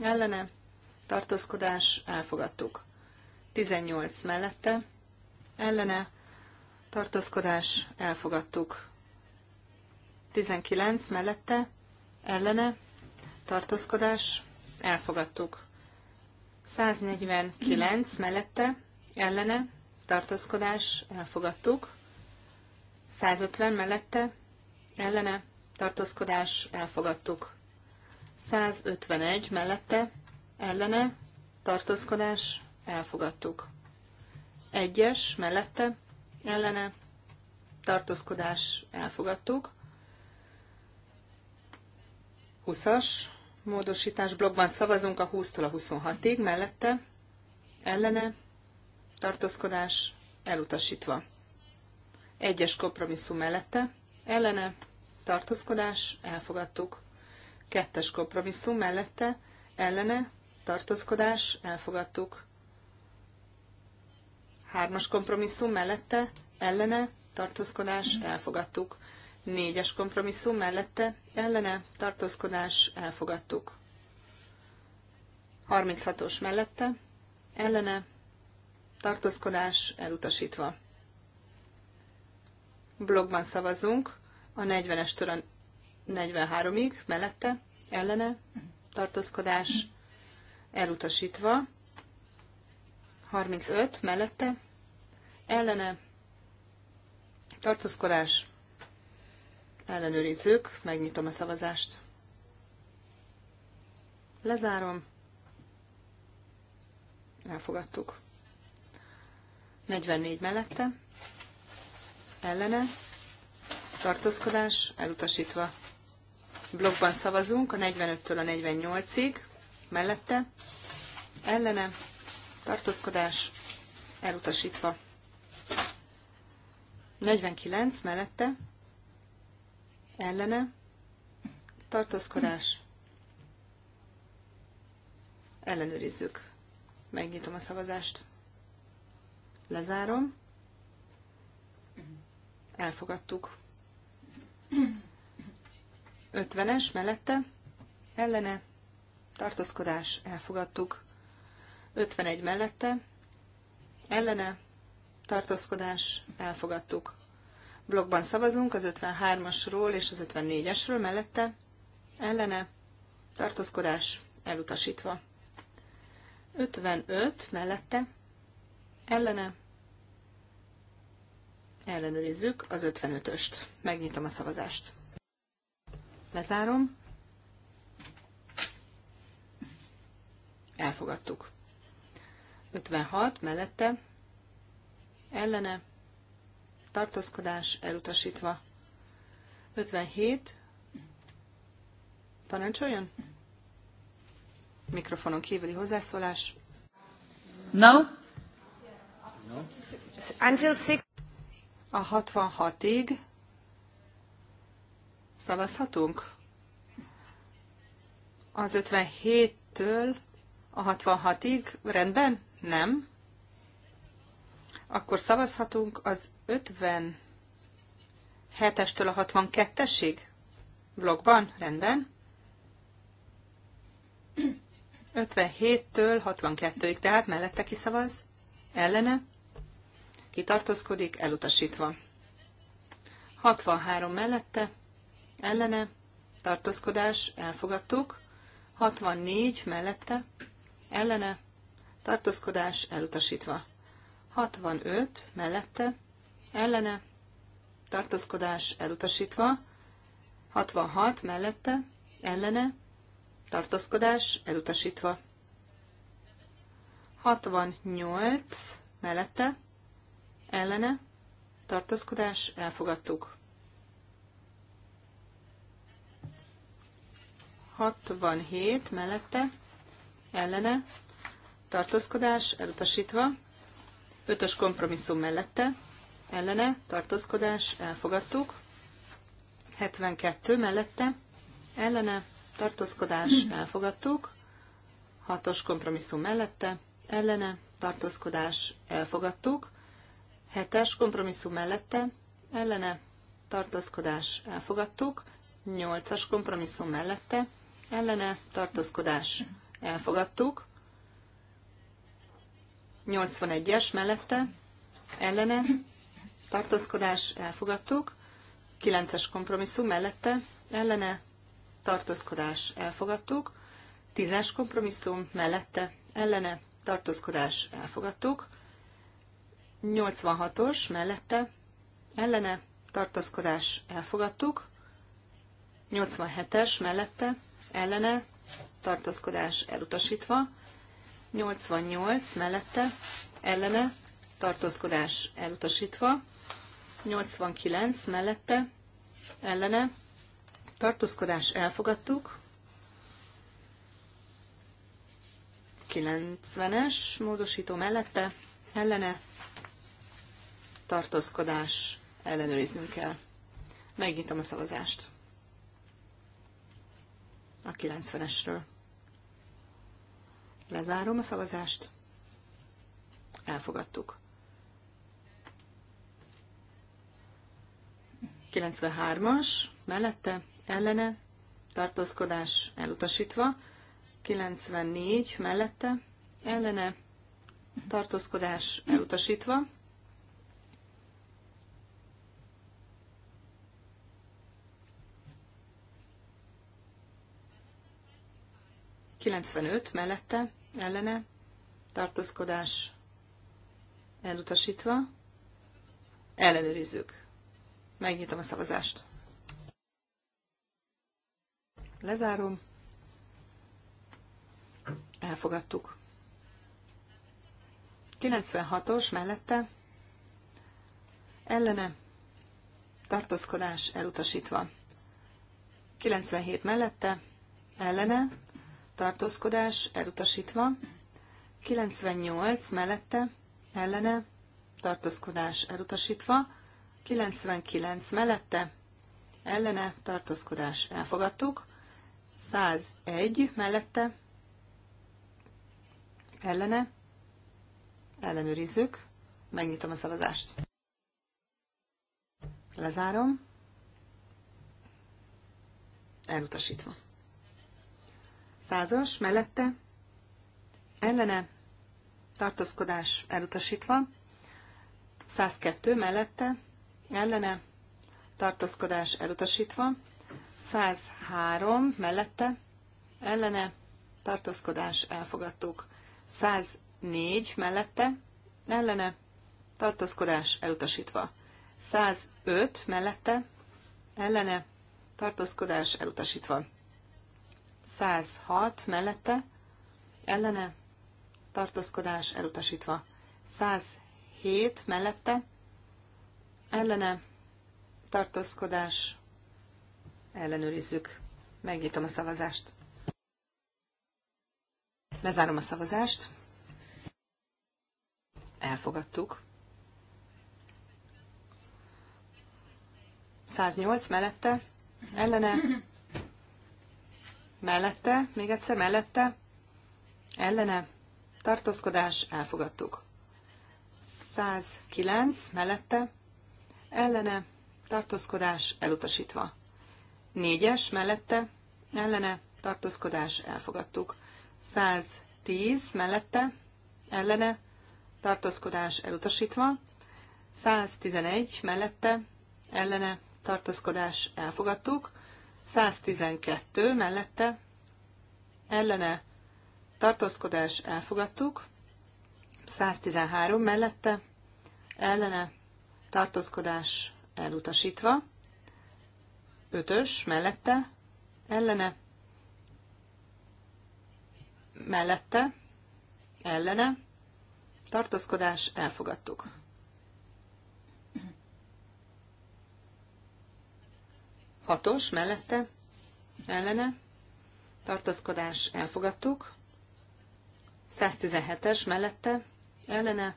ellene, tartózkodás, elfogadtuk. 18 mellette, ellene, tartózkodás, elfogadtuk. 19 mellette, ellene, tartózkodás, elfogadtuk. 149 mellette, ellene, tartózkodás, elfogadtuk. 150 mellette, ellene, tartózkodás, elfogadtuk. 151 mellette, ellene, tartózkodás, elfogadtuk. 1-es mellette, ellene, tartózkodás, elfogadtuk. 20-as módosítás blogban szavazunk a 20-tól a 26-ig, mellette, ellene, tartózkodás elutasítva. Egyes kompromisszum mellette, ellene, tartózkodás, elfogadtuk. Kettes kompromisszum mellette, ellene, tartózkodás, elfogadtuk. Hármas kompromisszum mellette, ellene, tartózkodás, elfogadtuk. Négyes kompromisszum mellette, ellene, tartózkodás, elfogadtuk. 36-os mellette, ellene, tartózkodás elutasítva. Blogban szavazunk a 40-estől a 43-ig, mellette, ellene, tartózkodás elutasítva. 35 mellette, ellene, tartózkodás, ellenőrizzük, megnyitom a szavazást. Lezárom. Elfogadtuk. 44 mellette, ellene, tartózkodás, elutasítva. Blokkban szavazunk a 45-től a 48-ig, mellette, ellene, tartózkodás, elutasítva. 49 mellette, ellene, tartózkodás, ellenőrizzük. Megnyitom a szavazást. Lezárom. Elfogadtuk. 50-es mellette, ellene, tartózkodás, elfogadtuk. 51 mellette, ellene, tartózkodás, elfogadtuk. Blokkban szavazunk az 53-asról és az 54-esről mellette, ellene, tartózkodás, elutasítva. 55 mellette, ellene. Ellenőrizzük az 55-öst. Megnyitom a szavazást. Lezárom. Elfogadtuk. 56 mellette ellene tartózkodás elutasítva. 57 Parancsoljon? Mikrofonon kívüli hozzászólás. No. Until six... A 66-ig szavazhatunk? Az 57-től a 66-ig rendben? Nem. Akkor szavazhatunk az 57-estől a 62-esig? Blogban? Rendben. 57-től 62-ig, tehát mellette kiszavaz? Ellene? kitartózkodik, elutasítva. 63 mellette, ellene, tartózkodás, elfogadtuk. 64 mellette, ellene, tartózkodás, elutasítva. 65 mellette, ellene, tartózkodás, elutasítva. 66 mellette, ellene, tartózkodás, elutasítva. 68 mellette, ellene, tartózkodás, elfogadtuk. 67 mellette, ellene, tartózkodás, elutasítva, 5-ös kompromisszum mellette, ellene, tartózkodás, elfogadtuk, 72 mellette, ellene, tartózkodás, hmm. elfogadtuk, 6-os kompromisszum mellette, ellene, tartózkodás, elfogadtuk, Hetes kompromisszum mellette, ellene, tartózkodás elfogadtuk. Nyolcas kompromisszum mellette, ellene, tartózkodás elfogadtuk. 81-es mellette, ellene, tartózkodás elfogadtuk. 9-es kompromisszum mellette, ellene, tartózkodás elfogadtuk. 10-es kompromisszum mellette, ellene, tartózkodás elfogadtuk. 86-os mellette ellene tartózkodás elfogadtuk. 87-es mellette ellene tartózkodás elutasítva. 88 mellette ellene tartózkodás elutasítva. 89 mellette ellene tartózkodás elfogadtuk. 90-es módosító mellette ellene tartózkodás ellenőriznünk kell. Megnyitom a szavazást a 90-esről. Lezárom a szavazást. Elfogadtuk. 93-as, mellette, ellene, tartózkodás elutasítva. 94 mellette, ellene, tartózkodás elutasítva. 95 mellette, ellene, tartózkodás elutasítva. Ellenőrizzük. Megnyitom a szavazást. Lezárom. Elfogadtuk. 96-os mellette ellene tartózkodás elutasítva. 97 mellette ellene tartózkodás elutasítva, 98 mellette, ellene, tartózkodás elutasítva, 99 mellette, ellene, tartózkodás elfogadtuk, 101 mellette, ellene, ellenőrizzük, megnyitom a szavazást. Lezárom, elutasítva. Százas mellette ellene tartózkodás elutasítva. 102 mellette ellene tartózkodás elutasítva. 103 mellette ellene tartózkodás elfogadtuk. 104 mellette ellene tartózkodás elutasítva. 105 mellette ellene tartózkodás elutasítva. 106 mellette, ellene, tartózkodás elutasítva. 107 mellette, ellene, tartózkodás, ellenőrizzük. Megnyitom a szavazást. Lezárom a szavazást. Elfogadtuk. 108 mellette, ellene, mellette, még egyszer mellette, ellene, tartózkodás, elfogadtuk. 109 mellette, ellene, tartózkodás, elutasítva. 4-es mellette, ellene, tartózkodás, elfogadtuk. 110 mellette, ellene, tartózkodás, elutasítva. 111 mellette, ellene, tartózkodás, elfogadtuk. 112 mellette ellene tartózkodás elfogadtuk, 113 mellette ellene tartózkodás elutasítva, 5-ös mellette ellene mellette ellene tartózkodás elfogadtuk. Hatos mellette, ellene, tartózkodás elfogadtuk. 117-es mellette, ellene,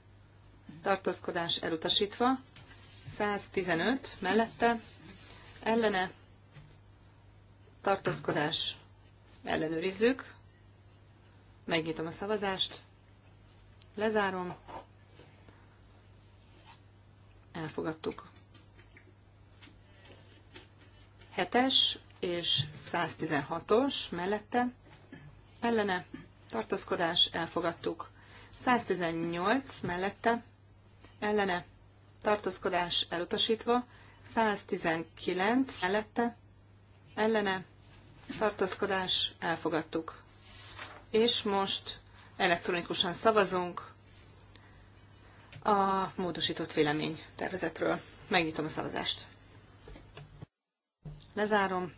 tartózkodás elutasítva. 115 mellette, ellene, tartózkodás ellenőrizzük. Megnyitom a szavazást, lezárom, elfogadtuk. 7-es és 116-os mellette ellene tartózkodás elfogadtuk. 118 mellette ellene tartózkodás elutasítva, 119 mellette ellene tartózkodás elfogadtuk. És most elektronikusan szavazunk a módosított vélemény tervezetről. Megnyitom a szavazást. Lezárom.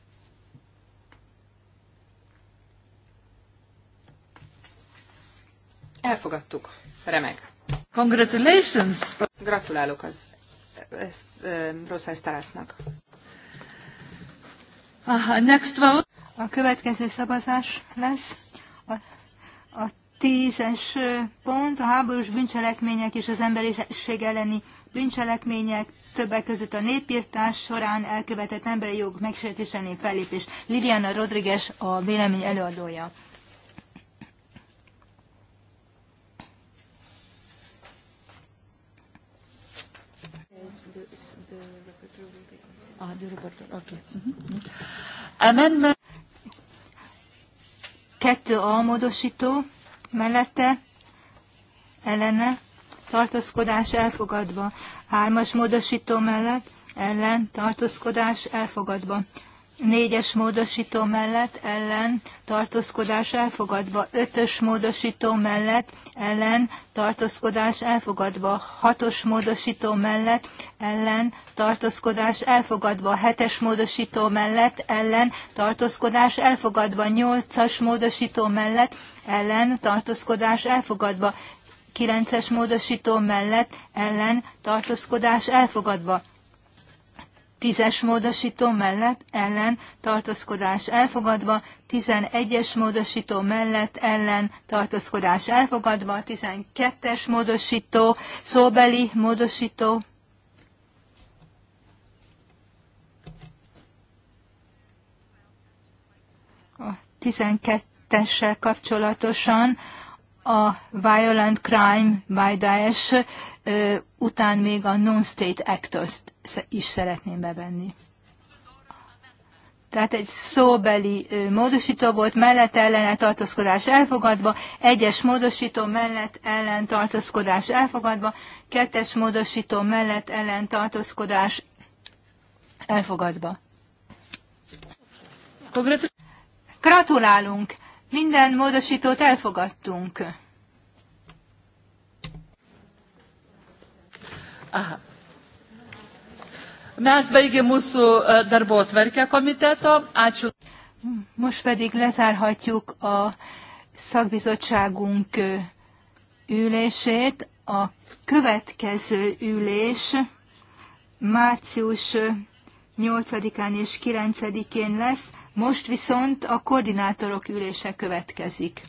Elfogadtuk. Remek. Congratulations! Gratulálok az ezt, e, Rosszály ah, next vote. A következő szavazás lesz a, a tízes pont, a háborús bűncselekmények és az emberiség elleni bűncselekmények, többek között a népírtás során elkövetett emberi jog megsértésénél fellépés. Liliana Rodriguez a vélemény előadója. Ah, mm-hmm. Kettő A módosító mellette ellene tartózkodás elfogadva. Hármas módosító mellett ellen tartózkodás elfogadva. Négyes módosító mellett ellen tartózkodás elfogadva. Ötös módosító mellett ellen tartózkodás elfogadva. Hatos módosító mellett ellen tartózkodás elfogadva. Hetes módosító mellett ellen tartózkodás elfogadva. Nyolcas módosító mellett ellen tartózkodás elfogadva, 9-es módosító mellett ellen tartózkodás elfogadva. 10-es módosító mellett ellen tartózkodás elfogadva, 11-es módosító mellett ellen tartózkodás elfogadva, 12-es módosító szóbeli módosító a 12-essel kapcsolatosan a Violent Crime by Daesh után még a Non-State Actors is szeretném bevenni. Tehát egy szóbeli módosító volt, mellett ellene tartózkodás elfogadva, egyes módosító mellett ellen tartózkodás elfogadva, kettes módosító mellett ellen tartózkodás elfogadva. Gratulálunk minden módosítót elfogadtunk. Aha. Mes baigėm mūsų e, darbo atverkę komiteto. Ačiū. Most pedig lezárhatjuk a szakbizottságunk e, ülését. A következő ülés március e, 8-án és 9-én lesz, most viszont a koordinátorok ülése következik.